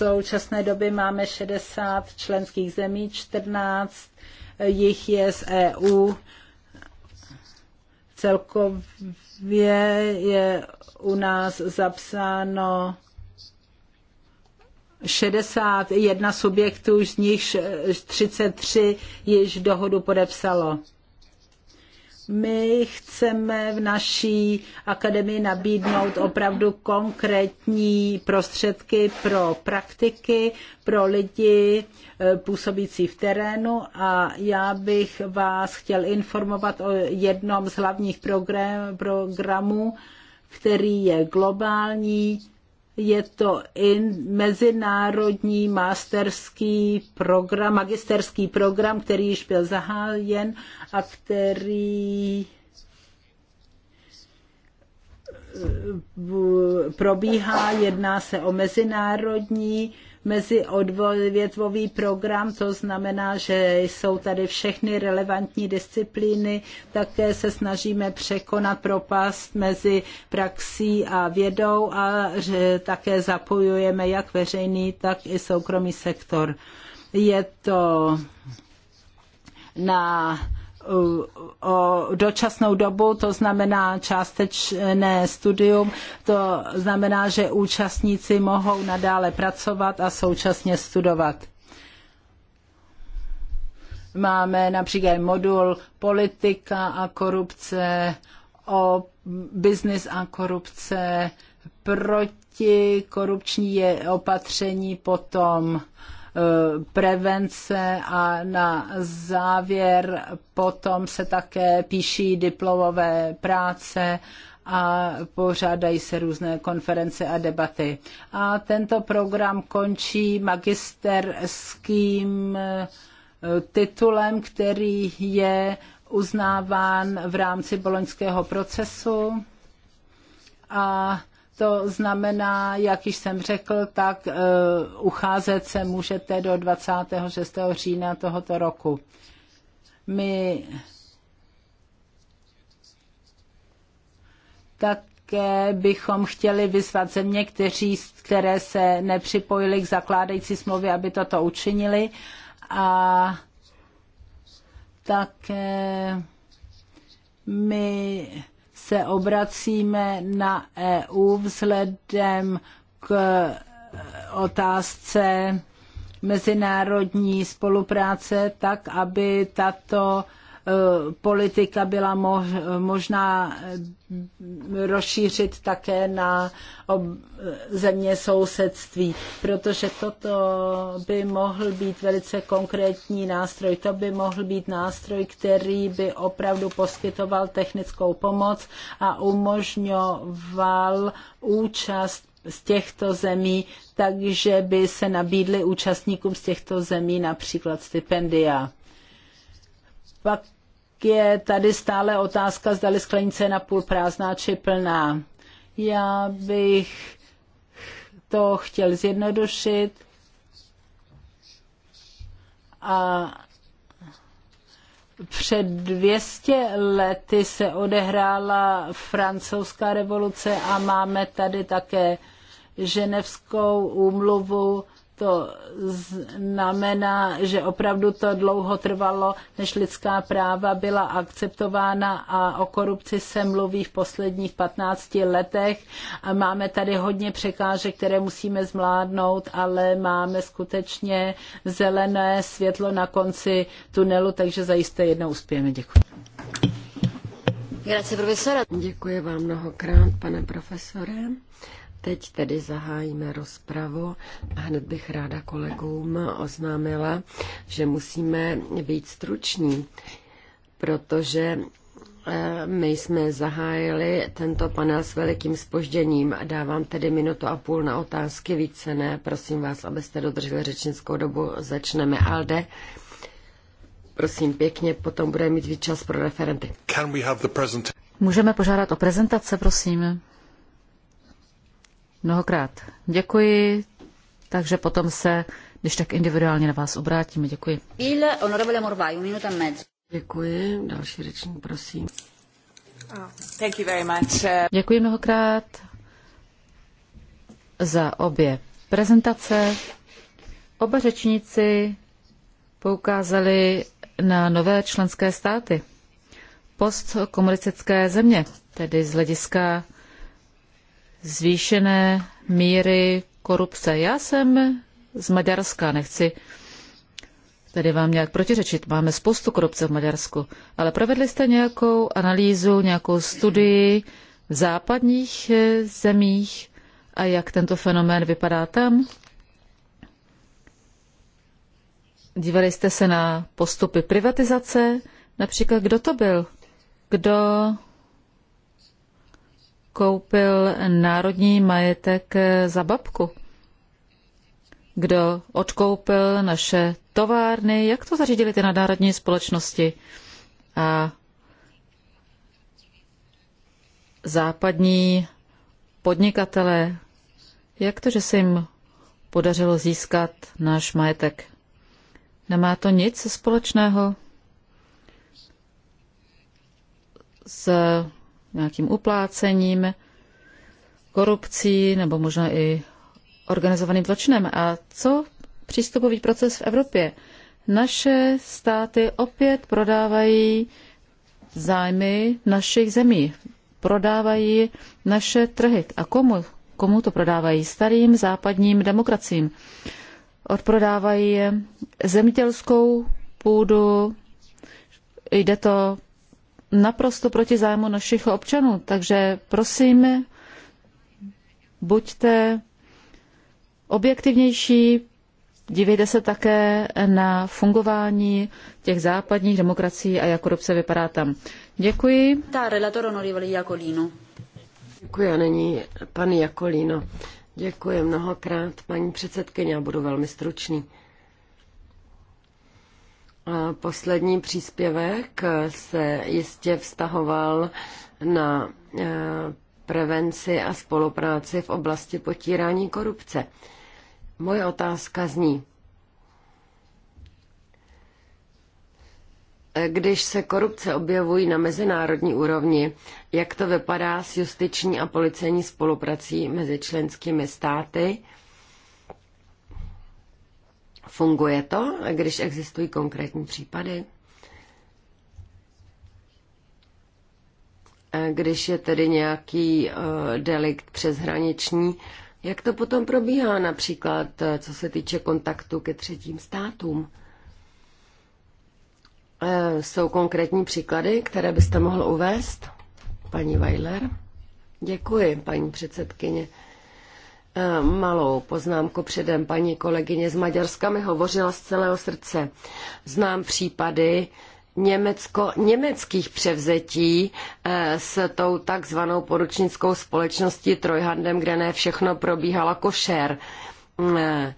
současné doby máme 60 členských zemí, 14 jich je z EU. Celkově je u nás zapsáno 61 subjektů, z nichž 33 již dohodu podepsalo. My chceme v naší akademii nabídnout opravdu konkrétní prostředky pro praktiky, pro lidi eh, působící v terénu a já bych vás chtěl informovat o jednom z hlavních program, programů, který je globální je to mezinárodní masterský program, magisterský program, který již byl zahájen a který eh, probíhá, jedná se o mezinárodní mezi odvětvový program, to znamená, že jsou tady všechny relevantní disciplíny, také se snažíme překonat propast mezi praxí a vědou a že také zapojujeme jak veřejný, tak i soukromý sektor. Je to na o dočasnou dobu, to znamená částečné studium, to znamená, že účastníci mohou nadále pracovat a současně studovat. Máme například modul politika a korupce, o biznis a korupce, proti korupční je opatření potom Eh, prevence a na závěr potom se také píší diplomové práce a pořádají se různé konference a debaty. A tento program končí magisterským eh, titulem, který je uznáván v rámci boloňského procesu a to znamená, jak již jsem řekl, tak uh, ucházet se můžete do 26. října tohoto roku. My také bychom chtěli vyzvat země, kteří, které se nepřipojili k zakládající smlouvě, aby toto učinili. A také my se obracíme na EU vzhledem k eh, otázce mezinárodní spolupráce, tak aby tato Eh, politika byla možná rozšířit také na země sousedství, protože toto by mohl být velice konkrétní nástroj. To by mohl být nástroj, který by opravdu poskytoval technickou pomoc a umožňoval účast z těchto zemí, takže by se nabídly účastníkům z těchto zemí například stipendia. Pak je tady stále otázka, zdali sklenice je napůl prázdná či plná. Já bych to chtěl zjednodušit a před 200 lety se odehrála francouzská revoluce a máme tady také ženevskou úmluvu to znamená, že opravdu to dlouho trvalo, než lidská práva byla akceptována a o korupci se mluví v posledních 15 letech. A máme tady hodně překážek, které musíme zvládnout, ale máme skutečně zelené světlo na konci tunelu, takže zajisté jednou uspějeme. Děkuji. Děkuji vám mnohokrát, pane profesore. Teď tedy zahájíme rozpravu a hned bych ráda kolegům oznámila, že musíme být struční, protože eh, my jsme zahájili tento panel s velikým spožděním. Dávám tedy minutu a půl na otázky, více ne. Prosím vás, abyste dodrželi řečnickou dobu. Začneme Alde. Prosím pěkně, potom bude mít víc čas pro referenty. Můžeme požádat o prezentace, prosím. Mnohokrát děkuji, takže potom se, když tak individuálně na vás obrátíme. Děkuji. Děkuji. Další řečník, prosím. Oh, thank you very much. Uh, děkuji mnohokrát za obě prezentace. Oba řečníci poukázali na nové členské státy, postkomunistické země, tedy z hlediska zvýšené míry korupce. Já jsem z Maďarska, nechci tady vám nějak protiřečit. Máme spoustu korupce v Maďarsku, ale provedli jste nějakou analýzu, nějakou studii v západních eh, zemích a jak tento fenomén vypadá tam? Dívali jste se na postupy privatizace, například kdo to byl? Kdo koupil národní majetek eh, za babku? Kdo odkoupil naše továrny? Jak to zařídili ty nadnárodní společnosti? A západní podnikatele, jak to, že se jim podařilo získat náš majetek? Nemá to nic společného s nějakým uplácením, korupcí nebo možná i organizovaným zločinem. A co přístupový proces v Evropě? Naše státy opět prodávají zájmy našich zemí, prodávají naše trhy. A komu? Komu to prodávají? Starým západním demokracím Odprodávají zemědělskou půdu, jde to naprosto proti zájmu našich občanů. Takže prosím, buďte objektivnější, dívejte se také na fungování těch západních demokracií a jak korupce vypadá tam. Děkuji. Ta relator honorable Jakolino. Děkuji a není pan Jakolino. Děkuji mnohokrát, paní předsedkyně, já budu velmi stručný. Poslední příspěvek se jistě vztahoval na e, prevenci a spolupráci v oblasti potírání korupce. Moje otázka zní, Když se korupce objevují na mezinárodní úrovni, jak to vypadá s justiční a policejní spoluprací mezi členskými státy Funguje to, když existují konkrétní případy? Když je tedy nějaký eh, delikt přeshraniční, jak to potom probíhá například, eh, co se týče kontaktu ke třetím státům? Eh, jsou konkrétní příklady, které byste mohl uvést, paní Weiler? Děkuji, paní předsedkyně malou poznámku předem. Paní kolegyně z Maďarska mi hovořila z celého srdce. Znám případy, Německo, německých převzetí eh, s tou takzvanou poručnickou společností Trojhandem, kde ne všechno probíhala košer. Mm, eh,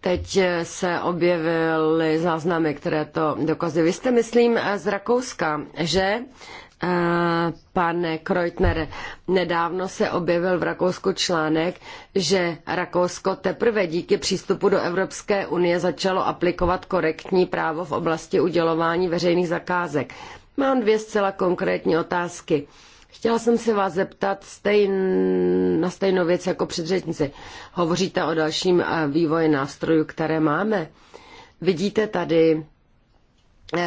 teď eh, se objevily záznamy, které to dokazují. Vy jste, myslím, z Rakouska, že Pane Kreutner, nedávno se objevil v Rakousku článek, že Rakousko teprve díky přístupu do Evropské unie začalo aplikovat korektní právo v oblasti udělování veřejných zakázek. Mám dvě zcela konkrétní otázky. Chtěla jsem se vás zeptat stejn, na stejnou věc jako předřečnici. Hovoříte o dalším vývoji nástrojů, které máme. Vidíte tady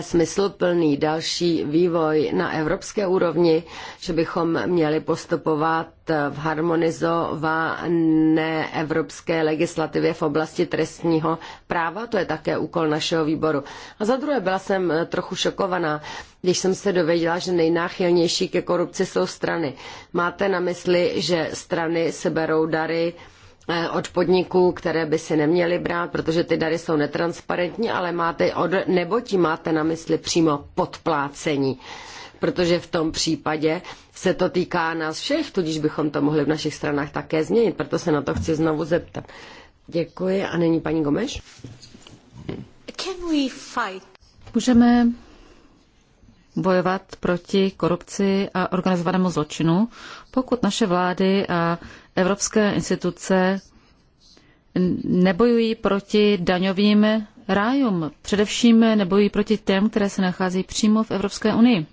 smysluplný další vývoj na evropské úrovni, že bychom měli postupovat v harmonizované evropské legislativě v oblasti trestního práva. To je také úkol našeho výboru. A za druhé byla jsem trochu šokovaná, když jsem se dověděla, že nejnáchylnější ke korupci jsou strany. Máte na mysli, že strany seberou dary Eh, od podniků, které by si neměly brát, protože ty dary jsou netransparentní, ale máte od, nebo ti máte na mysli přímo podplácení. Protože v tom případě se to týká nás všech, tudíž bychom to mohli v našich stranách také změnit, proto se na to chci znovu zeptat. Děkuji a není paní Gomeš? Can we fight? Můžeme bojovat proti korupci a organizovanému zločinu, pokud naše vlády a evropské instituce nebojují proti daňovým rájům. Především nebojují proti těm, které se nachází přímo v Evropské unii.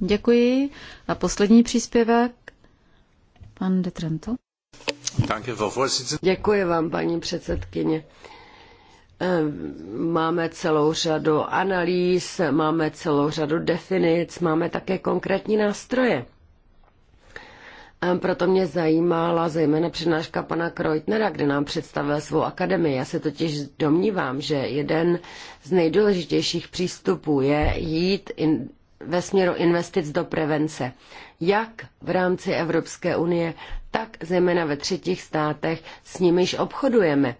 Děkuji. A poslední příspěvek, pan de Trento. Děkuji vám, paní předsedkyně. Ehm, máme celou řadu analýz, máme celou řadu definic, máme také konkrétní nástroje. Proto mě zajímala zejména přednáška pana Kreutnera, kde nám představil svou akademii. Já se totiž domnívám, že jeden z nejdůležitějších přístupů je jít in, ve směru investic do prevence. Jak v rámci Evropské unie, tak zejména ve třetích státech s nimiž obchodujeme,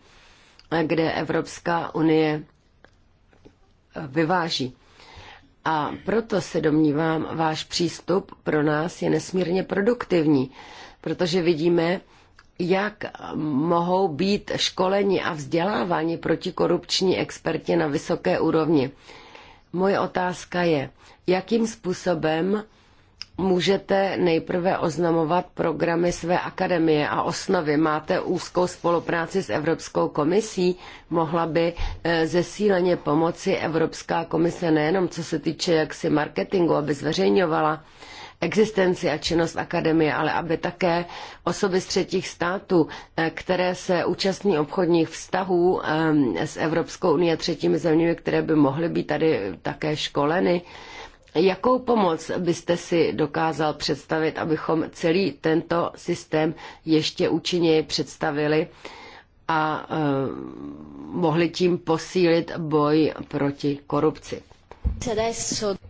kde Evropská unie vyváží. A proto se domnívám, váš přístup pro nás je nesmírně produktivní, protože vidíme, jak mohou být školeni a vzděláváni protikorupční experti na vysoké úrovni. Moje otázka je, jakým způsobem můžete nejprve oznamovat programy své akademie a osnovy. Máte úzkou spolupráci s Evropskou komisí, mohla by eh, zesíleně pomoci Evropská komise nejenom co se týče jaksi marketingu, aby zveřejňovala existenci a činnost akademie, ale aby také osoby z třetích států, eh, které se účastní obchodních vztahů eh, s Evropskou unii a třetími zeměmi, které by mohly být tady také školeny, Jakou pomoc byste si dokázal představit, abychom celý tento systém ještě účinněji představili a eh, mohli tím posílit boj proti korupci?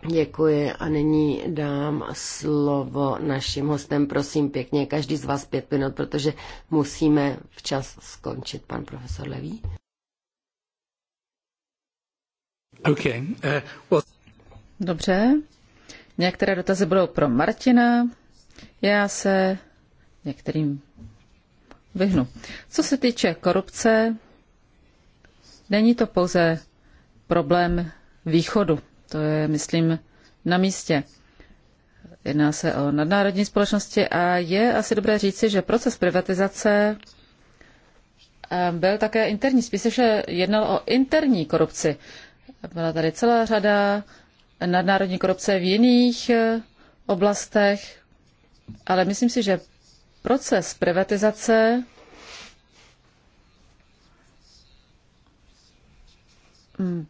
Děkuji a nyní dám slovo našim hostem. Prosím pěkně, každý z vás pět minut, protože musíme včas skončit, pan profesor Levý. Okay. Uh, well... Dobře. Některé dotazy budou pro Martina. Já se některým vyhnu. Co se týče korupce, není to pouze problém východu. To je, myslím, na místě. Jedná se o nadnárodní společnosti a je asi dobré říci, že proces privatizace eh, byl také interní, spíše jednal o interní korupci. Byla tady celá řada nadnárodní korupce v jiných eh, oblastech, ale myslím si, že proces privatizace mm,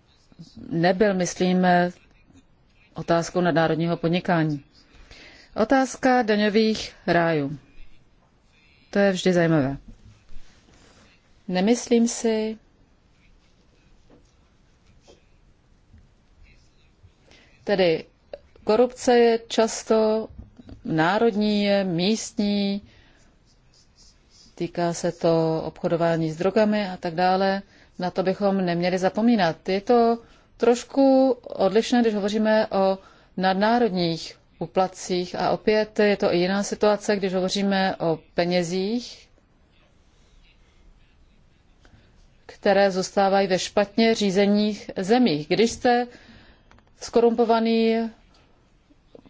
nebyl, myslím, otázkou nadnárodního podnikání. Otázka daňových rájů. To je vždy zajímavé. Nemyslím si, Tedy korupce je často národní, je místní, týká se to obchodování s drogami a tak dále. Na to bychom neměli zapomínat. Je to trošku odlišné, když hovoříme o nadnárodních uplacích a opět je to i jiná situace, když hovoříme o penězích, které zůstávají ve špatně řízených zemích. Když jste skorumpovaný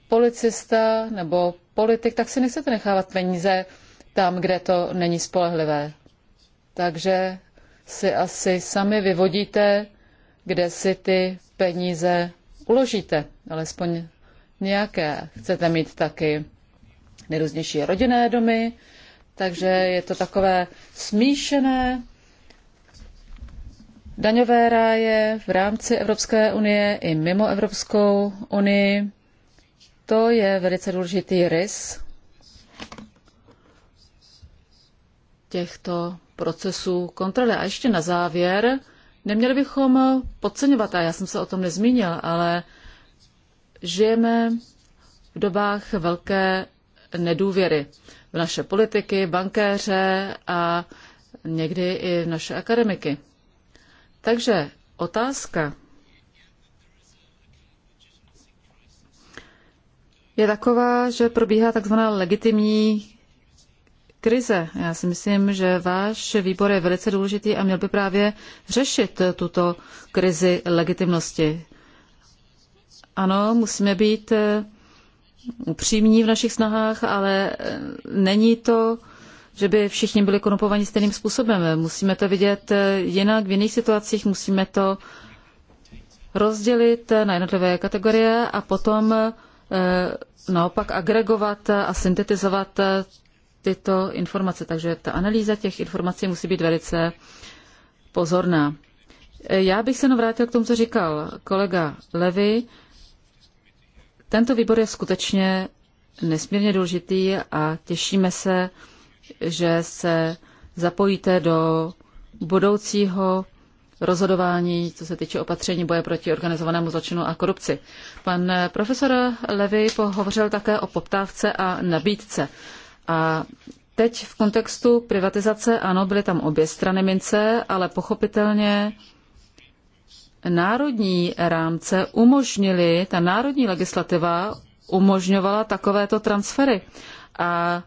policista nebo politik, tak si nechcete nechávat peníze tam, kde to není spolehlivé. Takže si asi sami vyvodíte, kde si ty peníze uložíte, alespoň nějaké. Chcete mít taky nejrůznější rodinné domy, takže je to takové smíšené daňové ráje v rámci Evropské unie i mimo Evropskou unii. To je velice důležitý rys těchto procesů kontroly. A ještě na závěr, neměli bychom podceňovat, a já jsem se o tom nezmínil, ale žijeme v dobách velké nedůvěry v naše politiky, bankéře a někdy i v naše akademiky. Takže otázka je taková, že probíhá takzvaná legitimní krize. Já si myslím, že váš výbor je velice důležitý a měl by právě řešit tuto krizi legitimnosti. Ano, musíme být upřímní v našich snahách, ale není to že by všichni byli korumpovaní stejným způsobem. Musíme to vidět eh, jinak, v jiných situacích musíme to rozdělit eh, na jednotlivé kategorie a potom eh, naopak agregovat a syntetizovat tyto informace. Takže ta analýza těch informací musí být velice pozorná. Já bych se vrátil k tomu, co říkal kolega Levy. Tento výbor je skutečně nesmírně důležitý a těšíme se že se zapojíte do budoucího rozhodování, co se týče opatření boje proti organizovanému zločinu a korupci. Pan profesor Levy pohovořil také o poptávce a nabídce. A teď v kontextu privatizace, ano, byly tam obě strany mince, ale pochopitelně národní rámce umožnili, ta národní legislativa umožňovala takovéto transfery. A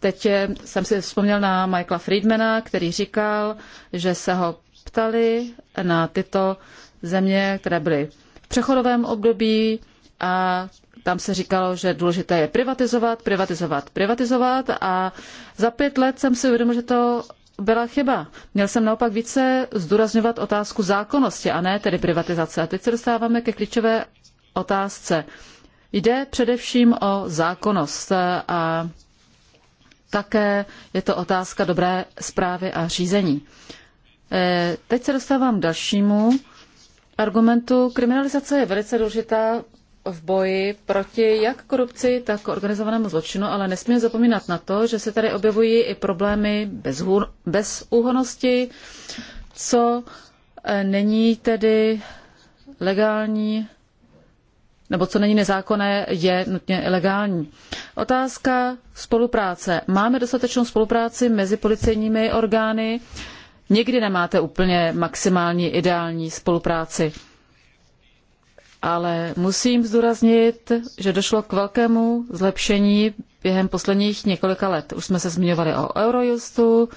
Teď jsem si vzpomněl na Michaela Friedmana, který říkal, že se ho ptali na tyto země, které byly v přechodovém období a tam se říkalo, že důležité je privatizovat, privatizovat, privatizovat a za pět let jsem si uvědomil, že to byla chyba. Měl jsem naopak více zdůrazňovat otázku zákonnosti a ne tedy privatizace. A teď se dostáváme ke klíčové otázce. Jde především o zákonnost a také je to otázka dobré zprávy a řízení. E, teď se dostávám k dalšímu argumentu. Kriminalizace je velice důležitá v boji proti jak korupci, tak organizovanému zločinu, ale nesmíme zapomínat na to, že se tady objevují i problémy bez úhonosti, co e, není tedy legální nebo co není nezákonné, je nutně ilegální. Otázka spolupráce. Máme dostatečnou spolupráci mezi policejními orgány? Někdy nemáte úplně maximální ideální spolupráci. Ale musím zdůraznit, že došlo k velkému zlepšení během posledních několika let. Už jsme se zmiňovali o Eurojustu,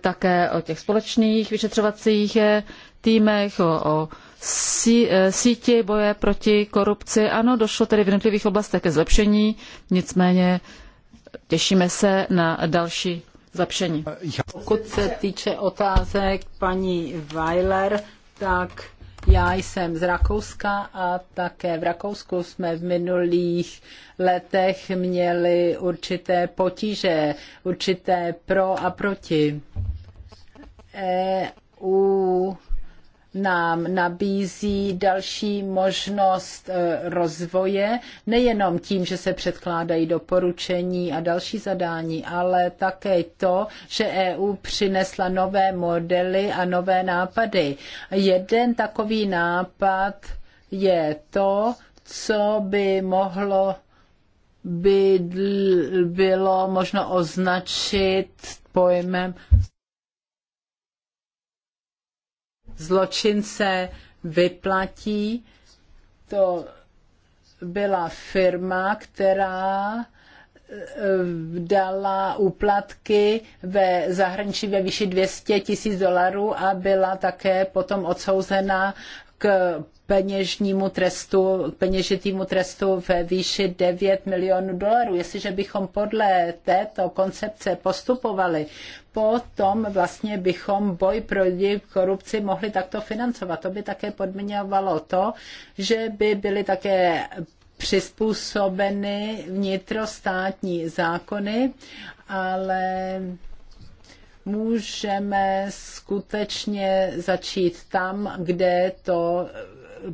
také o těch společných vyšetřovacích eh, týmech, o, o Eh, síti boje proti korupci. Ano, došlo tedy v jednotlivých oblastech ke zlepšení, nicméně těšíme se na další zlepšení. Pokud se týče otázek paní Weiler, tak já jsem z Rakouska a také v Rakousku jsme v minulých letech měli určité potíže, určité pro a proti. EU nám nabízí další možnost eh, rozvoje, nejenom tím, že se předkládají doporučení a další zadání, ale také to, že EU přinesla nové modely a nové nápady. Jeden takový nápad je to, co by mohlo by bylo možno označit pojmem zločince vyplatí. To byla firma, která eh, dala úplatky ve zahraničí ve výši 200 tisíc dolarů a byla také potom odsouzena k peněžnímu trestu, peněžitýmu trestu ve výši 9 milionů dolarů. Jestliže bychom podle této koncepce postupovali, potom vlastně bychom boj proti korupci mohli takto financovat. To by také podmiňovalo to, že by byly také přizpůsobeny vnitrostátní zákony, ale můžeme skutečně začít tam, kde to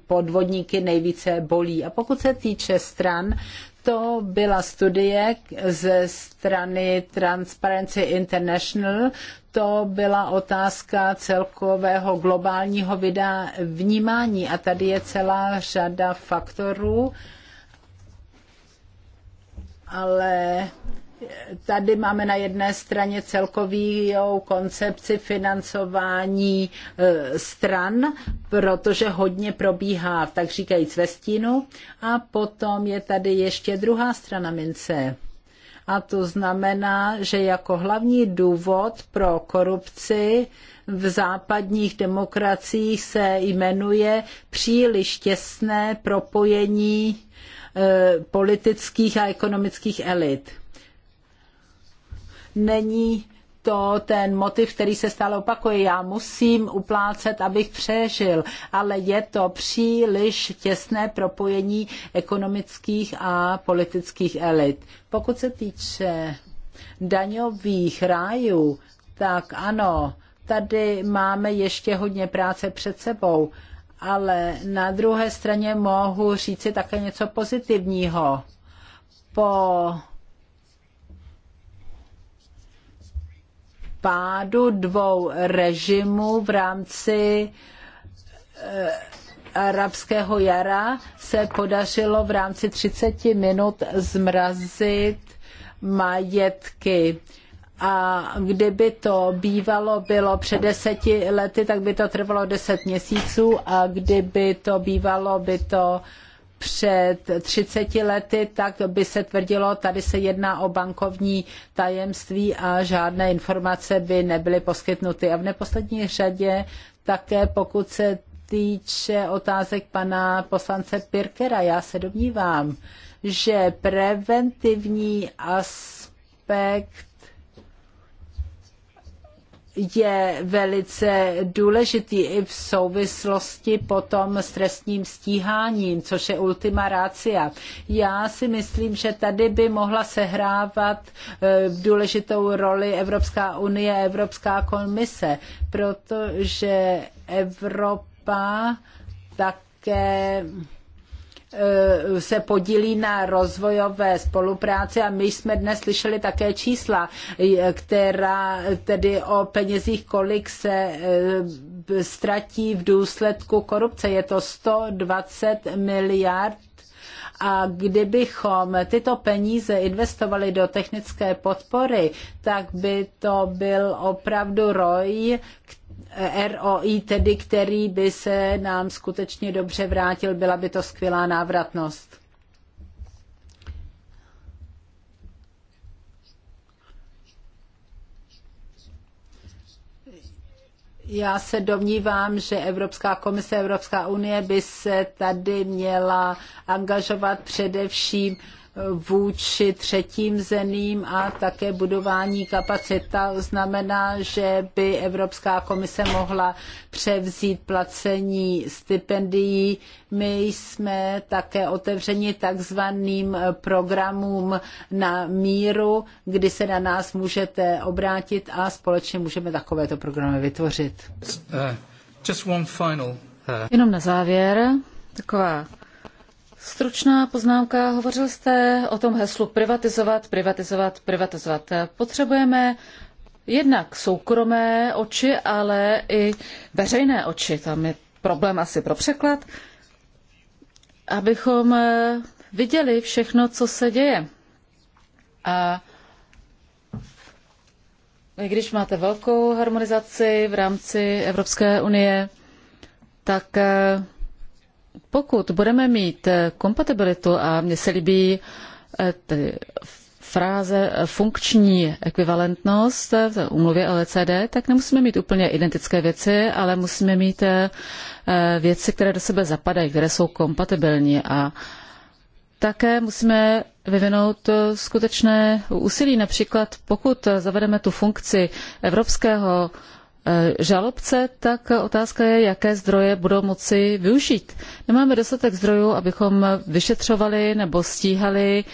podvodníky nejvíce bolí. A pokud se týče stran, to byla studie ze strany Transparency International. To byla otázka celkového globálního vydá- vnímání a tady je celá řada faktorů, ale tady máme na jedné straně celkový koncepci financování e, stran, protože hodně probíhá, tak říkajíc, ve stínu. A potom je tady ještě druhá strana mince. A to znamená, že jako hlavní důvod pro korupci v západních demokraciích se jmenuje příliš těsné propojení e, politických a ekonomických elit není to ten motiv, který se stále opakuje. Já musím uplácet, abych přežil, ale je to příliš těsné propojení ekonomických a politických elit. Pokud se týče daňových rájů, tak ano, tady máme ještě hodně práce před sebou, ale na druhé straně mohu říci také něco pozitivního. Po pádu dvou režimů v rámci eh, arabského jara se podařilo v rámci 30 minut zmrazit majetky. A kdyby to bývalo bylo před deseti lety, tak by to trvalo deset měsíců a kdyby to bývalo by to před 30 lety, tak by se tvrdilo, tady se jedná o bankovní tajemství a žádné informace by nebyly poskytnuty. A v neposlední řadě také pokud se týče otázek pana poslance Pirkera, já se domnívám, že preventivní aspekt je velice důležitý i v souvislosti potom s trestním stíháním, což je ultima ratio. Já si myslím, že tady by mohla sehrávat eh, důležitou roli Evropská unie, Evropská komise, protože Evropa také Eh, se podílí na rozvojové spolupráci a my jsme dnes slyšeli také čísla, eh, která tedy o penězích, kolik se eh, ztratí v důsledku korupce. Je to 120 miliard a kdybychom tyto peníze investovali do technické podpory, tak by to byl opravdu roj, který ROI, tedy který by se nám skutečně dobře vrátil, byla by to skvělá návratnost. Já se domnívám, že Evropská komise, Evropská unie by se tady měla angažovat především vůči třetím zemím a také budování kapacita znamená, že by Evropská komise mohla převzít placení stipendií. My jsme také otevřeni takzvaným programům na míru, kdy se na nás můžete obrátit a společně můžeme takovéto programy vytvořit. Uh, uh, Jenom na závěr taková Stručná poznámka. Hovořil jste o tom heslu privatizovat, privatizovat, privatizovat. Potřebujeme jednak soukromé oči, ale i veřejné oči. Tam je problém asi pro překlad. Abychom eh, viděli všechno, co se děje. A když máte velkou harmonizaci v rámci Evropské unie, tak eh, pokud budeme mít eh, kompatibilitu, a mně se líbí eh, tedy fráze eh, funkční ekvivalentnost v umluvě OECD, tak nemusíme mít úplně identické věci, ale musíme mít věci, které do sebe zapadají, které jsou kompatibilní a také musíme vyvinout skutečné úsilí. Například pokud zavedeme tu funkci evropského Eh, žalobce, tak otázka je, jaké zdroje budou moci využít. Nemáme dostatek zdrojů, abychom vyšetřovali nebo stíhali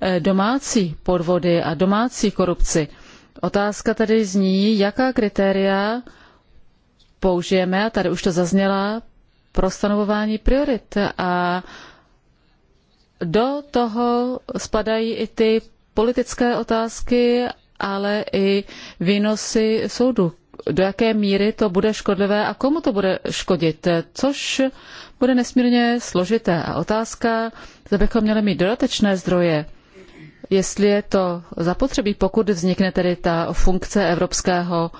eh, domácí podvody a domácí korupci. Otázka tedy zní, jaká kritéria použijeme, a tady už to zazněla, pro stanovování priorit. A do toho spadají i ty politické otázky, ale i výnosy soudu do jaké míry to bude škodlivé a komu to bude škodit, což bude nesmírně složité. A otázka, zda bychom měli mít dodatečné zdroje, jestli je to zapotřebí, pokud vznikne tedy ta funkce evropského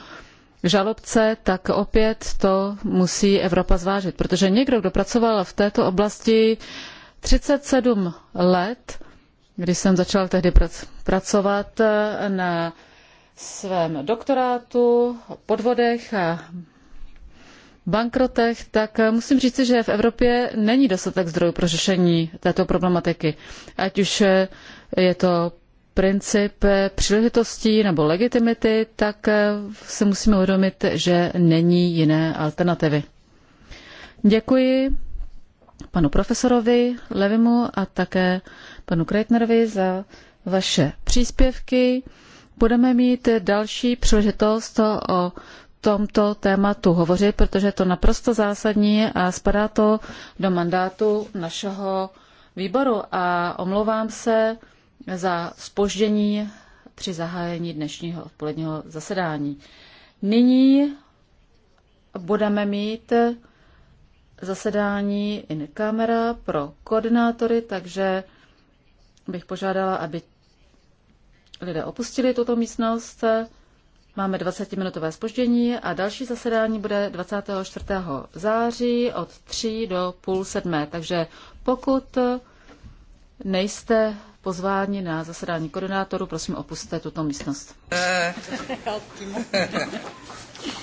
žalobce, tak opět to musí Evropa zvážit, protože někdo, kdo pracoval v této oblasti 37 let, když jsem začal tehdy pracovat na svém doktorátu o podvodech a bankrotech, tak musím říct, že v Evropě není dostatek zdrojů pro řešení této problematiky. Ať už je to princip příležitostí nebo legitimity, tak si musíme uvědomit, že není jiné alternativy. Děkuji panu profesorovi Levimu a také panu Kreitnerovi za vaše příspěvky budeme mít další příležitost o tomto tématu hovořit, protože je to naprosto zásadní a spadá to do mandátu našeho výboru. A omlouvám se za spoždění při zahájení dnešního odpoledního zasedání. Nyní budeme mít zasedání in camera pro koordinátory, takže bych požádala, aby lidé opustili tuto místnost. Máme 20-minutové spoždění a další zasedání bude 24. září od 3 do půl sedmé. Takže pokud nejste pozváni na zasedání koordinátoru, prosím opuste tuto místnost. Eh.